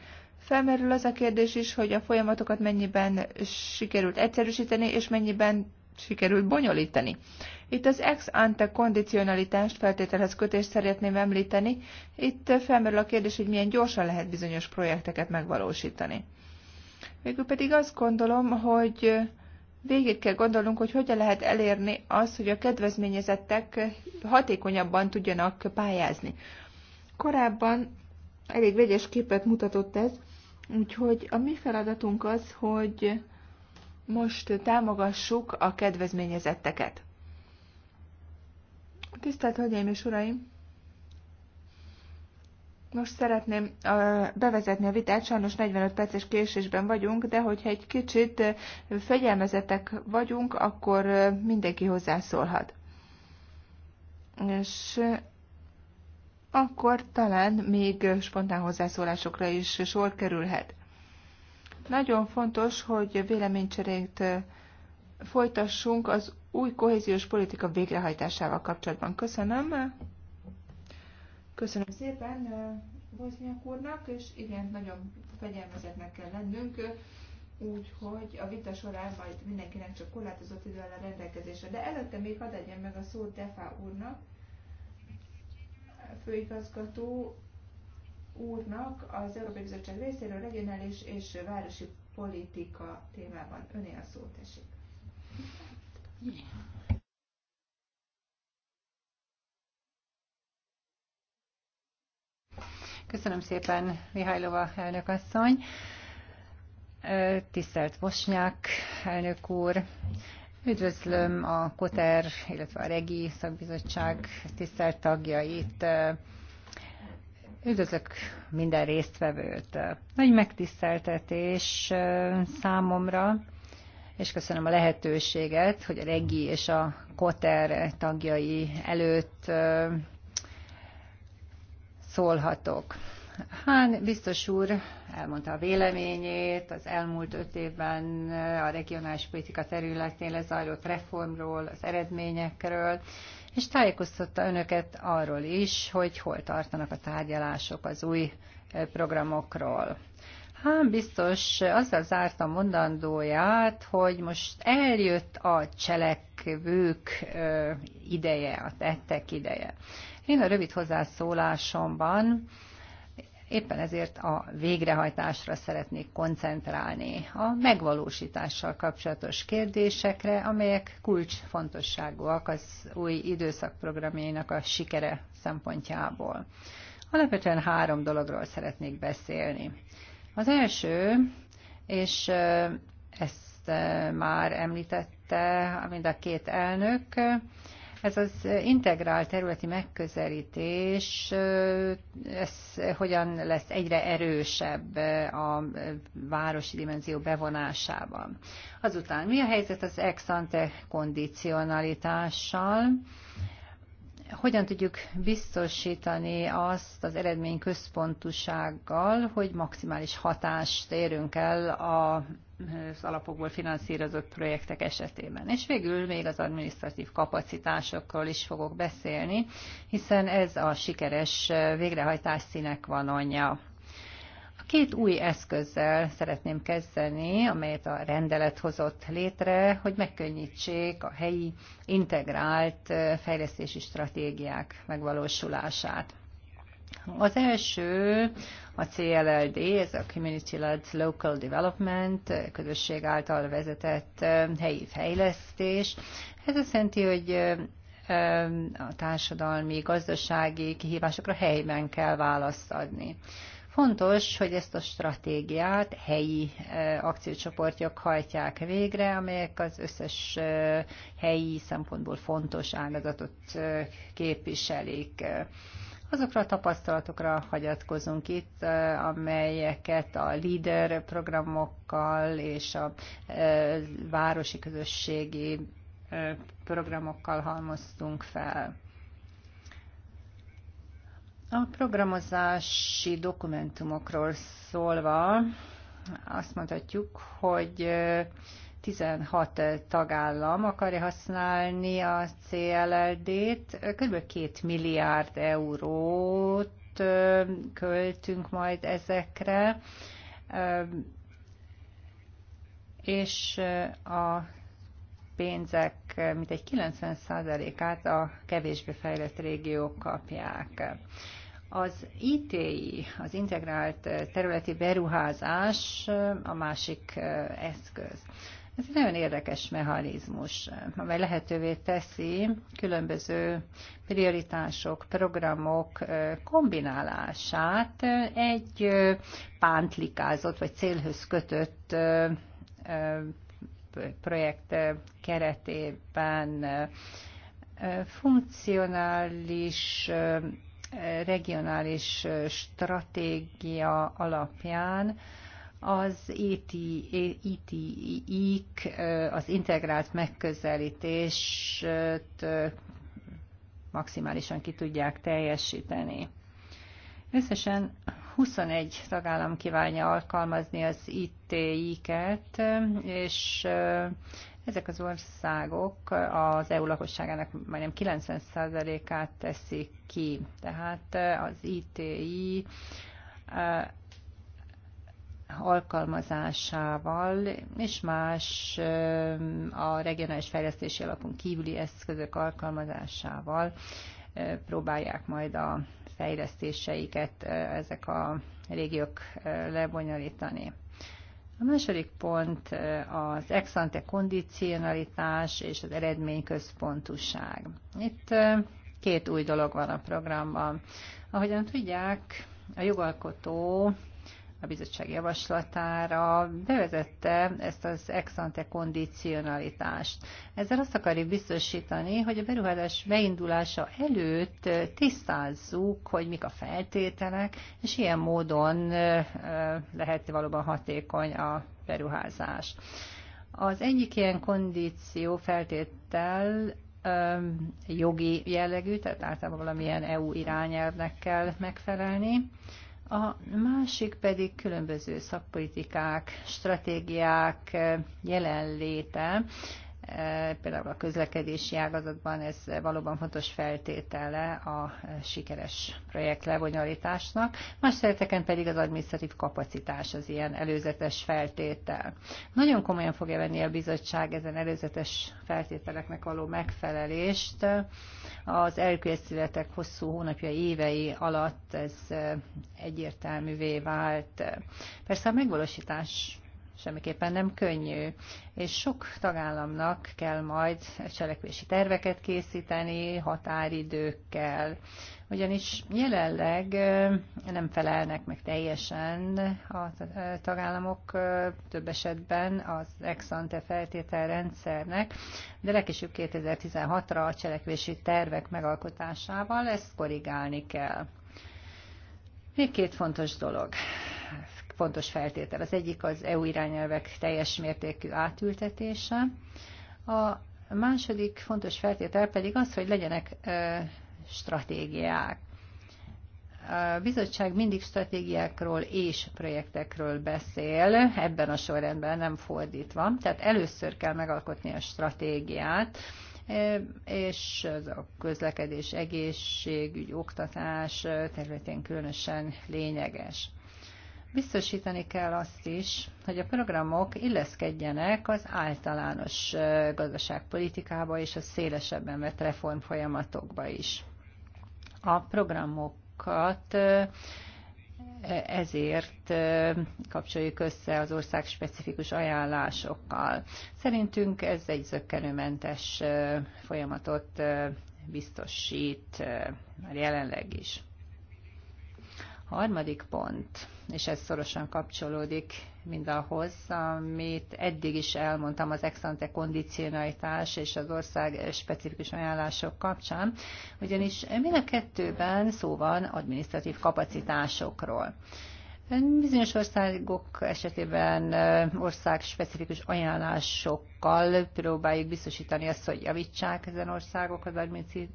Felmerül az a kérdés is, hogy a folyamatokat mennyiben sikerült egyszerűsíteni, és mennyiben sikerült bonyolítani. Itt az ex ante kondicionalitást feltételhez kötést szeretném említeni. Itt felmerül a kérdés, hogy milyen gyorsan lehet bizonyos projekteket megvalósítani. Végül pedig azt gondolom, hogy végig kell gondolnunk, hogy hogyan lehet elérni az, hogy a kedvezményezettek hatékonyabban tudjanak pályázni. Korábban elég vegyes képet mutatott ez, úgyhogy a mi feladatunk az, hogy most támogassuk a kedvezményezetteket. Tisztelt Hölgyeim és Uraim! Most szeretném bevezetni a vitát, sajnos 45 perces késésben vagyunk, de hogyha egy kicsit fegyelmezetek vagyunk, akkor mindenki hozzászólhat. És akkor talán még spontán hozzászólásokra is sor kerülhet. Nagyon fontos, hogy véleménycserét folytassunk az új kohéziós politika végrehajtásával kapcsolatban. Köszönöm. Köszönöm szépen Bozniak úrnak, és igen, nagyon fegyelmezetnek kell lennünk, úgyhogy a vita során majd mindenkinek csak korlátozott idő áll a rendelkezésre. De előtte még hadd adjam meg a szót Defa úrnak, főigazgató úrnak az Európai Bizottság részéről regionális és városi politika témában. Öné a szó, tessék. Köszönöm szépen, Mihajlova elnök asszony. Tisztelt Bosnyák elnök úr, üdvözlöm a Koter, illetve a Regi szakbizottság tisztelt tagjait. Üdvözlök minden résztvevőt. Nagy megtiszteltetés számomra, és köszönöm a lehetőséget, hogy a Regi és a Koter tagjai előtt szólhatok. Hán biztos úr elmondta a véleményét az elmúlt öt évben a regionális politika területén lezajlott reformról, az eredményekről, és tájékoztatta önöket arról is, hogy hol tartanak a tárgyalások az új programokról. Hán biztos azzal zárta mondandóját, hogy most eljött a cselekvők ideje, a tettek ideje. Én a rövid hozzászólásomban éppen ezért a végrehajtásra szeretnék koncentrálni, a megvalósítással kapcsolatos kérdésekre, amelyek kulcsfontosságúak az új időszak programjainak a sikere szempontjából. Alapvetően három dologról szeretnék beszélni. Az első, és ezt már említette mind a két elnök, ez az integrált területi megközelítés, ez hogyan lesz egyre erősebb a városi dimenzió bevonásában. Azután mi a helyzet az ex ante kondicionalitással? hogyan tudjuk biztosítani azt az eredmény központusággal, hogy maximális hatást érünk el a Eh, alapokból finanszírozott projektek esetében. És végül még az administratív kapacitásokról is fogok beszélni, hiszen ez a sikeres eh, végrehajtás színek van anyja. A két új eszközzel szeretném kezdeni, amelyet a rendelet hozott létre, hogy megkönnyítsék a helyi integrált eh, fejlesztési stratégiák megvalósulását. Az első a CLLD, ez a Community Led Local Development, közösség által vezetett helyi fejlesztés. Ez azt jelenti, hogy a társadalmi, gazdasági kihívásokra helyben kell választ adni. Fontos, hogy ezt a stratégiát helyi akciócsoportok hajtják végre, amelyek az összes helyi szempontból fontos ágazatot képviselik. Azokra a tapasztalatokra hagyatkozunk itt, eh, amelyeket a LEADER programokkal és a eh, városi közösségi eh, programokkal halmoztunk fel. A programozási dokumentumokról szólva azt mondhatjuk, hogy 16 tagállam akarja használni a CLLD-t, kb. 2 milliárd eurót költünk majd ezekre, és a pénzek mint egy 90%-át a kevésbé fejlett régiók kapják. Az ITI, az integrált területi beruházás a másik eszköz. Ez egy nagyon érdekes mechanizmus, amely lehetővé teszi különböző prioritások, programok kombinálását egy pántlikázott vagy célhöz kötött projekt keretében funkcionális regionális stratégia alapján az ITI-k, e e az integrált megközelítést maximálisan ki tudják teljesíteni. Összesen 21 tagállam kívánja alkalmazni az ITI-ket, és ezek az országok az EU lakosságának majdnem 90%-át teszik ki. Tehát az ITI alkalmazásával és más a regionális fejlesztési alapon kívüli eszközök alkalmazásával próbálják majd a fejlesztéseiket ezek a régiók lebonyolítani. A második pont az exante kondicionalitás és az eredményközpontúság. Itt két új dolog van a programban. Ahogyan tudják, a jogalkotó a bizottság javaslatára bevezette ezt az ex ante kondicionalitást. Ezzel azt akarjuk biztosítani, hogy a beruházás beindulása előtt tisztázzuk, hogy mik a feltételek, és ilyen módon lehet valóban hatékony a beruházás. Az egyik ilyen kondíció feltétel jogi jellegű, tehát általában valamilyen EU irányelvnek kell megfelelni. A másik pedig különböző szakpolitikák, stratégiák eh, jelenléte, például a közlekedési ágazatban ez valóban fontos feltétele a sikeres projekt lebonyolításnak, más területeken pedig az administratív kapacitás az ilyen előzetes feltétel. Nagyon komolyan fogja venni a bizottság ezen előzetes feltételeknek való megfelelést. Az elkövetületek hosszú hónapja évei alatt ez egyértelművé vált. Persze a megvalósítás semmiképpen nem könnyű, és sok tagállamnak kell majd cselekvési terveket készíteni határidőkkel, ugyanis jelenleg nem felelnek meg teljesen a tagállamok több esetben az ex ante feltételrendszernek, de legkésőbb 2016-ra a cselekvési tervek megalkotásával ezt korrigálni kell. Még két fontos dolog fontos feltétel. Az egyik az EU irányelvek teljes mértékű átültetése, a második fontos feltétel pedig az, hogy legyenek stratégiák. A bizottság mindig stratégiákról és projektekről beszél, ebben a sorrendben nem fordítva. Tehát először kell megalkotni a stratégiát, és ez a közlekedés, egészségügy, oktatás területén különösen lényeges. Biztosítani kell azt is, hogy a programok illeszkedjenek az általános gazdaságpolitikába és a szélesebben vett reformfolyamatokba is. A programokat ezért kapcsoljuk össze az ország specifikus ajánlásokkal. Szerintünk ez egy zöggenőmentes folyamatot biztosít már jelenleg is. Harmadik pont, és ez szorosan kapcsolódik mindahhoz, amit eddig is elmondtam az exante kondicionalitás és az ország specifikus ajánlások kapcsán, ugyanis mind a kettőben szó van adminisztratív kapacitásokról. Bizonyos országok esetében ország specifikus ajánlásokkal próbáljuk biztosítani azt, hogy javítsák ezen országok az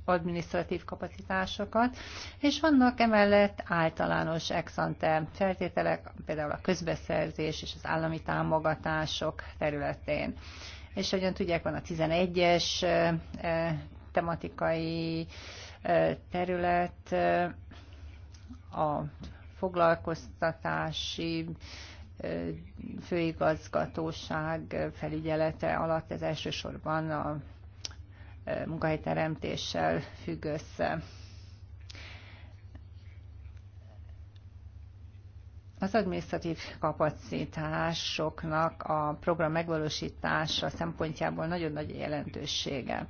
adminisztratív kapacitásokat, és vannak emellett általános exante feltételek, például a közbeszerzés és az állami támogatások területén. És ahogyan tudják, van a 11-es tematikai terület, a foglalkoztatási főigazgatóság felügyelete alatt ez elsősorban a munkahelyteremtéssel függ össze. Az adminisztratív kapacitásoknak a program megvalósítása szempontjából nagyon nagy jelentősége.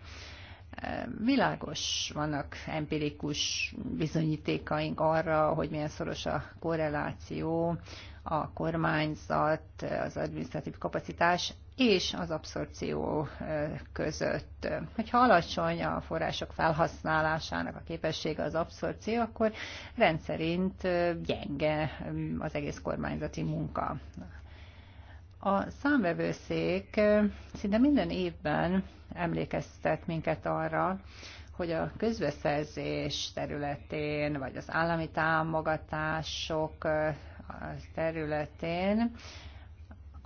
Világos vannak empirikus bizonyítékaink arra, hogy milyen szoros a korreláció a kormányzat, az adminisztratív kapacitás és az abszorció között. Hogyha alacsony a források felhasználásának a képessége az abszorció, akkor rendszerint gyenge az egész kormányzati munka, a számvevőszék szinte minden évben emlékeztet minket arra, hogy a közbeszerzés területén, vagy az állami támogatások területén,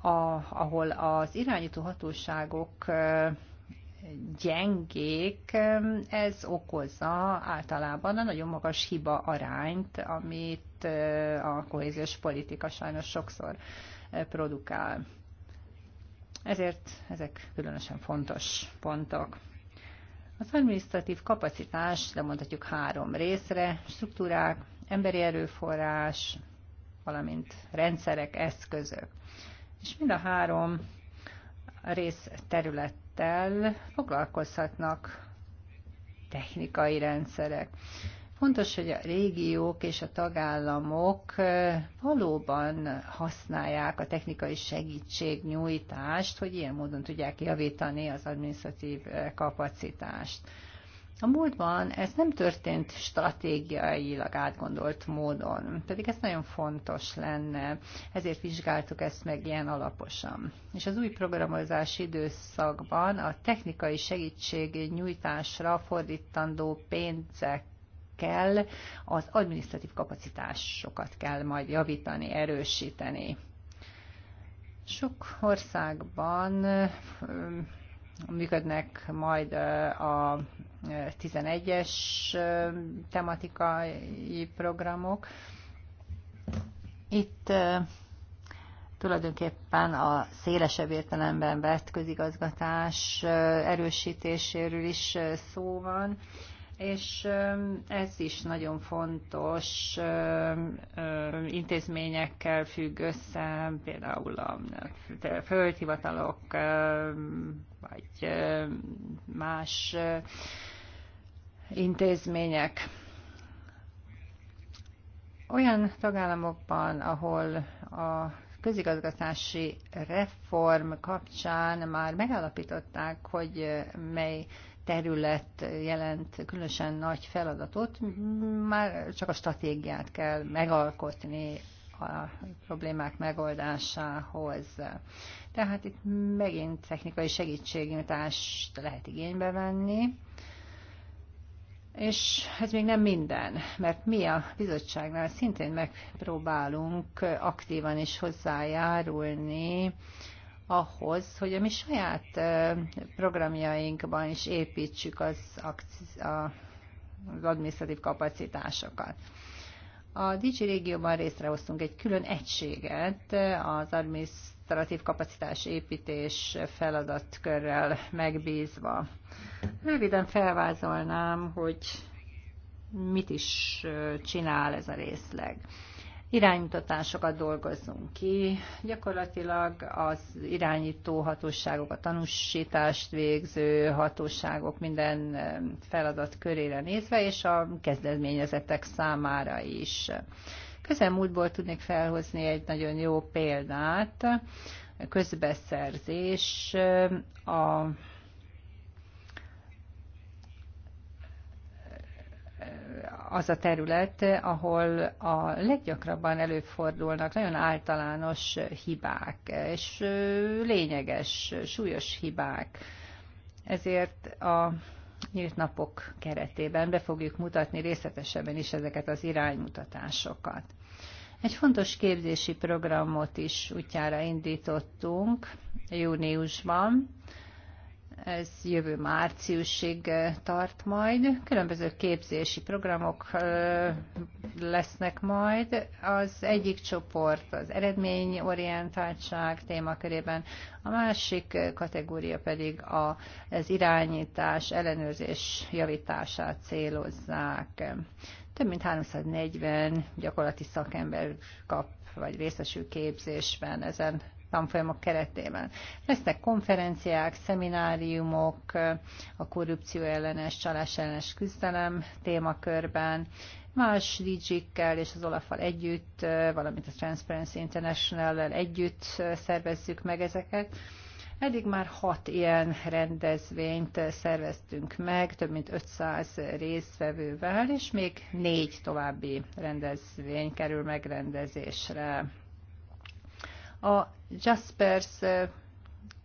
a, ahol az irányító hatóságok gyengék, ez okozza általában a nagyon magas hiba arányt, amit a kohéziós politika sajnos sokszor produkál. Ezért ezek különösen fontos pontok. Az administratív kapacitás lemondhatjuk három részre, struktúrák, emberi erőforrás, valamint rendszerek, eszközök. És mind a három rész területtel foglalkozhatnak technikai rendszerek. Fontos, hogy a régiók és a tagállamok valóban használják a technikai segítségnyújtást, hogy ilyen módon tudják javítani az administratív kapacitást. A múltban ez nem történt stratégiailag átgondolt módon, pedig ez nagyon fontos lenne, ezért vizsgáltuk ezt meg ilyen alaposan. És az új programozási időszakban a technikai segítség nyújtásra fordítandó pénzek kell, az adminisztratív kapacitásokat kell majd javítani, erősíteni. Sok országban működnek majd a 11-es tematikai programok. Itt tulajdonképpen a szélesebb értelemben vett közigazgatás erősítéséről is szó van, és ez is nagyon fontos intézményekkel függ össze, például a földhivatalok, vagy más intézmények. Olyan tagállamokban, ahol a közigazgatási reform kapcsán már megállapították, hogy mely terület jelent különösen nagy feladatot, már csak a stratégiát kell megalkotni a problémák megoldásához. Tehát itt megint technikai segítségnyújtást lehet igénybe venni, és ez még nem minden, mert mi a bizottságnál szintén megpróbálunk aktívan is hozzájárulni ahhoz, hogy a mi saját programjainkban is építsük az, az adminisztratív kapacitásokat. A DG régióban részrehoztunk egy külön egységet az administratív kapacitás építés feladatkörrel megbízva. Röviden felvázolnám, hogy mit is csinál ez a részleg iránymutatásokat dolgozzunk ki. Gyakorlatilag az irányító hatóságok, a tanúsítást végző hatóságok minden feladat körére nézve, és a kezdeményezetek számára is. Közelmúltból tudnék felhozni egy nagyon jó példát, közbeszerzés a az a terület, ahol a leggyakrabban előfordulnak nagyon általános hibák, és lényeges, súlyos hibák. Ezért a nyílt napok keretében be fogjuk mutatni részletesebben is ezeket az iránymutatásokat. Egy fontos képzési programot is útjára indítottunk júniusban, ez jövő márciusig tart majd. Különböző képzési programok lesznek majd. Az egyik csoport az eredményorientáltság témakörében, a másik kategória pedig az irányítás, ellenőrzés javítását célozzák. Több mint 340 gyakorlati szakember kap vagy részesül képzésben ezen tanfolyamok keretében. Lesznek konferenciák, szemináriumok a korrupció ellenes, csalás ellenes küzdelem témakörben, más dg és az olaf együtt, valamint a Transparency International-lel együtt szervezzük meg ezeket. Eddig már hat ilyen rendezvényt szerveztünk meg, több mint 500 résztvevővel, és még négy további rendezvény kerül megrendezésre a Jaspers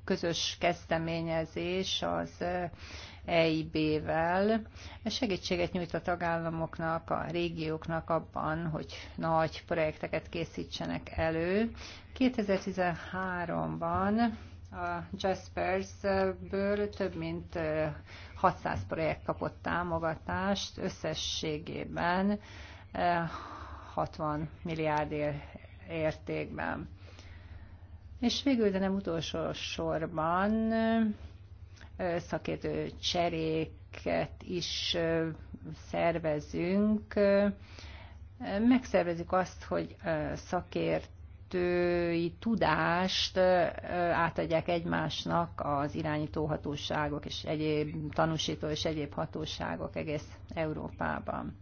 közös kezdeményezés az EIB-vel segítséget nyújt a tagállamoknak, a régióknak abban, hogy nagy projekteket készítsenek elő. 2013-ban a Jaspers-ből több mint 600 projekt kapott támogatást, összességében 60 milliárd értékben. És végül, de nem utolsó sorban szakértő cseréket is szervezünk. Megszervezik azt, hogy szakértői tudást átadják egymásnak az irányító hatóságok és egyéb tanúsító és egyéb hatóságok egész Európában.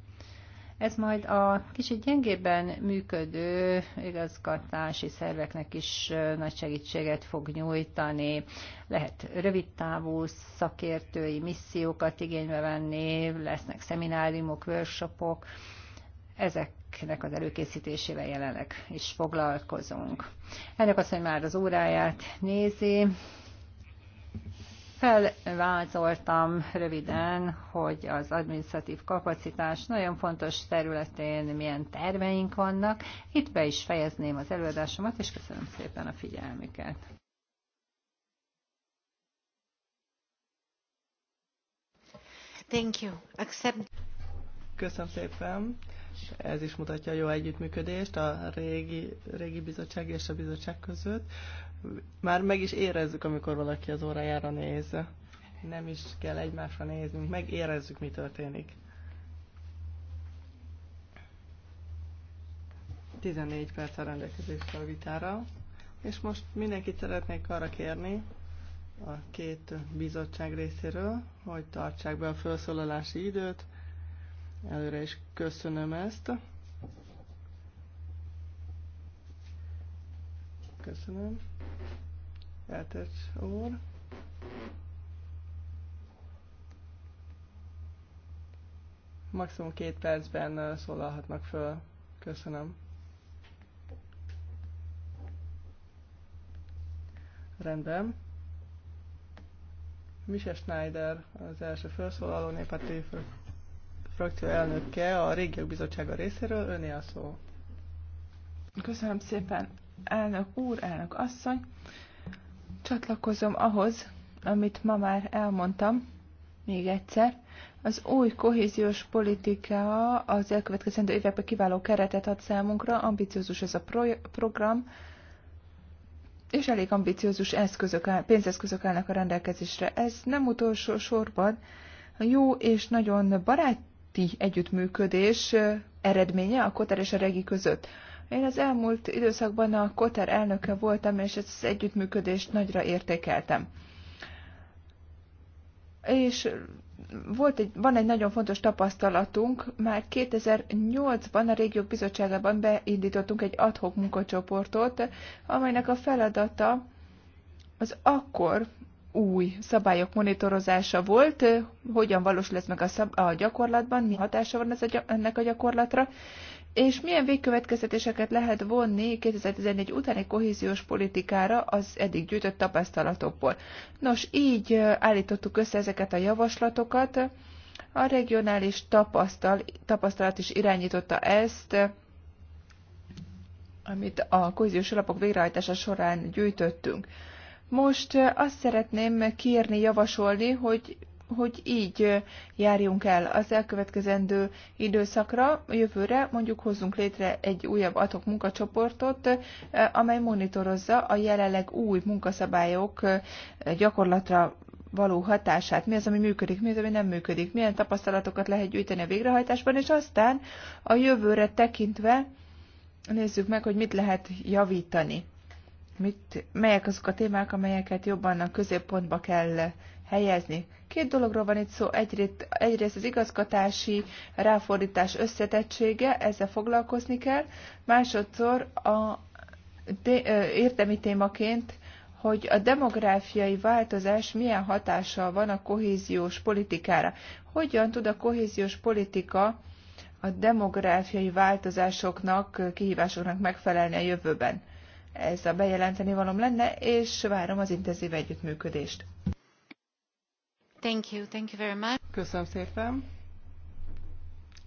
Ez majd a kicsit gyengében működő igazgatási szerveknek is nagy segítséget fog nyújtani. Lehet rövidtávú szakértői missziókat igénybe venni, lesznek szemináriumok, workshopok, ezek ennek az előkészítésével jelenleg is foglalkozunk. Ennek azt, hogy már az óráját nézi, Felvázoltam röviden, hogy az administratív kapacitás nagyon fontos területén milyen terveink vannak. Itt be is fejezném az előadásomat, és köszönöm szépen a figyelmüket. Thank you. Accept. Köszönöm szépen. Ez is mutatja a jó együttműködést a régi, régi bizottság és a bizottság között már meg is érezzük, amikor valaki az órájára néz. Nem is kell egymásra néznünk, meg érezzük, mi történik. 14 perc a rendelkezésre a vitára, és most mindenkit szeretnék arra kérni, a két bizottság részéről, hogy tartsák be a felszólalási időt. Előre is köszönöm ezt. Köszönöm. Eltöcs úr. Maximum két percben szólalhatnak föl. Köszönöm. Rendben. Mise Schneider, az első felszólaló néppárti frakció elnöke a Régiók Bizottsága részéről. Öné a szó. Köszönöm szépen, elnök úr, elnök asszony. Csatlakozom ahhoz, amit ma már elmondtam, még egyszer. Az új kohéziós politika az elkövetkezendő években kiváló keretet ad számunkra, ambiciózus ez a pro- program, és elég ambiciózus eszközök áll, pénzeszközök állnak a rendelkezésre. Ez nem utolsó sorban jó és nagyon baráti együttműködés eredménye a Koter és a Regi között. Én az elmúlt időszakban a Koter elnöke voltam, és ezt az együttműködést nagyra értékeltem. És volt egy, van egy nagyon fontos tapasztalatunk, már 2008-ban a Régiók Bizottságában beindítottunk egy adhok munkacsoportot, amelynek a feladata az akkor új szabályok monitorozása volt, hogyan valósul ez meg a, szab- a gyakorlatban, mi hatása van ez a ennek a gyakorlatra, és milyen végkövetkeztetéseket lehet vonni 2014 utáni kohéziós politikára az eddig gyűjtött tapasztalatokból. Nos, így állítottuk össze ezeket a javaslatokat. A regionális tapasztal, tapasztalat is irányította ezt, amit a kohéziós alapok végrehajtása során gyűjtöttünk. Most azt szeretném kérni, javasolni, hogy hogy így járjunk el az elkövetkezendő időszakra, jövőre mondjuk hozzunk létre egy újabb atok munkacsoportot, amely monitorozza a jelenleg új munkaszabályok gyakorlatra való hatását, mi az, ami működik, mi az, ami nem működik, milyen tapasztalatokat lehet gyűjteni a végrehajtásban, és aztán a jövőre tekintve nézzük meg, hogy mit lehet javítani. Mit, melyek azok a témák, amelyeket jobban a középpontba kell helyezni. Két dologról van itt szó. Egyrészt, egyrészt az igazgatási ráfordítás összetettsége, ezzel foglalkozni kell. Másodszor a érdemi témaként hogy a demográfiai változás milyen hatással van a kohéziós politikára. Hogyan tud a kohéziós politika a demográfiai változásoknak, kihívásoknak megfelelni a jövőben? Ez a bejelenteni valom lenne, és várom az intenzív együttműködést. Thank you, thank you very much. Köszönöm szépen.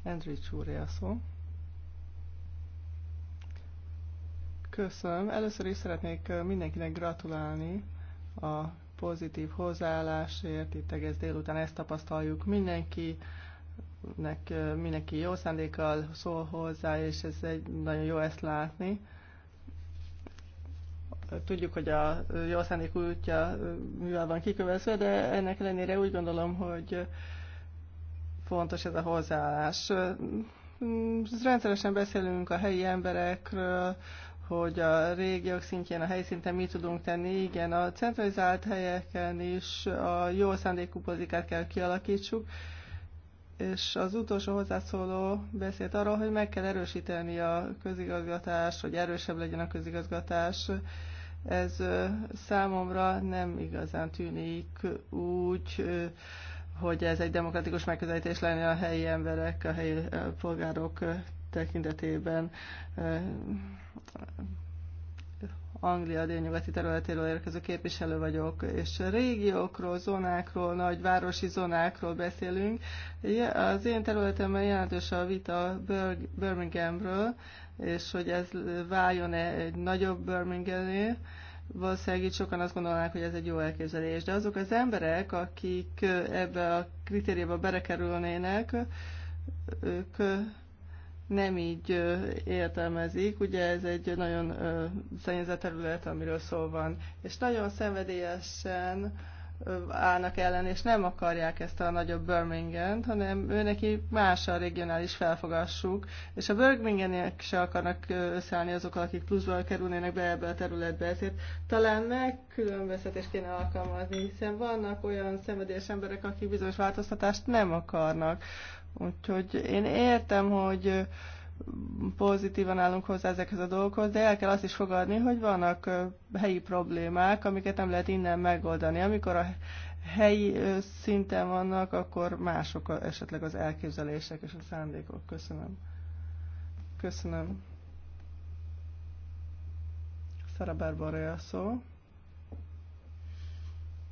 Andrew Csúri a szó. Köszönöm. Először is szeretnék mindenkinek gratulálni a pozitív hozzáállásért. Itt egész délután ezt tapasztaljuk mindenki mindenki jó szándékkal szól hozzá, és ez egy nagyon jó ezt látni tudjuk, hogy a jó szándék útja mivel van kikövezve, de ennek ellenére úgy gondolom, hogy fontos ez a hozzáállás. Rendszeresen beszélünk a helyi emberekről, hogy a régiók szintjén, a helyszinten mit tudunk tenni. Igen, a centralizált helyeken is a jó szándékú pozikát kell kialakítsuk, és az utolsó hozzászóló beszélt arról, hogy meg kell erősíteni a közigazgatást, hogy erősebb legyen a közigazgatás, ez számomra nem igazán tűnik úgy, hogy ez egy demokratikus megközelítés lenne a helyi emberek, a helyi polgárok tekintetében. Anglia délnyugati területéről érkező képviselő vagyok, és régiókról, zónákról, nagyvárosi zónákról beszélünk. Az én területemben jelentős a vita Birminghamről, és hogy ez váljon -e egy nagyobb Birminghamé, valószínűleg itt sokan azt gondolnák, hogy ez egy jó elképzelés. De azok az emberek, akik ebbe a kritériába berekerülnének, ők nem így értelmezik. Ugye ez egy nagyon szennyezett terület, amiről szó van. És nagyon szenvedélyesen állnak ellen, és nem akarják ezt a nagyobb birmingham hanem neki más a regionális felfogásuk, és a birmingham se akarnak összeállni azok, akik pluszba kerülnének be ebbe a területbe, ezért talán megkülönböztetést kéne alkalmazni, hiszen vannak olyan szenvedélyes emberek, akik bizonyos változtatást nem akarnak. Úgyhogy én értem, hogy pozitívan állunk hozzá ezekhez a dolgokhoz, de el kell azt is fogadni, hogy vannak helyi problémák, amiket nem lehet innen megoldani. Amikor a helyi szinten vannak, akkor mások esetleg az elképzelések és a szándékok. Köszönöm. Köszönöm. Szara Barbara a szó.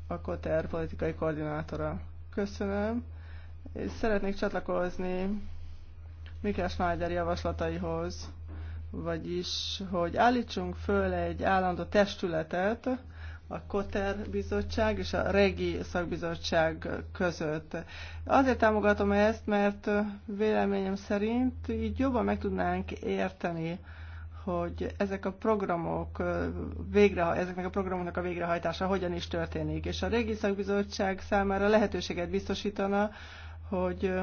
A Koter politikai koordinátora. Köszönöm. És szeretnék csatlakozni Mikkel Schneider javaslataihoz, vagyis, hogy állítsunk föl egy állandó testületet, a Koter bizottság és a Regi szakbizottság között. Azért támogatom ezt, mert véleményem szerint így jobban meg tudnánk érteni, hogy ezek a programok végre, ezeknek a programoknak a végrehajtása hogyan is történik. És a Régi Szakbizottság számára lehetőséget biztosítana, hogy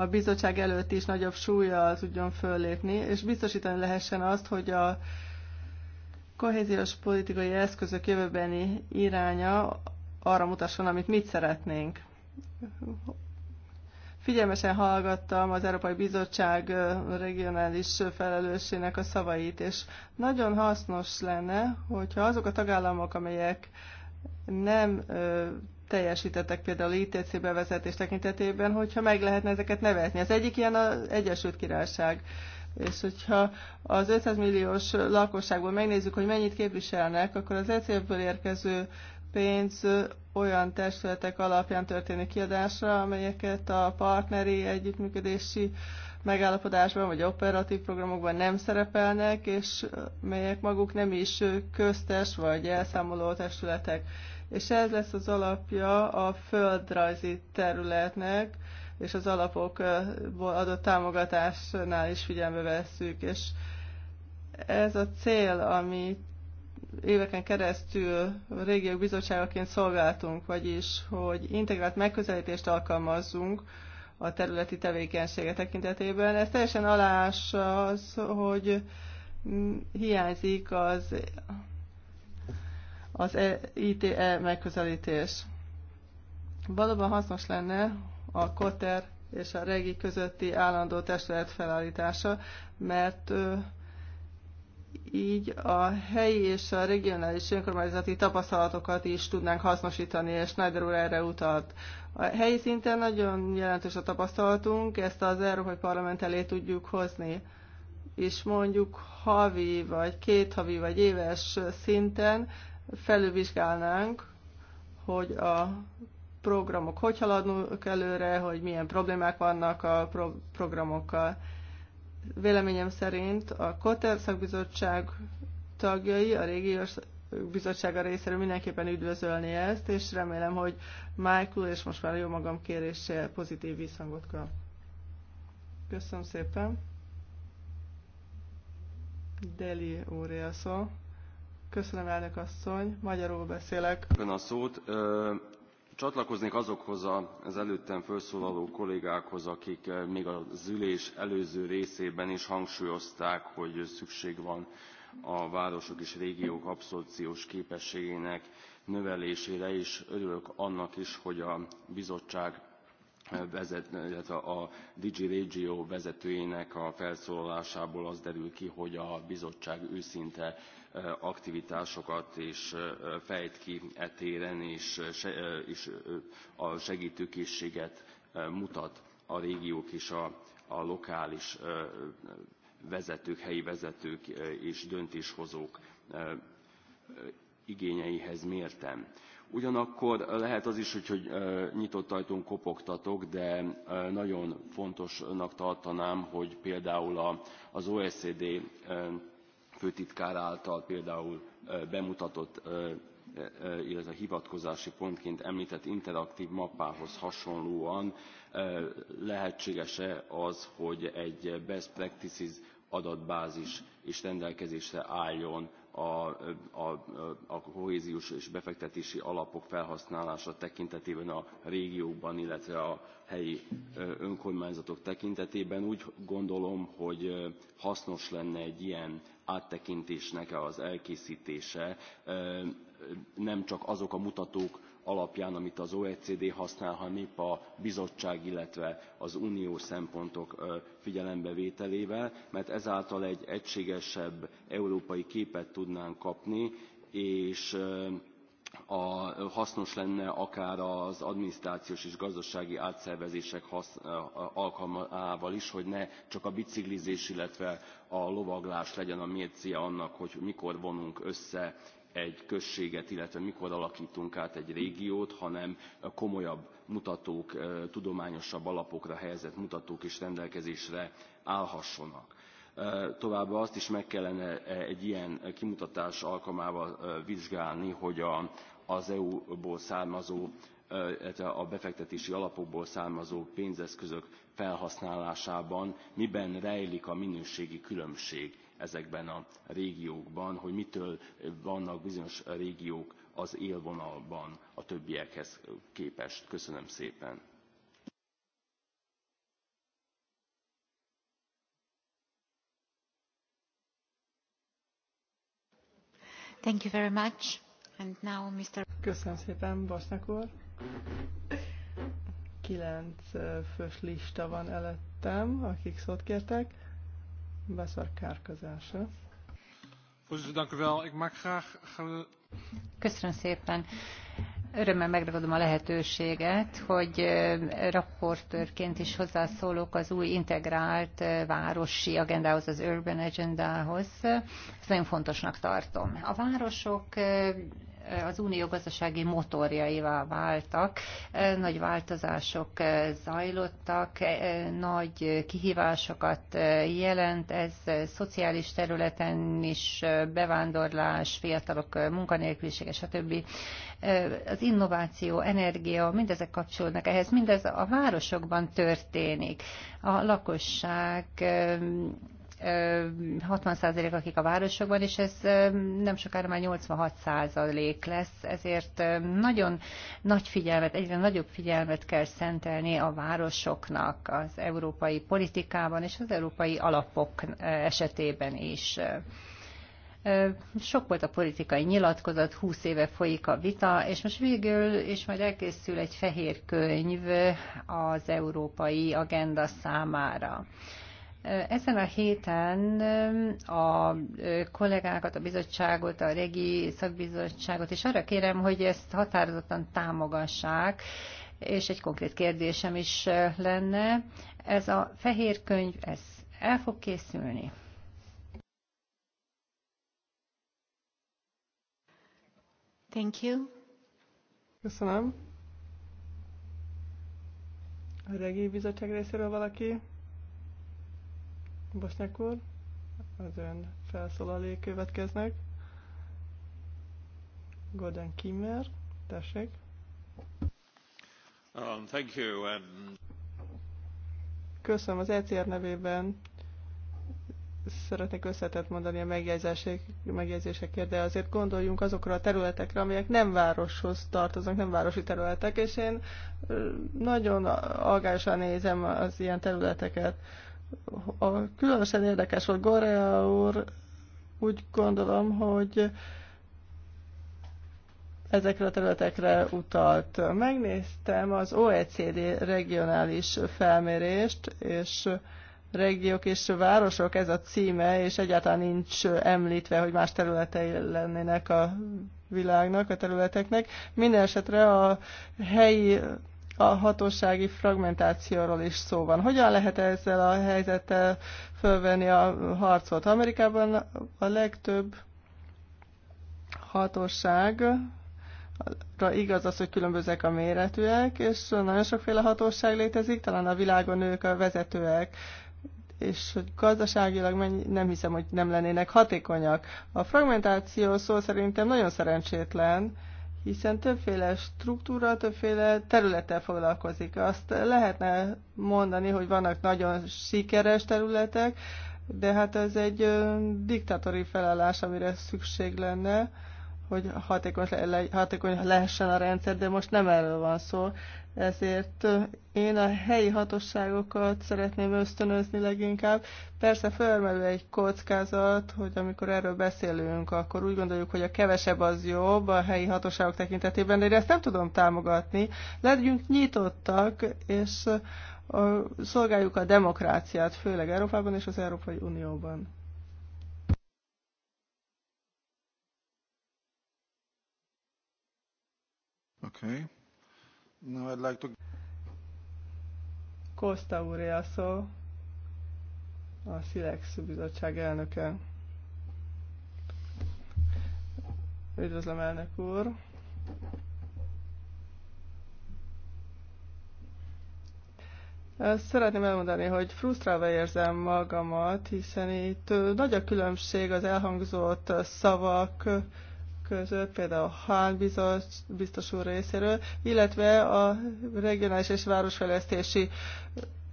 a bizottság előtt is nagyobb súlya tudjon föllépni, és biztosítani lehessen azt, hogy a kohéziós politikai eszközök jövőbeni iránya arra mutasson, amit mit szeretnénk. Figyelmesen hallgattam az Európai Bizottság regionális felelőssének a szavait, és nagyon hasznos lenne, hogyha azok a tagállamok, amelyek nem teljesítettek például ITC bevezetés tekintetében, hogyha meg lehetne ezeket nevezni. Az egyik ilyen az Egyesült Királyság. És hogyha az 500 milliós lakosságból megnézzük, hogy mennyit képviselnek, akkor az ECF-ből érkező pénz olyan testületek alapján történik kiadásra, amelyeket a partneri együttműködési megállapodásban vagy operatív programokban nem szerepelnek, és melyek maguk nem is köztes vagy elszámoló testületek és ez lesz az alapja a földrajzi területnek, és az alapokból adott támogatásnál is figyelme vesszük, és ez a cél, amit éveken keresztül régiók bizottságaként szolgáltunk, vagyis, hogy integrált megközelítést alkalmazzunk a területi tevékenysége tekintetében. Ez teljesen alás az, hogy hiányzik az az ITE e megközelítés. Valóban hasznos lenne a Koter és a Regi közötti állandó testület felállítása, mert így a helyi és a regionális önkormányzati tapasztalatokat is tudnánk hasznosítani, és Schneider úr erre utalt. A helyi szinten nagyon jelentős a tapasztalatunk, ezt az Európai Parlament elé tudjuk hozni, és mondjuk havi, vagy két havi, vagy éves szinten felülvizsgálnánk, hogy a programok hogy haladnak előre, hogy milyen problémák vannak a pro- programokkal. Véleményem szerint a Kotter szakbizottság tagjai, a régiós bizottsága részéről mindenképpen üdvözölni ezt, és remélem, hogy Michael és most már jó magam kérésse pozitív visszhangot kap. Köszönöm szépen. Deli úr Köszönöm, elnök asszony. Magyarul beszélek. Köszönöm a szót. Csatlakoznék azokhoz az előttem felszólaló kollégákhoz, akik még az ülés előző részében is hangsúlyozták, hogy szükség van a városok és régiók abszorpciós képességének növelésére, és örülök annak is, hogy a bizottság vezet, illetve a DG Regio vezetőjének a felszólalásából az derül ki, hogy a bizottság őszinte aktivitásokat és fejt ki etéren, és, és a segítőkészséget mutat a régiók és a, a lokális vezetők, helyi vezetők és döntéshozók igényeihez mérten. Ugyanakkor eh, lehet az is, hogy, hogy eh, nyitott ajtón kopogtatok, de eh, nagyon fontosnak tartanám, hogy például az OECD főtitkár által például bemutatott, illetve hivatkozási pontként említett interaktív mappához hasonlóan lehetséges-e az, hogy egy best practices adatbázis is rendelkezésre álljon a, a, a kohéziós és befektetési alapok felhasználása tekintetében a régióban illetve a helyi önkormányzatok tekintetében. Úgy gondolom, hogy hasznos lenne egy ilyen áttekintésnek az elkészítése, nem csak azok a mutatók, alapján, amit az OECD használ, hanem a bizottság, illetve az uniós szempontok figyelembevételével, mert ezáltal egy egységesebb európai képet tudnánk kapni, és a, hasznos lenne akár az adminisztrációs és gazdasági átszervezések hasz, alkalmával is, hogy ne csak a biciklizés, illetve a lovaglás legyen a mércéje annak, hogy mikor vonunk össze egy községet, illetve mikor alakítunk át egy régiót, hanem komolyabb mutatók, tudományosabb alapokra helyezett mutatók is rendelkezésre állhassonak. Továbbá azt is meg kellene e, egy ilyen kimutatás alkalmával vizsgálni, hogy a, az EU-ból származó, illetve a befektetési alapokból származó pénzeszközök felhasználásában miben rejlik a minőségi különbség ezekben a régiókban, hogy mitől vannak bizonyos régiók az élvonalban a többiekhez képest. Köszönöm szépen! Thank you very much. And now Mr. Köszönöm szépen, Basznak úr. Kilenc fős lista van előttem, akik szót kértek kárkozása. Köszönöm szépen. Örömmel megragadom a lehetőséget, hogy raportőrként is hozzászólok az új integrált városi agendához, az Urban Agendához. Ezt nagyon fontosnak tartom. A városok az unió gazdasági motorjaivá váltak, nagy változások zajlottak, nagy kihívásokat jelent, ez szociális területen is bevándorlás, fiatalok munkanélkülisége, stb. Az innováció, energia, mindezek kapcsolódnak ehhez, mindez a városokban történik. A lakosság 60% akik a városokban, és ez nem sokára már 86% lesz, ezért nagyon nagy figyelmet, egyre nagyobb figyelmet kell szentelni a városoknak az európai politikában és az európai alapok esetében is. Sok volt a politikai nyilatkozat, 20 éve folyik a vita, és most végül, és majd elkészül egy fehér könyv az európai agenda számára. Ezen a héten a kollégákat, a bizottságot, a regi szakbizottságot, és arra kérem, hogy ezt határozottan támogassák, és egy konkrét kérdésem is lenne. Ez a fehér könyv, ez el fog készülni? Thank you. Köszönöm. A regi bizottság részéről valaki? Bosnyák úr, az ön felszólalé következnek. Gordon Kimmer, tessék. Um, thank you, and... Um, Köszönöm az ECR nevében. Szeretnék összetett mondani a megjegyzések, megjegyzésekért, de azért gondoljunk azokra a területekre, amelyek nem városhoz tartoznak, nem városi területek, és én nagyon aggásan nézem az ilyen területeket a, különösen érdekes volt Gorea úr, úgy gondolom, hogy ezekre a területekre utalt. Megnéztem az OECD regionális felmérést, és regiók és városok, ez a címe, és egyáltalán nincs említve, hogy más területei lennének a világnak, a területeknek. Minden esetre a helyi a hatósági fragmentációról is szó van. Hogyan lehet ezzel a helyzettel fölvenni a harcot? Amerikában a legtöbb hatóságra igaz az, hogy különbözőek a méretűek, és nagyon sokféle hatóság létezik, talán a világon ők a vezetőek és hogy gazdaságilag mennyi, nem hiszem, hogy nem lennének hatékonyak. A fragmentáció szó szerintem nagyon szerencsétlen, hiszen többféle struktúra, többféle területtel foglalkozik. Azt lehetne mondani, hogy vannak nagyon sikeres területek, de hát ez egy diktatóri felállás, amire szükség lenne, hogy hatékony, le, hatékony lehessen a rendszer, de most nem erről van szó. Ezért én a helyi hatóságokat szeretném ösztönözni leginkább. Persze felmerül egy kockázat, hogy amikor erről beszélünk, akkor úgy gondoljuk, hogy a kevesebb az jobb a helyi hatóságok tekintetében, de én ezt nem tudom támogatni. Legyünk nyitottak, és szolgáljuk a demokráciát, főleg Európában és az Európai Unióban. Okay. No, I'd like to... Costa Uriaso, a szó, a Szilex bizottság elnöke. Üdvözlöm, elnök úr! Szeretném elmondani, hogy frusztrálva érzem magamat, hiszen itt nagy a különbség az elhangzott szavak, között, például a Hán biztos, úr részéről, illetve a regionális és városfejlesztési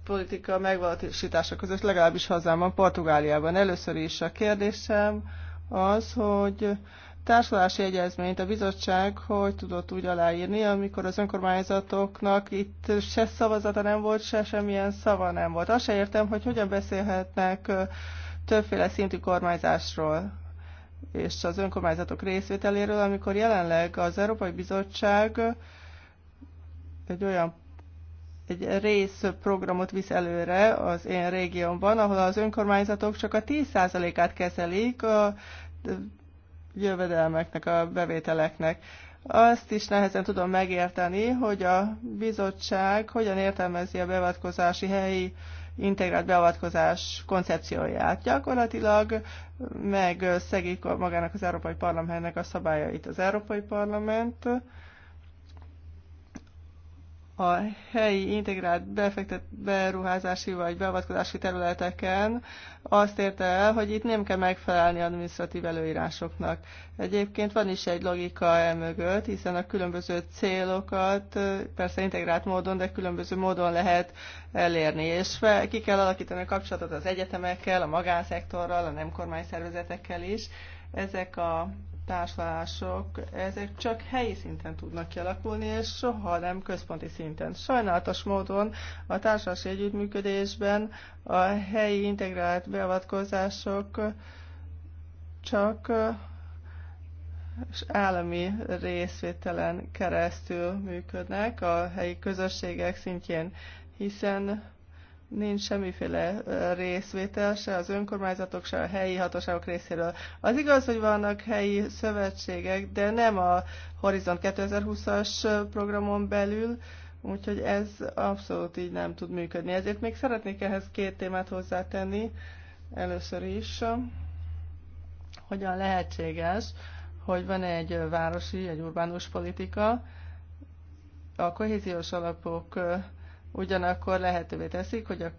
politika megvalósítása között, legalábbis hazámban, Portugáliában. Először is a kérdésem az, hogy társulási egyezményt a bizottság hogy tudott úgy aláírni, amikor az önkormányzatoknak itt se szavazata nem volt, se semmilyen szava nem volt. Azt se értem, hogy hogyan beszélhetnek többféle szintű kormányzásról és az önkormányzatok részvételéről, amikor jelenleg az Európai Bizottság egy olyan egy programot visz előre az én régiómban, ahol az önkormányzatok csak a 10%-át kezelik a jövedelmeknek, a bevételeknek. Azt is nehezen tudom megérteni, hogy a bizottság hogyan értelmezi a beavatkozási helyi integrált beavatkozás koncepcióját. Gyakorlatilag szegik magának az Európai Parlamentnek a szabályait. Az Európai Parlament a helyi integrált befektet, beruházási vagy beavatkozási területeken azt érte el, hogy itt nem kell megfelelni administratív előírásoknak. Egyébként van is egy logika emögött, hiszen a különböző célokat persze integrált módon, de különböző módon lehet elérni, és fel, ki kell alakítani a kapcsolatot az egyetemekkel, a magánszektorral, a nem szervezetekkel is. Ezek a társulások, ezek csak helyi szinten tudnak kialakulni, és soha nem központi szinten. Sajnálatos módon a társadalmi együttműködésben a helyi integrált beavatkozások csak állami részvételen keresztül működnek a helyi közösségek szintjén, hiszen nincs semmiféle részvétel se az önkormányzatok, se a helyi hatóságok részéről. Az igaz, hogy vannak helyi szövetségek, de nem a Horizont 2020-as programon belül, úgyhogy ez abszolút így nem tud működni. Ezért még szeretnék ehhez két témát hozzátenni. Először is, hogyan lehetséges, hogy van egy városi, egy urbánus politika, a kohéziós alapok ugyanakkor lehetővé teszik, hogy a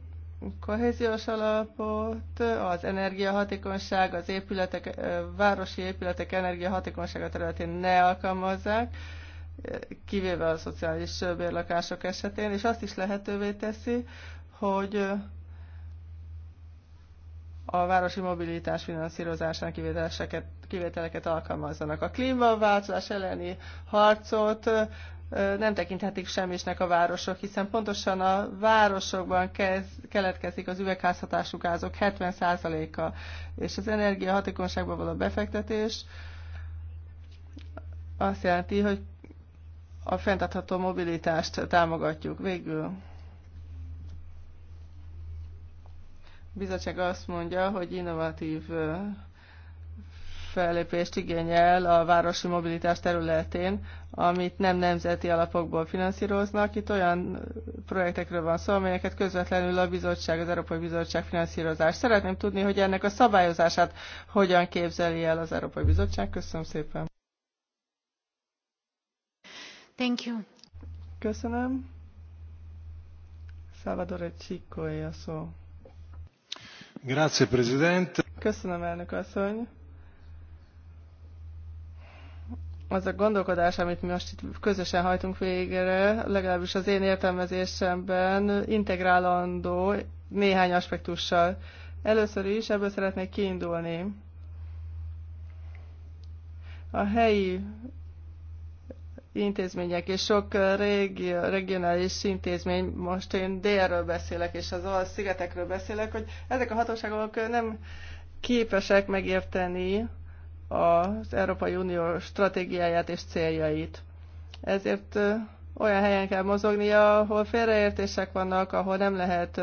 kohéziós alapot, az energiahatékonyság, az épületek, városi épületek energiahatékonysága területén ne alkalmazzák, kivéve a szociális bérlakások esetén, és azt is lehetővé teszi, hogy a városi mobilitás finanszírozásán kivételeket, alkalmazzanak. A klímaváltozás elleni harcot nem tekinthetik semmisnek a városok, hiszen pontosan a városokban kez, keletkezik az üvegházhatású gázok 70%-a, és az energiahatékonyságban való befektetés azt jelenti, hogy a fenntartható mobilitást támogatjuk. Végül a bizottság azt mondja, hogy innovatív fellépést igényel a városi mobilitás területén, amit nem nemzeti alapokból finanszíroznak. Itt olyan projektekről van szó, amelyeket közvetlenül a bizottság, az Európai Bizottság finanszírozás. Szeretném tudni, hogy ennek a szabályozását hogyan képzeli el az Európai Bizottság. Köszönöm szépen. Thank you. Köszönöm. Salvatore Csikói a szó. Grazie, Presidente. Köszönöm, elnök asszony. az a gondolkodás, amit mi most itt közösen hajtunk végre, legalábbis az én értelmezésemben integrálandó néhány aspektussal. Először is ebből szeretnék kiindulni. A helyi intézmények és sok régi, regionális intézmény, most én délről beszélek, és az olasz szigetekről beszélek, hogy ezek a hatóságok nem képesek megérteni az Európai Unió stratégiáját és céljait. Ezért olyan helyen kell mozognia, ahol félreértések vannak, ahol nem lehet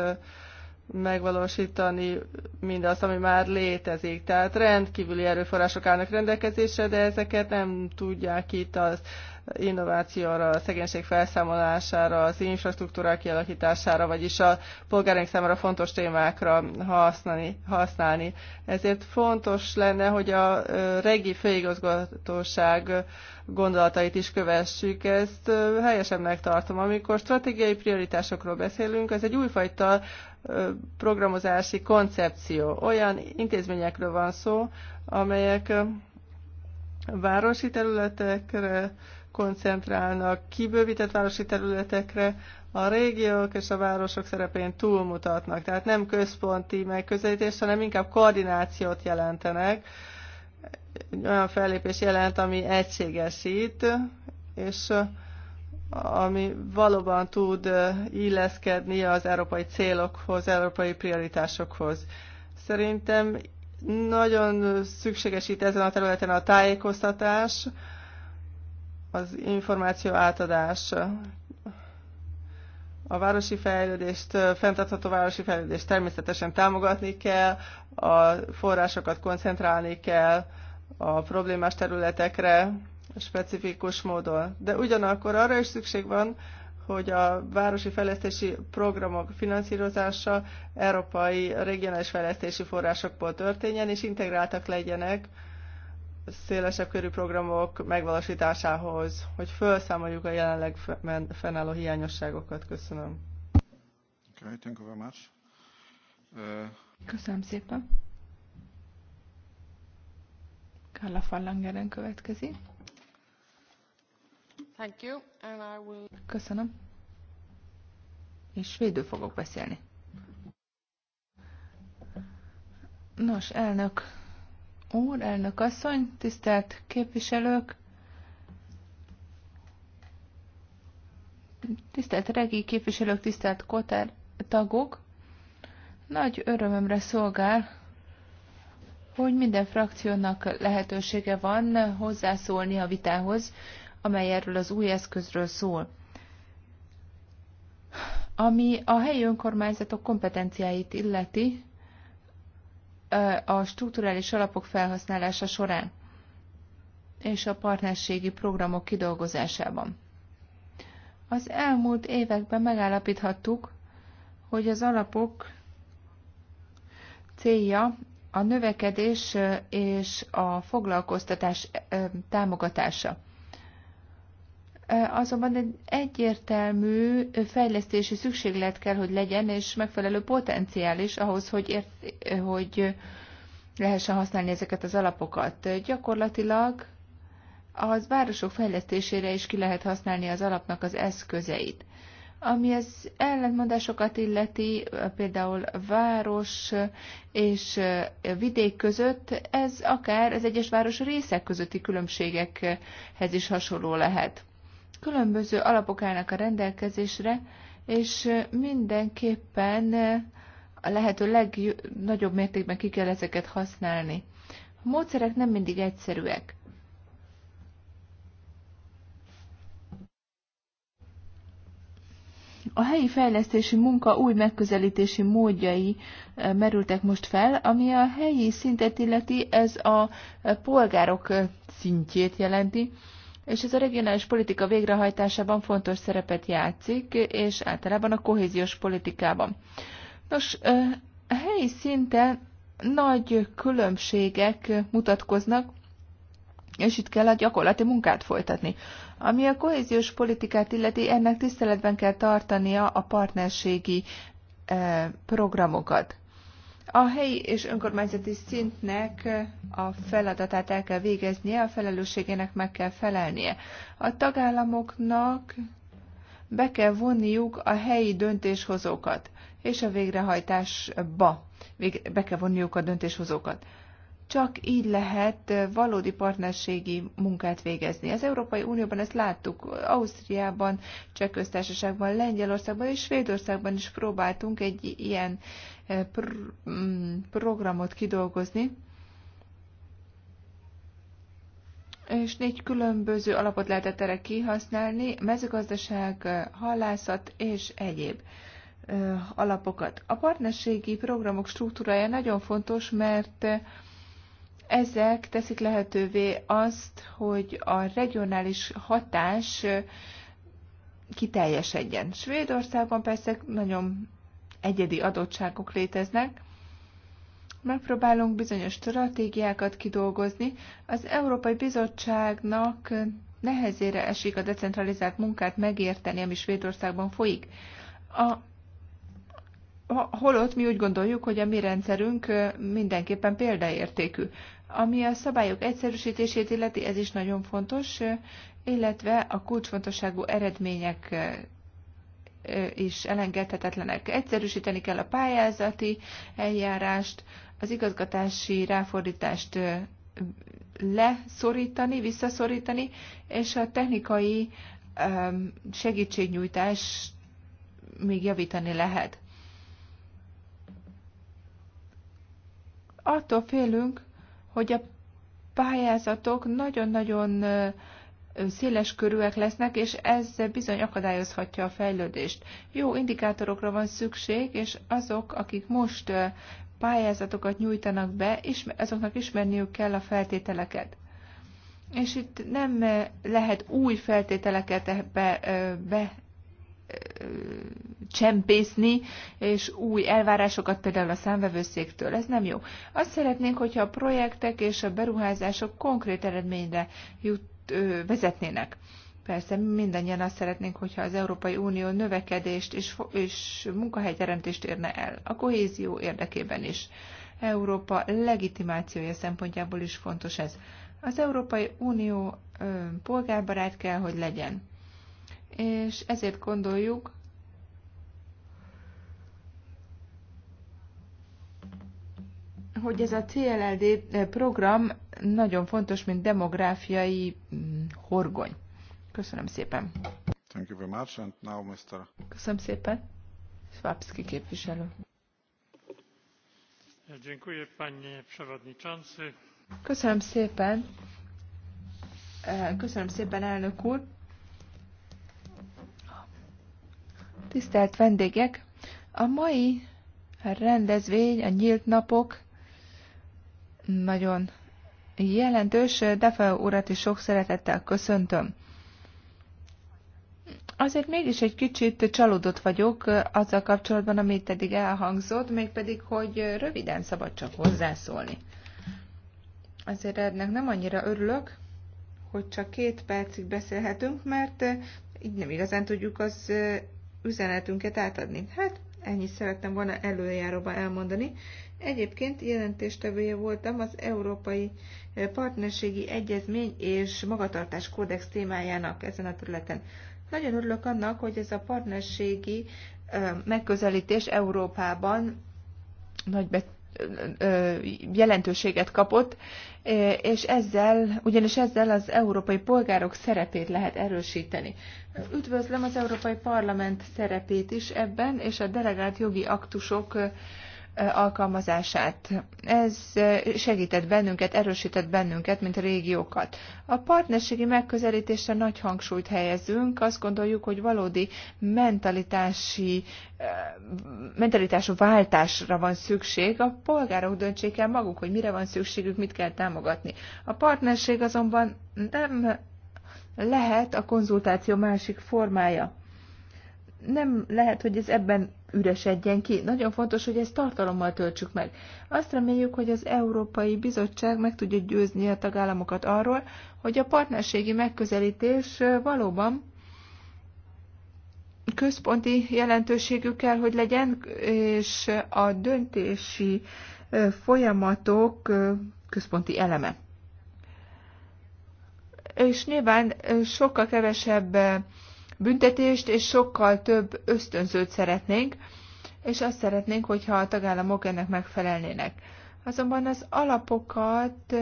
megvalósítani mindazt, ami már létezik. Tehát rendkívüli erőforrások állnak rendelkezésre, de ezeket nem tudják itt az innovációra, a szegénység felszámolására, az infrastruktúra kialakítására, vagyis a polgáraink számára fontos témákra használni. használni. Ezért fontos lenne, hogy a regi főigazgatóság gondolatait is kövessük. Ezt helyesen tartom. Amikor stratégiai prioritásokról beszélünk, ez egy újfajta programozási koncepció. Olyan intézményekről van szó, amelyek városi területekre, koncentrálnak kibővített városi területekre, a régiók és a városok szerepén túlmutatnak. Tehát nem központi megközelítés, hanem inkább koordinációt jelentenek. Olyan fellépés jelent, ami egységesít, és ami valóban tud illeszkedni az európai célokhoz, európai prioritásokhoz. Szerintem nagyon szükséges itt ezen a területen a tájékoztatás, az információ átadás, a városi fejlődést, fenntartható városi fejlődést természetesen támogatni kell, a forrásokat koncentrálni kell a problémás területekre specifikus módon. De ugyanakkor arra is szükség van, hogy a városi fejlesztési programok finanszírozása európai regionális fejlesztési forrásokból történjen, és integráltak legyenek szélesebb körű programok megvalósításához, hogy felszámoljuk a jelenleg fennálló hiányosságokat. Köszönöm. Okay, thank you very much. Uh... Köszönöm szépen. Carla Fallangeren következik. Thank you, and I will... Köszönöm. És svédül fogok beszélni. Nos, elnök úr, elnök asszony, tisztelt képviselők, tisztelt regi képviselők, tisztelt kotár tagok, nagy örömömre szolgál, hogy minden frakciónak lehetősége van hozzászólni a vitához, amely erről az új eszközről szól. Ami a helyi önkormányzatok kompetenciáit illeti, a strukturális alapok felhasználása során és a partnerségi programok kidolgozásában. Az elmúlt években megállapíthattuk, hogy az alapok célja a növekedés és a foglalkoztatás támogatása azonban egy egyértelmű fejlesztési szükséglet kell, hogy legyen, és megfelelő potenciál is ahhoz, hogy, ért, hogy lehessen használni ezeket az alapokat. Gyakorlatilag az városok fejlesztésére is ki lehet használni az alapnak az eszközeit. Ami az ellentmondásokat illeti, például város és vidék között, ez akár az egyes város részek közötti különbségekhez is hasonló lehet különböző alapok állnak a rendelkezésre, és mindenképpen a lehető legnagyobb mértékben ki kell ezeket használni. A módszerek nem mindig egyszerűek. A helyi fejlesztési munka új megközelítési módjai e, merültek most fel, ami a helyi szintet illeti, ez a polgárok e, szintjét jelenti és ez a regionális politika végrehajtásában fontos szerepet játszik, és általában a kohéziós politikában. Nos, helyi szinten nagy különbségek mutatkoznak, és itt kell a gyakorlati munkát folytatni. Ami a kohéziós politikát illeti, ennek tiszteletben kell tartania a partnerségi programokat. A helyi és önkormányzati szintnek a feladatát el kell végeznie, a felelősségének meg kell felelnie. A tagállamoknak be kell vonniuk a helyi döntéshozókat, és a végrehajtásba be kell vonniuk a döntéshozókat csak így lehet valódi partnerségi munkát végezni. Az Európai Unióban ezt láttuk, Ausztriában, Csehköztársaságban, Lengyelországban és Svédországban is próbáltunk egy ilyen pr- mm, programot kidolgozni. És négy különböző alapot lehetett erre kihasználni, mezőgazdaság, halászat és egyéb alapokat. A partnerségi programok struktúrája nagyon fontos, mert ezek teszik lehetővé azt, hogy a regionális hatás kiteljesedjen. Svédországban persze nagyon egyedi adottságok léteznek, megpróbálunk bizonyos stratégiákat kidolgozni. Az Európai Bizottságnak nehezére esik a decentralizált munkát megérteni, ami Svédországban folyik. A, holott mi úgy gondoljuk, hogy a mi rendszerünk mindenképpen példaértékű. Ami a szabályok egyszerűsítését illeti, ez is nagyon fontos, illetve a kulcsfontosságú eredmények is elengedhetetlenek. Egyszerűsíteni kell a pályázati eljárást, az igazgatási ráfordítást leszorítani, visszaszorítani, és a technikai segítségnyújtás még javítani lehet. Attól félünk, hogy a pályázatok nagyon-nagyon széles körűek lesznek, és ez bizony akadályozhatja a fejlődést. Jó indikátorokra van szükség, és azok, akik most pályázatokat nyújtanak be, azoknak ismerniük kell a feltételeket. És itt nem lehet új feltételeket be, be csempészni, és új elvárásokat például a számvevőszéktől. Ez nem jó. Azt szeretnénk, hogyha a projektek és a beruházások konkrét eredményre jut, ö, vezetnének. Persze mindannyian azt szeretnénk, hogyha az Európai Unió növekedést és, és munkahelyteremtést érne el, a kohézió érdekében is. Európa legitimációja szempontjából is fontos ez. Az Európai Unió ö, polgárbarát kell, hogy legyen és ezért gondoljuk, hogy ez a CLLD program nagyon fontos, mint demográfiai mm, horgony. Köszönöm szépen. Thank you very much, and now Mr. Köszönöm szépen. Swapski képviselő. Dziękuję, panie przewodniczący. Köszönöm szépen. E, köszönöm szépen, elnök úr. Tisztelt vendégek! A mai rendezvény, a nyílt napok nagyon jelentős. Defe urat is sok szeretettel köszöntöm. Azért mégis egy kicsit csalódott vagyok azzal kapcsolatban, amit eddig elhangzott, mégpedig, hogy röviden szabad csak hozzászólni. Azért ennek nem annyira örülök, hogy csak két percig beszélhetünk, mert így nem igazán tudjuk az üzenetünket átadni. Hát ennyit szerettem volna előjáróban elmondani. Egyébként jelentéstevője voltam az Európai eh, Partnerségi Egyezmény és Magatartás Kódex témájának ezen a területen. Nagyon örülök annak, hogy ez a partnerségi eh, megközelítés Európában nagy jelentőséget kapott, és ezzel, ugyanis ezzel az európai polgárok szerepét lehet erősíteni. Üdvözlöm az Európai Parlament szerepét is ebben, és a delegált jogi aktusok alkalmazását. Ez segített bennünket, erősített bennünket, mint a régiókat. A partnerségi megközelítésre nagy hangsúlyt helyezünk, azt gondoljuk, hogy valódi mentalitási, mentalitású váltásra van szükség. A polgárok döntsék el maguk, hogy mire van szükségük, mit kell támogatni. A partnerség azonban nem lehet a konzultáció másik formája. Nem lehet, hogy ez ebben üresedjen ki. Nagyon fontos, hogy ezt tartalommal töltsük meg. Azt reméljük, hogy az Európai Bizottság meg tudja győzni a tagállamokat arról, hogy a partnerségi megközelítés valóban központi jelentőségű kell, hogy legyen, és a döntési folyamatok központi eleme. És nyilván sokkal kevesebb büntetést, és sokkal több ösztönzőt szeretnénk, és azt szeretnénk, hogyha a tagállamok ennek megfelelnének. Azonban az alapokat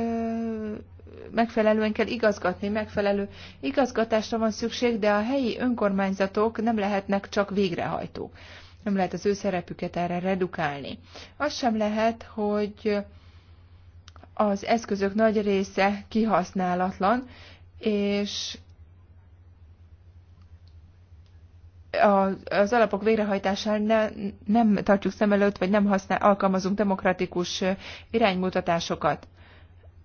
megfelelően kell igazgatni, megfelelő igazgatásra van szükség, de a helyi önkormányzatok nem lehetnek csak végrehajtók. Nem lehet az ő szerepüket erre redukálni. Az sem lehet, hogy az eszközök nagy része kihasználatlan, és az alapok végrehajtásán ne, nem tartjuk szem előtt, vagy nem használ, alkalmazunk demokratikus iránymutatásokat.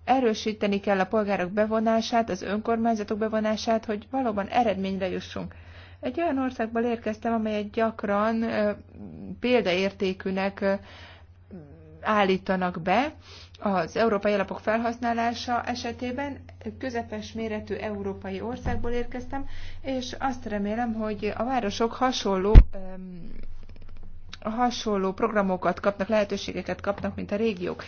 Erősíteni kell a polgárok bevonását, az önkormányzatok bevonását, hogy valóban eredményre jussunk. Egy olyan országból érkeztem, amely egy gyakran példaértékűnek állítanak be az európai alapok felhasználása esetében. Közepes méretű európai országból érkeztem, és azt remélem, hogy a városok hasonló hasonló programokat kapnak, lehetőségeket kapnak, mint a régiók.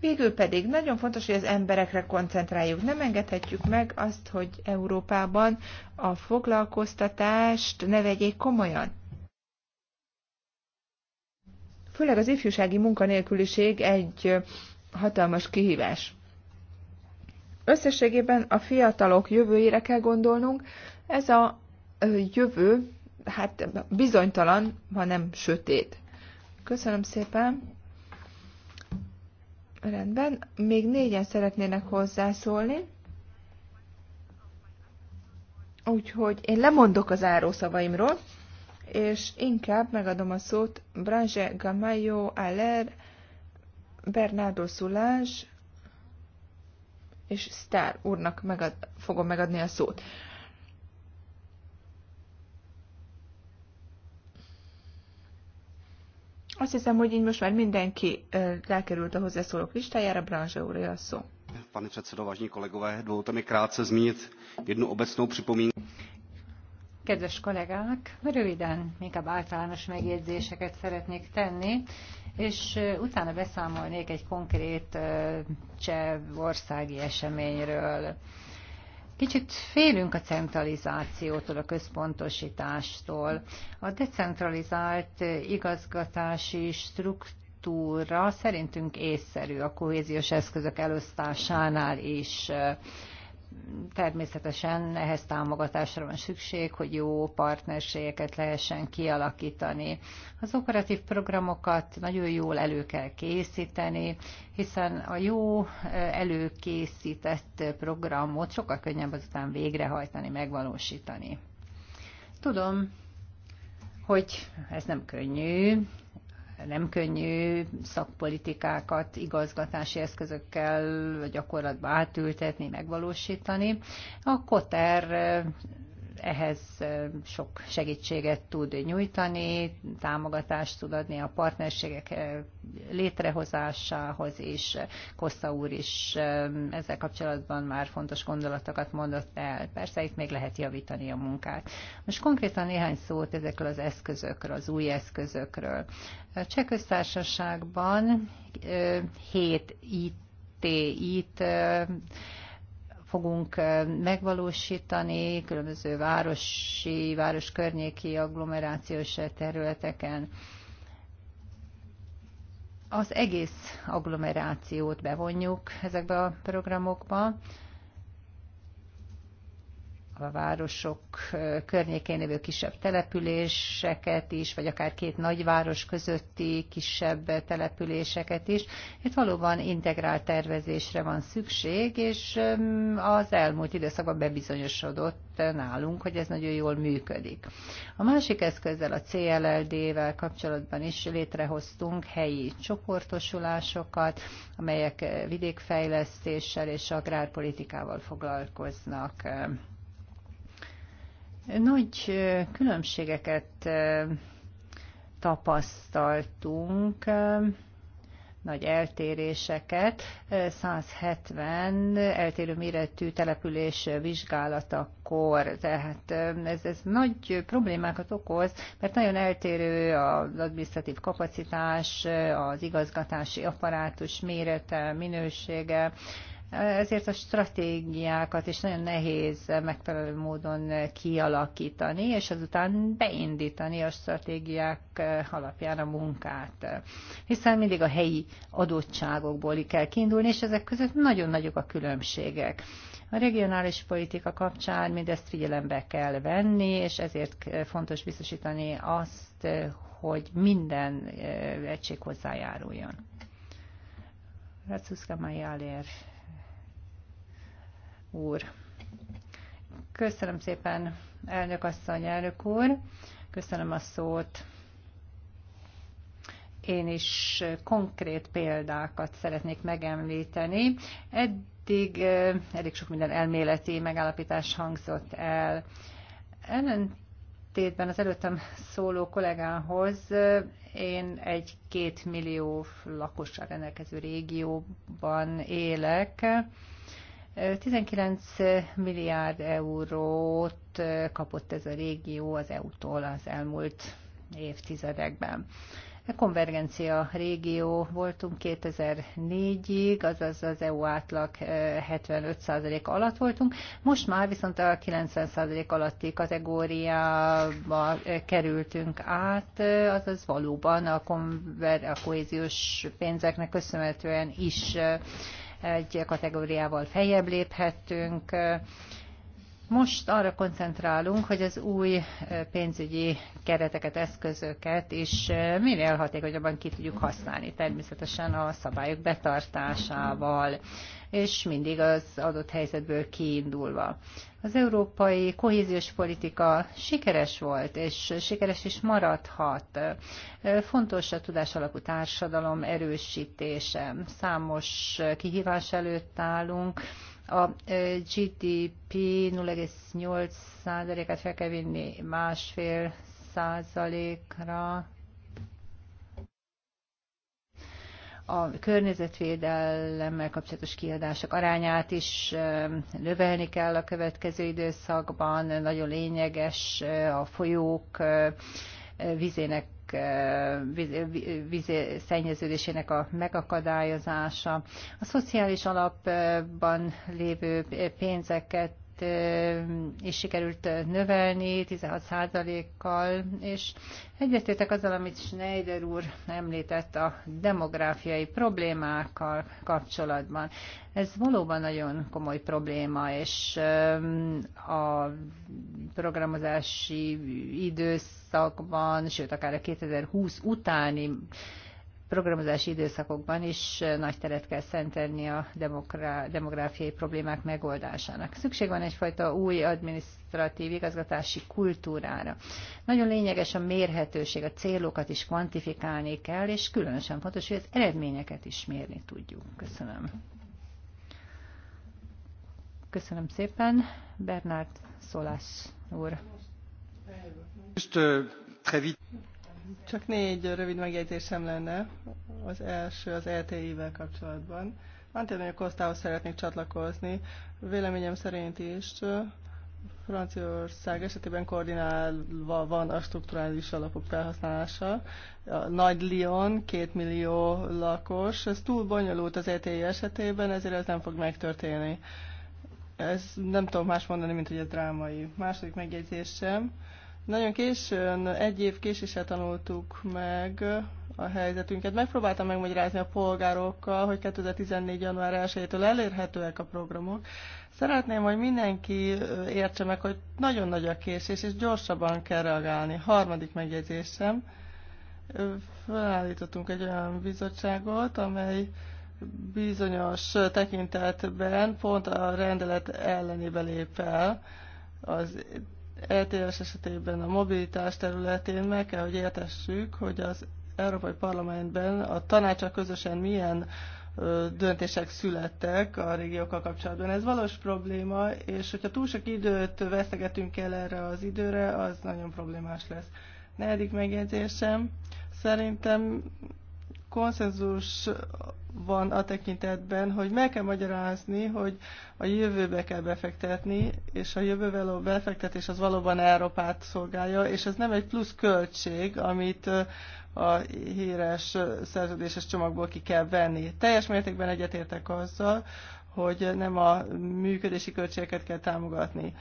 Végül pedig nagyon fontos, hogy az emberekre koncentráljuk. Nem engedhetjük meg azt, hogy Európában a foglalkoztatást ne vegyék komolyan. Főleg az ifjúsági munkanélküliség egy hatalmas kihívás. Összességében a fiatalok jövőjére kell gondolnunk. Ez a jövő, hát bizonytalan, hanem sötét. Köszönöm szépen. Rendben, még négyen szeretnének hozzászólni. Úgyhogy én lemondok az árószavaimról és inkább megadom a szót Branje Gamayo Aller, Bernardo Szulás és Sztár úrnak megad, fogom megadni a szót. Azt hiszem, hogy így most már mindenki rákerült a hozzászólók listájára, Branje úr a szó. Pane předsedo, vážní kolegové, dovolte mi krátce zmínit jednu obecnou připomínku. Kedves kollégák, röviden, inkább általános megjegyzéseket szeretnék tenni, és utána beszámolnék egy konkrét cseh országi eseményről. Kicsit félünk a centralizációtól, a központosítástól. A decentralizált igazgatási struktúra szerintünk észszerű a kohéziós eszközök elosztásánál is természetesen ehhez támogatásra van szükség, hogy jó partnerségeket lehessen kialakítani. Az operatív programokat nagyon jól elő kell készíteni, hiszen a jó eh, előkészített programot sokkal könnyebb azután végrehajtani, megvalósítani. Tudom, hogy ez nem könnyű, nem könnyű szakpolitikákat igazgatási eszközökkel gyakorlatba átültetni, megvalósítani. A Koter ehhez sok segítséget tud nyújtani, támogatást tud adni a partnerségek létrehozásához és Kossa úr is ezzel kapcsolatban már fontos gondolatokat mondott el. Persze itt még lehet javítani a munkát. Most konkrétan néhány szót ezekről az eszközökről, az új eszközökről. A Cseh Köztársaságban 7 IT, IT fogunk megvalósítani különböző városi, város környéki agglomerációs területeken. Az egész agglomerációt bevonjuk ezekbe a programokba, a városok környékén lévő kisebb településeket is, vagy akár két nagyváros közötti kisebb településeket is. Itt valóban integrált tervezésre van szükség, és az elmúlt időszakban bebizonyosodott nálunk, hogy ez nagyon jól működik. A másik eszközzel, a CLLD-vel kapcsolatban is létrehoztunk helyi csoportosulásokat, amelyek vidékfejlesztéssel és agrárpolitikával foglalkoznak. Nagy különbségeket tapasztaltunk, nagy eltéréseket. 170 eltérő méretű település vizsgálatakor, tehát ez, ez nagy problémákat okoz, mert nagyon eltérő az adminisztratív kapacitás, az igazgatási apparátus mérete, minősége, ezért a stratégiákat is nagyon nehéz megfelelő módon kialakítani, és azután beindítani a stratégiák alapján a munkát. Hiszen mindig a helyi adottságokból kell kiindulni, és ezek között nagyon nagyok a különbségek. A regionális politika kapcsán mindezt figyelembe kell venni, és ezért fontos biztosítani azt, hogy minden eh, egység hozzájáruljon. Racuszka Májálér úr. Köszönöm szépen, elnök asszony, elnök úr. Köszönöm a szót. Én is konkrét példákat szeretnék megemlíteni. Eddig elég sok minden elméleti megállapítás hangzott el. Ellentétben az előttem szóló kollégához én egy két millió lakossal rendelkező régióban élek, 19 milliárd eurót kapott ez a régió az EU-tól az elmúlt évtizedekben. A konvergencia régió voltunk 2004-ig, azaz az EU átlag 75% eh, alatt voltunk, most már viszont a 90% alatti kategóriába eh, kerültünk át, eh, azaz valóban a, konver- a kohéziós pénzeknek köszönhetően is egy kategóriával feljebb léphettünk, most arra koncentrálunk, hogy az új pénzügyi kereteket, eszközöket is minél hatékonyabban ki tudjuk használni, természetesen a szabályok betartásával, és mindig az adott helyzetből kiindulva. Az európai kohéziós politika sikeres volt, és sikeres is maradhat. Fontos a tudás alapú társadalom erősítése. Számos kihívás előtt állunk, a GDP 08 százalékát fel kell vinni másfél százalékra, a környezetvédelemmel kapcsolatos kiadások arányát is növelni kell a következő időszakban. Nagyon lényeges a folyók vizének víz, víz szennyeződésének a megakadályozása. A szociális alapban lévő pénzeket volumenét is sikerült növelni 16%-kal, és egyetértek azzal, amit Schneider úr említett a demográfiai problémákkal kapcsolatban. Ez valóban nagyon komoly probléma, és a programozási időszakban, sőt akár a 2020 utáni programozási időszakokban is nagy teret kell szentelni a demográfiai problémák megoldásának. Szükség van egyfajta új adminisztratív igazgatási kultúrára. Nagyon lényeges a mérhetőség, a célokat is kvantifikálni kell, és különösen fontos, hogy az eredményeket is mérni tudjuk. Köszönöm. Köszönöm szépen. Bernard Szolás úr. Just, uh, csak négy rövid megjegyzésem lenne. Az első az LTI-vel e kapcsolatban. Antonio Kostához szeretnék csatlakozni. Véleményem szerint is Franciaország esetében koordinálva van a strukturális alapok felhasználása. A Nagy Lyon, két millió lakos, ez túl bonyolult az ETI esetében, ezért ez nem fog megtörténni. Ez nem tudom más mondani, mint hogy ez drámai. Második megjegyzésem, nagyon későn, egy év késéssel tanultuk meg a helyzetünket. Megpróbáltam megmagyarázni a polgárokkal, hogy 2014. január 1-től elérhetőek a programok. Szeretném, hogy mindenki értse meg, hogy nagyon nagy a késés, és gyorsabban kell reagálni. Harmadik megjegyzésem. Felállítottunk egy olyan bizottságot, amely bizonyos tekintetben pont a rendelet ellenébe lép el. Az ETS esetében a mobilitás területén meg kell, hogy értessük, hogy az Európai Parlamentben a tanácsa közösen milyen döntések születtek a régiókkal kapcsolatban. Ez valós probléma, és hogyha túl sok időt veszegetünk el erre az időre, az nagyon problémás lesz. Negyedik megjegyzésem, szerintem konszenzus van a tekintetben, hogy meg kell magyarázni, hogy a jövőbe kell befektetni, és a jövővel a befektetés az valóban Európát szolgálja, és ez nem egy plusz költség, amit a híres szerződéses csomagból ki kell venni. Teljes mértékben egyetértek azzal, hogy nem a működési költségeket kell támogatni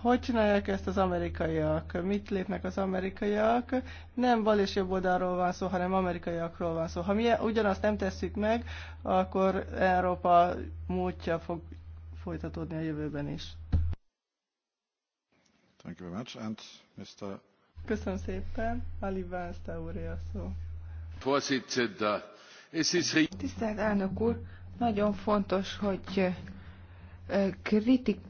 hogy csinálják ezt az amerikaiak, mit lépnek az amerikaiak. Nem bal és jobb oldalról van szó, hanem amerikaiakról van szó. Ha mi ugyanazt nem tesszük meg, akkor Európa múltja fog folytatódni a jövőben is. Thank you very much. And Mr. Köszönöm szépen. Ali Vánszta úr, a szó. Tisztelt elnök úr, nagyon fontos, hogy kritik,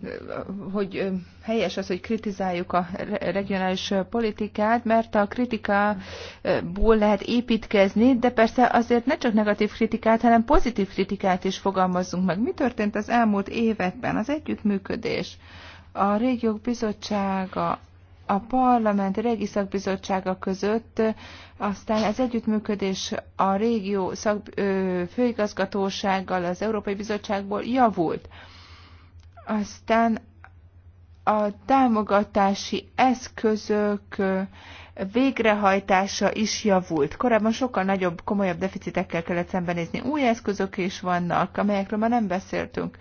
hogy helyes az, hogy kritizáljuk a regionális politikát, mert a kritikából lehet építkezni, de persze azért ne csak negatív kritikát, hanem pozitív kritikát is fogalmazzunk meg. Mi történt az elmúlt években? Az együttműködés, a régiók bizottsága, a parlament régi szakbizottsága között, aztán ez együttműködés a régió szak, ö, főigazgatósággal, az Európai Bizottságból javult. Ö, aztán a támogatási eszközök végrehajtása is javult. Korábban sokkal nagyobb, komolyabb deficitekkel kellett szembenézni. Új eszközök is vannak, amelyekről már nem beszéltünk.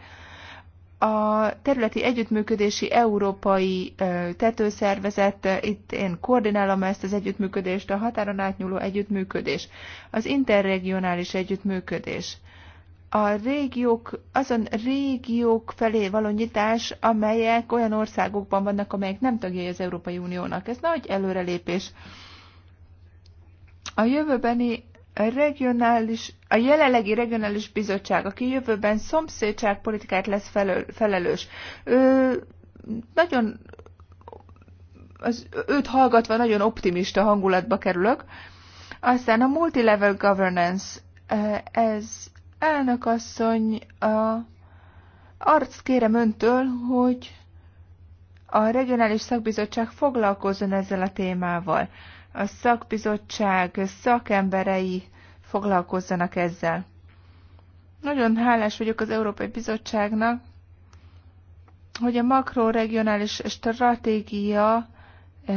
A területi együttműködési európai tetőszervezet, itt én koordinálom ezt az együttműködést, a határon átnyúló együttműködés, az interregionális együttműködés a régiók, azon régiók felé való nyitás, amelyek olyan országokban vannak, amelyek nem tagjai az Európai Uniónak. Ez nagy előrelépés. A jövőbeni regionális, a jelenlegi regionális bizottság, aki jövőben szomszédságpolitikát lesz felel, felelős, ő nagyon az, őt hallgatva nagyon optimista hangulatba kerülök. Aztán a multilevel governance, eh, ez Elnök asszony, a, arc kérem öntől, hogy a regionális szakbizottság foglalkozzon ezzel a témával. A szakbizottság szakemberei foglalkozzanak ezzel. Nagyon hálás vagyok az Európai Bizottságnak, hogy a makroregionális stratégia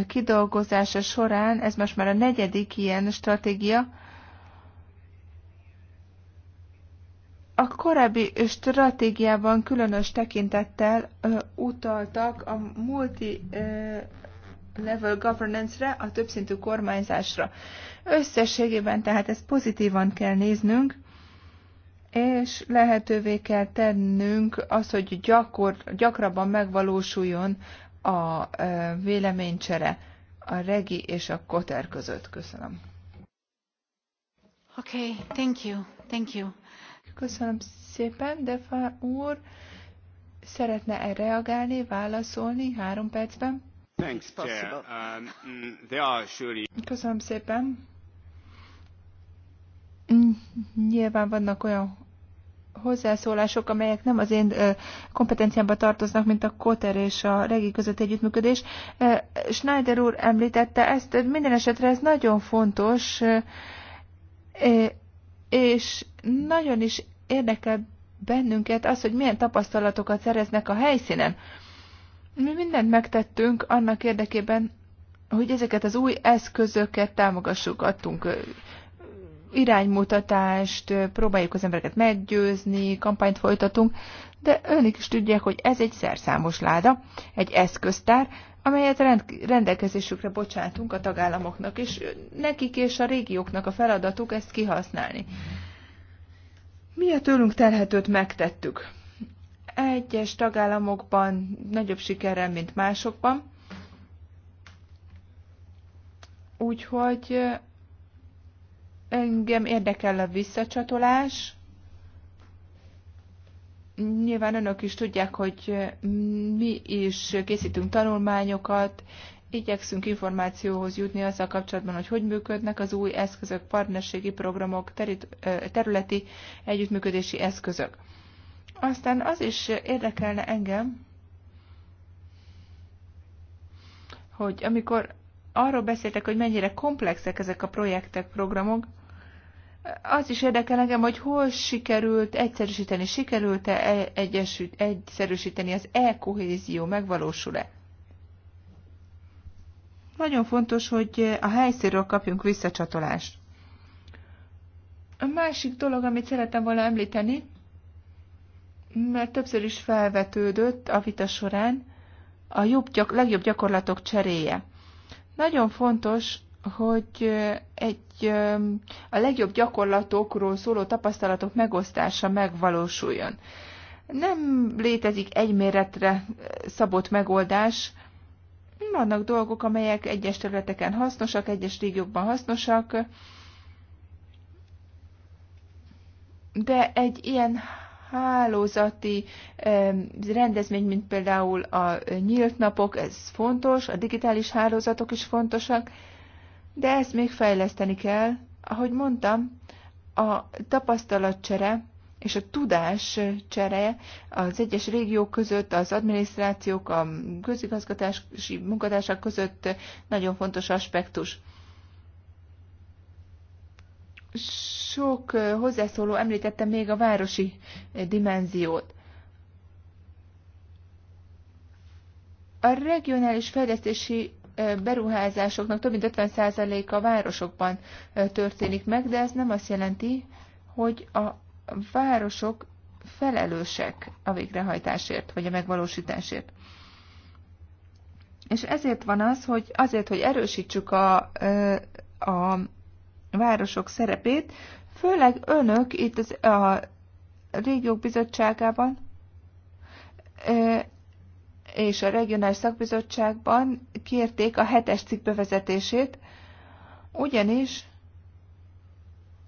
kidolgozása során, ez most már a negyedik ilyen stratégia, A korábbi stratégiában különös tekintettel ö, utaltak a multi ö, level governance-re, a többszintű kormányzásra. Összességében tehát ezt pozitívan kell néznünk, és lehetővé kell tennünk az, hogy gyakor, gyakrabban megvalósuljon a ö, véleménycsere a regi és a koter között. Köszönöm. Okay, thank you, thank you. Köszönöm szépen, Defa úr. Szeretne erre reagálni, válaszolni három percben? Thanks, Chair. Um, mm, they are surely... Köszönöm szépen. Nyilván vannak olyan hozzászólások, amelyek nem az én kompetenciámba tartoznak, mint a Koter és a Regi között együttműködés. Schneider úr említette ezt, minden esetre ez nagyon fontos, és nagyon is érdekel bennünket az, hogy milyen tapasztalatokat szereznek a helyszínen. Mi mindent megtettünk annak érdekében, hogy ezeket az új eszközöket támogassuk, adtunk iránymutatást, próbáljuk az embereket meggyőzni, kampányt folytatunk, de önök is tudják, hogy ez egy szerszámos láda, egy eszköztár, amelyet rend, rendelkezésükre bocsátunk a tagállamoknak, és nekik és a régióknak a feladatuk ezt kihasználni. Mi a tőlünk telhetőt megtettük? Egyes tagállamokban nagyobb sikerrel, mint másokban. Úgyhogy eh, engem érdekel a visszacsatolás, Nyilván önök is tudják, hogy mi is készítünk tanulmányokat, igyekszünk információhoz jutni azzal kapcsolatban, hogy hogy működnek az új eszközök, partnerségi programok, területi együttműködési eszközök. Aztán az is érdekelne engem, hogy amikor arról beszéltek, hogy mennyire komplexek ezek a projektek, programok, az is érdekel engem, hogy hol sikerült egyszerűsíteni, sikerült-e egyszerűsíteni az e-kohézió, megvalósul-e? Nagyon fontos, hogy a helyszínről kapjunk visszacsatolást. A másik dolog, amit szeretem volna említeni, mert többször is felvetődött a vita során, a jobb, gyak, legjobb gyakorlatok cseréje. Nagyon fontos hogy egy a legjobb gyakorlatokról szóló tapasztalatok megosztása megvalósuljon. Nem létezik egy méretre szabott megoldás, vannak dolgok, amelyek egyes területeken hasznosak, egyes régiókban hasznosak, de egy ilyen hálózati rendezmény, mint például a nyílt napok, ez fontos, a digitális hálózatok is fontosak, de ezt még fejleszteni kell. Ahogy mondtam, a tapasztalatcsere és a tudás csere az egyes régiók között, az adminisztrációk, a közigazgatási munkatársak között nagyon fontos aspektus. Sok hozzászóló említette még a városi dimenziót. A regionális fejlesztési beruházásoknak több mint 50% a városokban történik meg, de ez nem azt jelenti, hogy a városok felelősek a végrehajtásért, vagy a megvalósításért. És ezért van az, hogy azért, hogy erősítsük a, a városok szerepét, főleg önök itt az, a régiók bizottságában és a regionális szakbizottságban kérték a hetes cikk bevezetését, ugyanis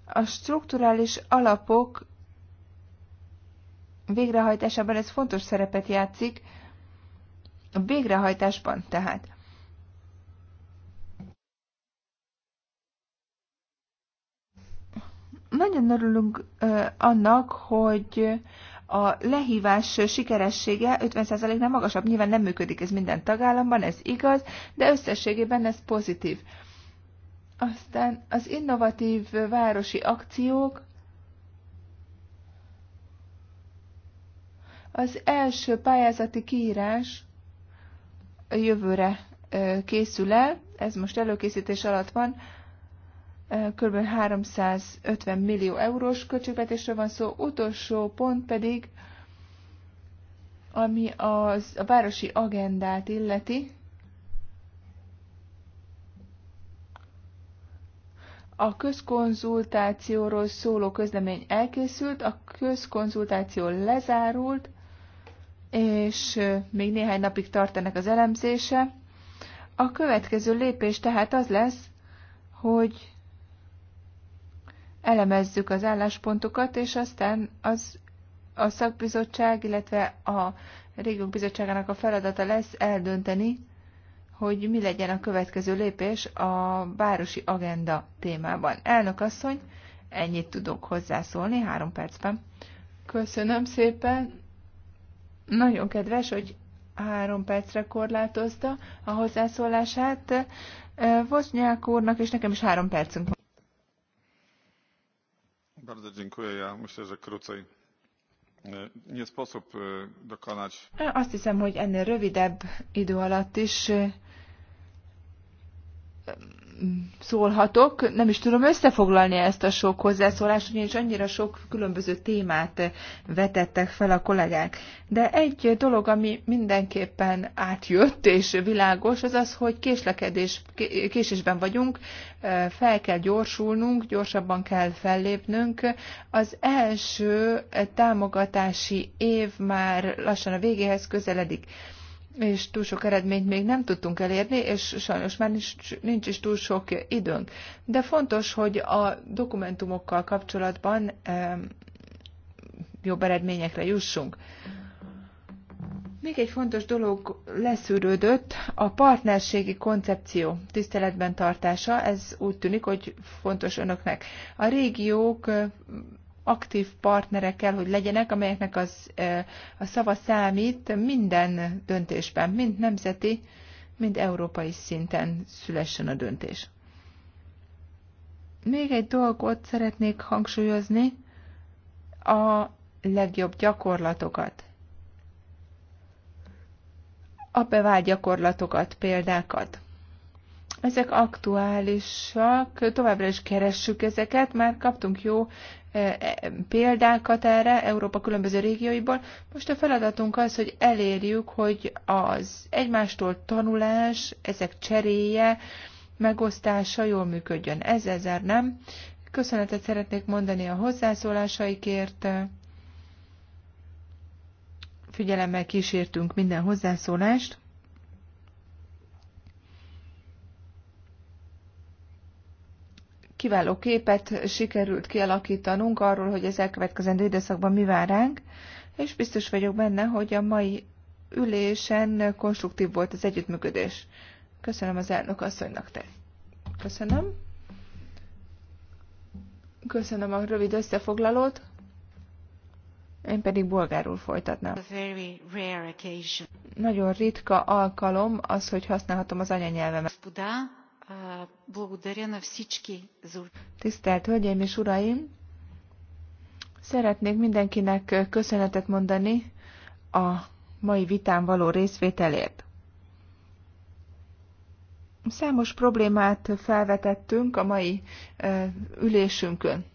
a strukturális alapok végrehajtásában ez fontos szerepet játszik, a végrehajtásban tehát. Nagyon örülünk annak, hogy a lehívás sikeressége 50%-nál magasabb. Nyilván nem működik ez minden tagállamban, ez igaz, de összességében ez pozitív. Aztán az innovatív városi akciók, az első pályázati kiírás jövőre készül el, ez most előkészítés alatt van, kb. 350 millió eurós költségvetésről van szó, utolsó pont pedig, ami az, a városi agendát illeti, a közkonzultációról szóló közlemény elkészült, a közkonzultáció lezárult, és még néhány napig tart ennek az elemzése. A következő lépés tehát az lesz, hogy elemezzük az álláspontokat, és aztán az, a szakbizottság, illetve a régiók bizottságának a feladata lesz eldönteni, hogy mi legyen a következő lépés a városi agenda témában. Elnök asszony, ennyit tudok hozzászólni három percben. Köszönöm szépen. Nagyon kedves, hogy három percre korlátozta a hozzászólását. Vosnyák úrnak, és nekem is három percünk van. Bardzo dziękuję. Ja myślę, że krócej. E, nie sposób e, dokonać. E, azt hiszem, hogy ennél rövidebb idő alatt is szólhatok. Nem is tudom összefoglalni ezt a sok hozzászólást, ugyanis annyira sok különböző témát vetettek fel a kollégák. De egy dolog, ami mindenképpen átjött és világos, az az, hogy késlekedés, késésben vagyunk, fel kell gyorsulnunk, gyorsabban kell fellépnünk. Az első támogatási év már lassan a végéhez közeledik és túl sok eredményt még nem tudtunk elérni, és sajnos már nincs, nincs is túl sok időnk. De fontos, hogy a dokumentumokkal kapcsolatban jobb eredményekre jussunk. Még egy fontos dolog leszűrődött, a partnerségi koncepció tiszteletben tartása, ez úgy tűnik, hogy fontos önöknek. A régiók aktív partnerek kell, hogy legyenek, amelyeknek az, a szava számít minden döntésben, mind nemzeti, mind európai szinten szülessen a döntés. Még egy dolgot szeretnék hangsúlyozni, a legjobb gyakorlatokat. A bevált gyakorlatokat, példákat. Ezek aktuálisak, továbbra is keressük ezeket, már kaptunk jó e, e, példákat erre Európa különböző régióiból. Most a feladatunk az, hogy elérjük, hogy az egymástól tanulás, ezek cseréje, megosztása jól működjön. ezer nem. Köszönetet szeretnék mondani a hozzászólásaikért. Figyelemmel kísértünk minden hozzászólást. kiváló képet sikerült kialakítanunk arról, hogy az elkövetkezendő időszakban mi vár ránk, és biztos vagyok benne, hogy a mai ülésen konstruktív volt az együttműködés. Köszönöm az elnök asszonynak te. Köszönöm. Köszönöm a rövid összefoglalót. Én pedig bolgárul folytatnám. Nagyon ritka alkalom az, hogy használhatom az anyanyelvemet. Tisztelt Hölgyeim és Uraim! Szeretnék mindenkinek köszönetet mondani a mai vitán való részvételért. Számos problémát felvetettünk a mai ülésünkön.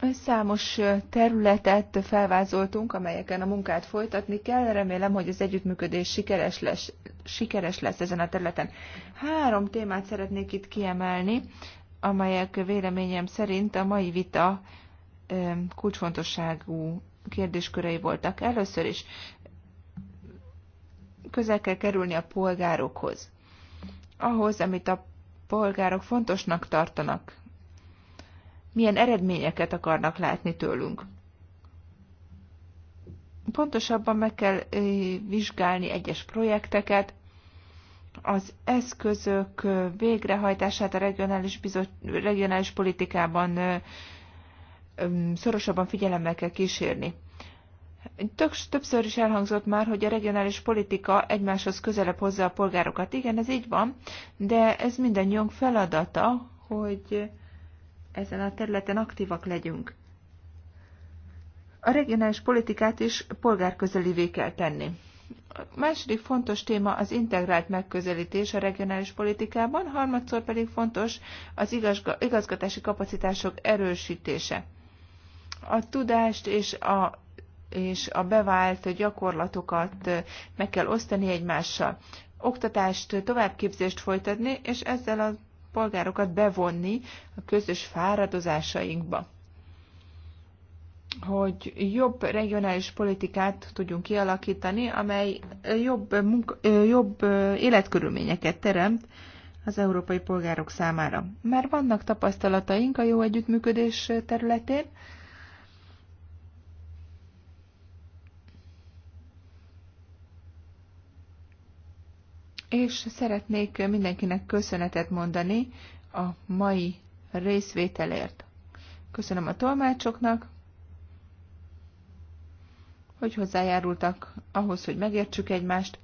Számos területet felvázoltunk, amelyeken a munkát folytatni kell. Remélem, hogy az együttműködés sikeres lesz, sikeres lesz ezen a területen. Három témát szeretnék itt kiemelni, amelyek véleményem szerint a mai vita kulcsfontosságú kérdéskörei voltak. Először is közel kell kerülni a polgárokhoz. Ahhoz, amit a polgárok fontosnak tartanak milyen eredményeket akarnak látni tőlünk. Pontosabban meg kell vizsgálni egyes projekteket, az eszközök végrehajtását a regionális, bizot, regionális politikában szorosabban figyelemmel kell kísérni. Többször is elhangzott már, hogy a regionális politika egymáshoz közelebb hozza a polgárokat. Igen, ez így van, de ez mindannyiunk feladata, hogy ezen a területen aktívak legyünk. A regionális politikát is polgárközelivé kell tenni. A második fontos téma az integrált megközelítés a regionális politikában, harmadszor pedig fontos az igazgatási kapacitások erősítése. A tudást és a és a bevált gyakorlatokat meg kell osztani egymással. Oktatást, továbbképzést folytatni, és ezzel a polgárokat bevonni a közös fáradozásainkba hogy jobb regionális politikát tudjunk kialakítani, amely jobb, munka, jobb életkörülményeket teremt az európai polgárok számára. Mert vannak tapasztalataink a jó együttműködés területén, és szeretnék mindenkinek köszönetet mondani a mai részvételért. Köszönöm a tolmácsoknak, hogy hozzájárultak ahhoz, hogy megértsük egymást,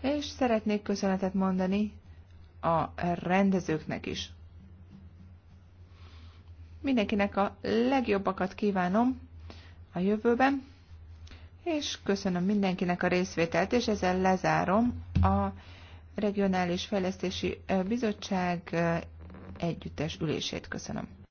és szeretnék köszönetet mondani a rendezőknek is. Mindenkinek a legjobbakat kívánom a jövőben, és köszönöm mindenkinek a részvételt, és ezzel lezárom a Regionális Fejlesztési Bizottság együttes ülését köszönöm.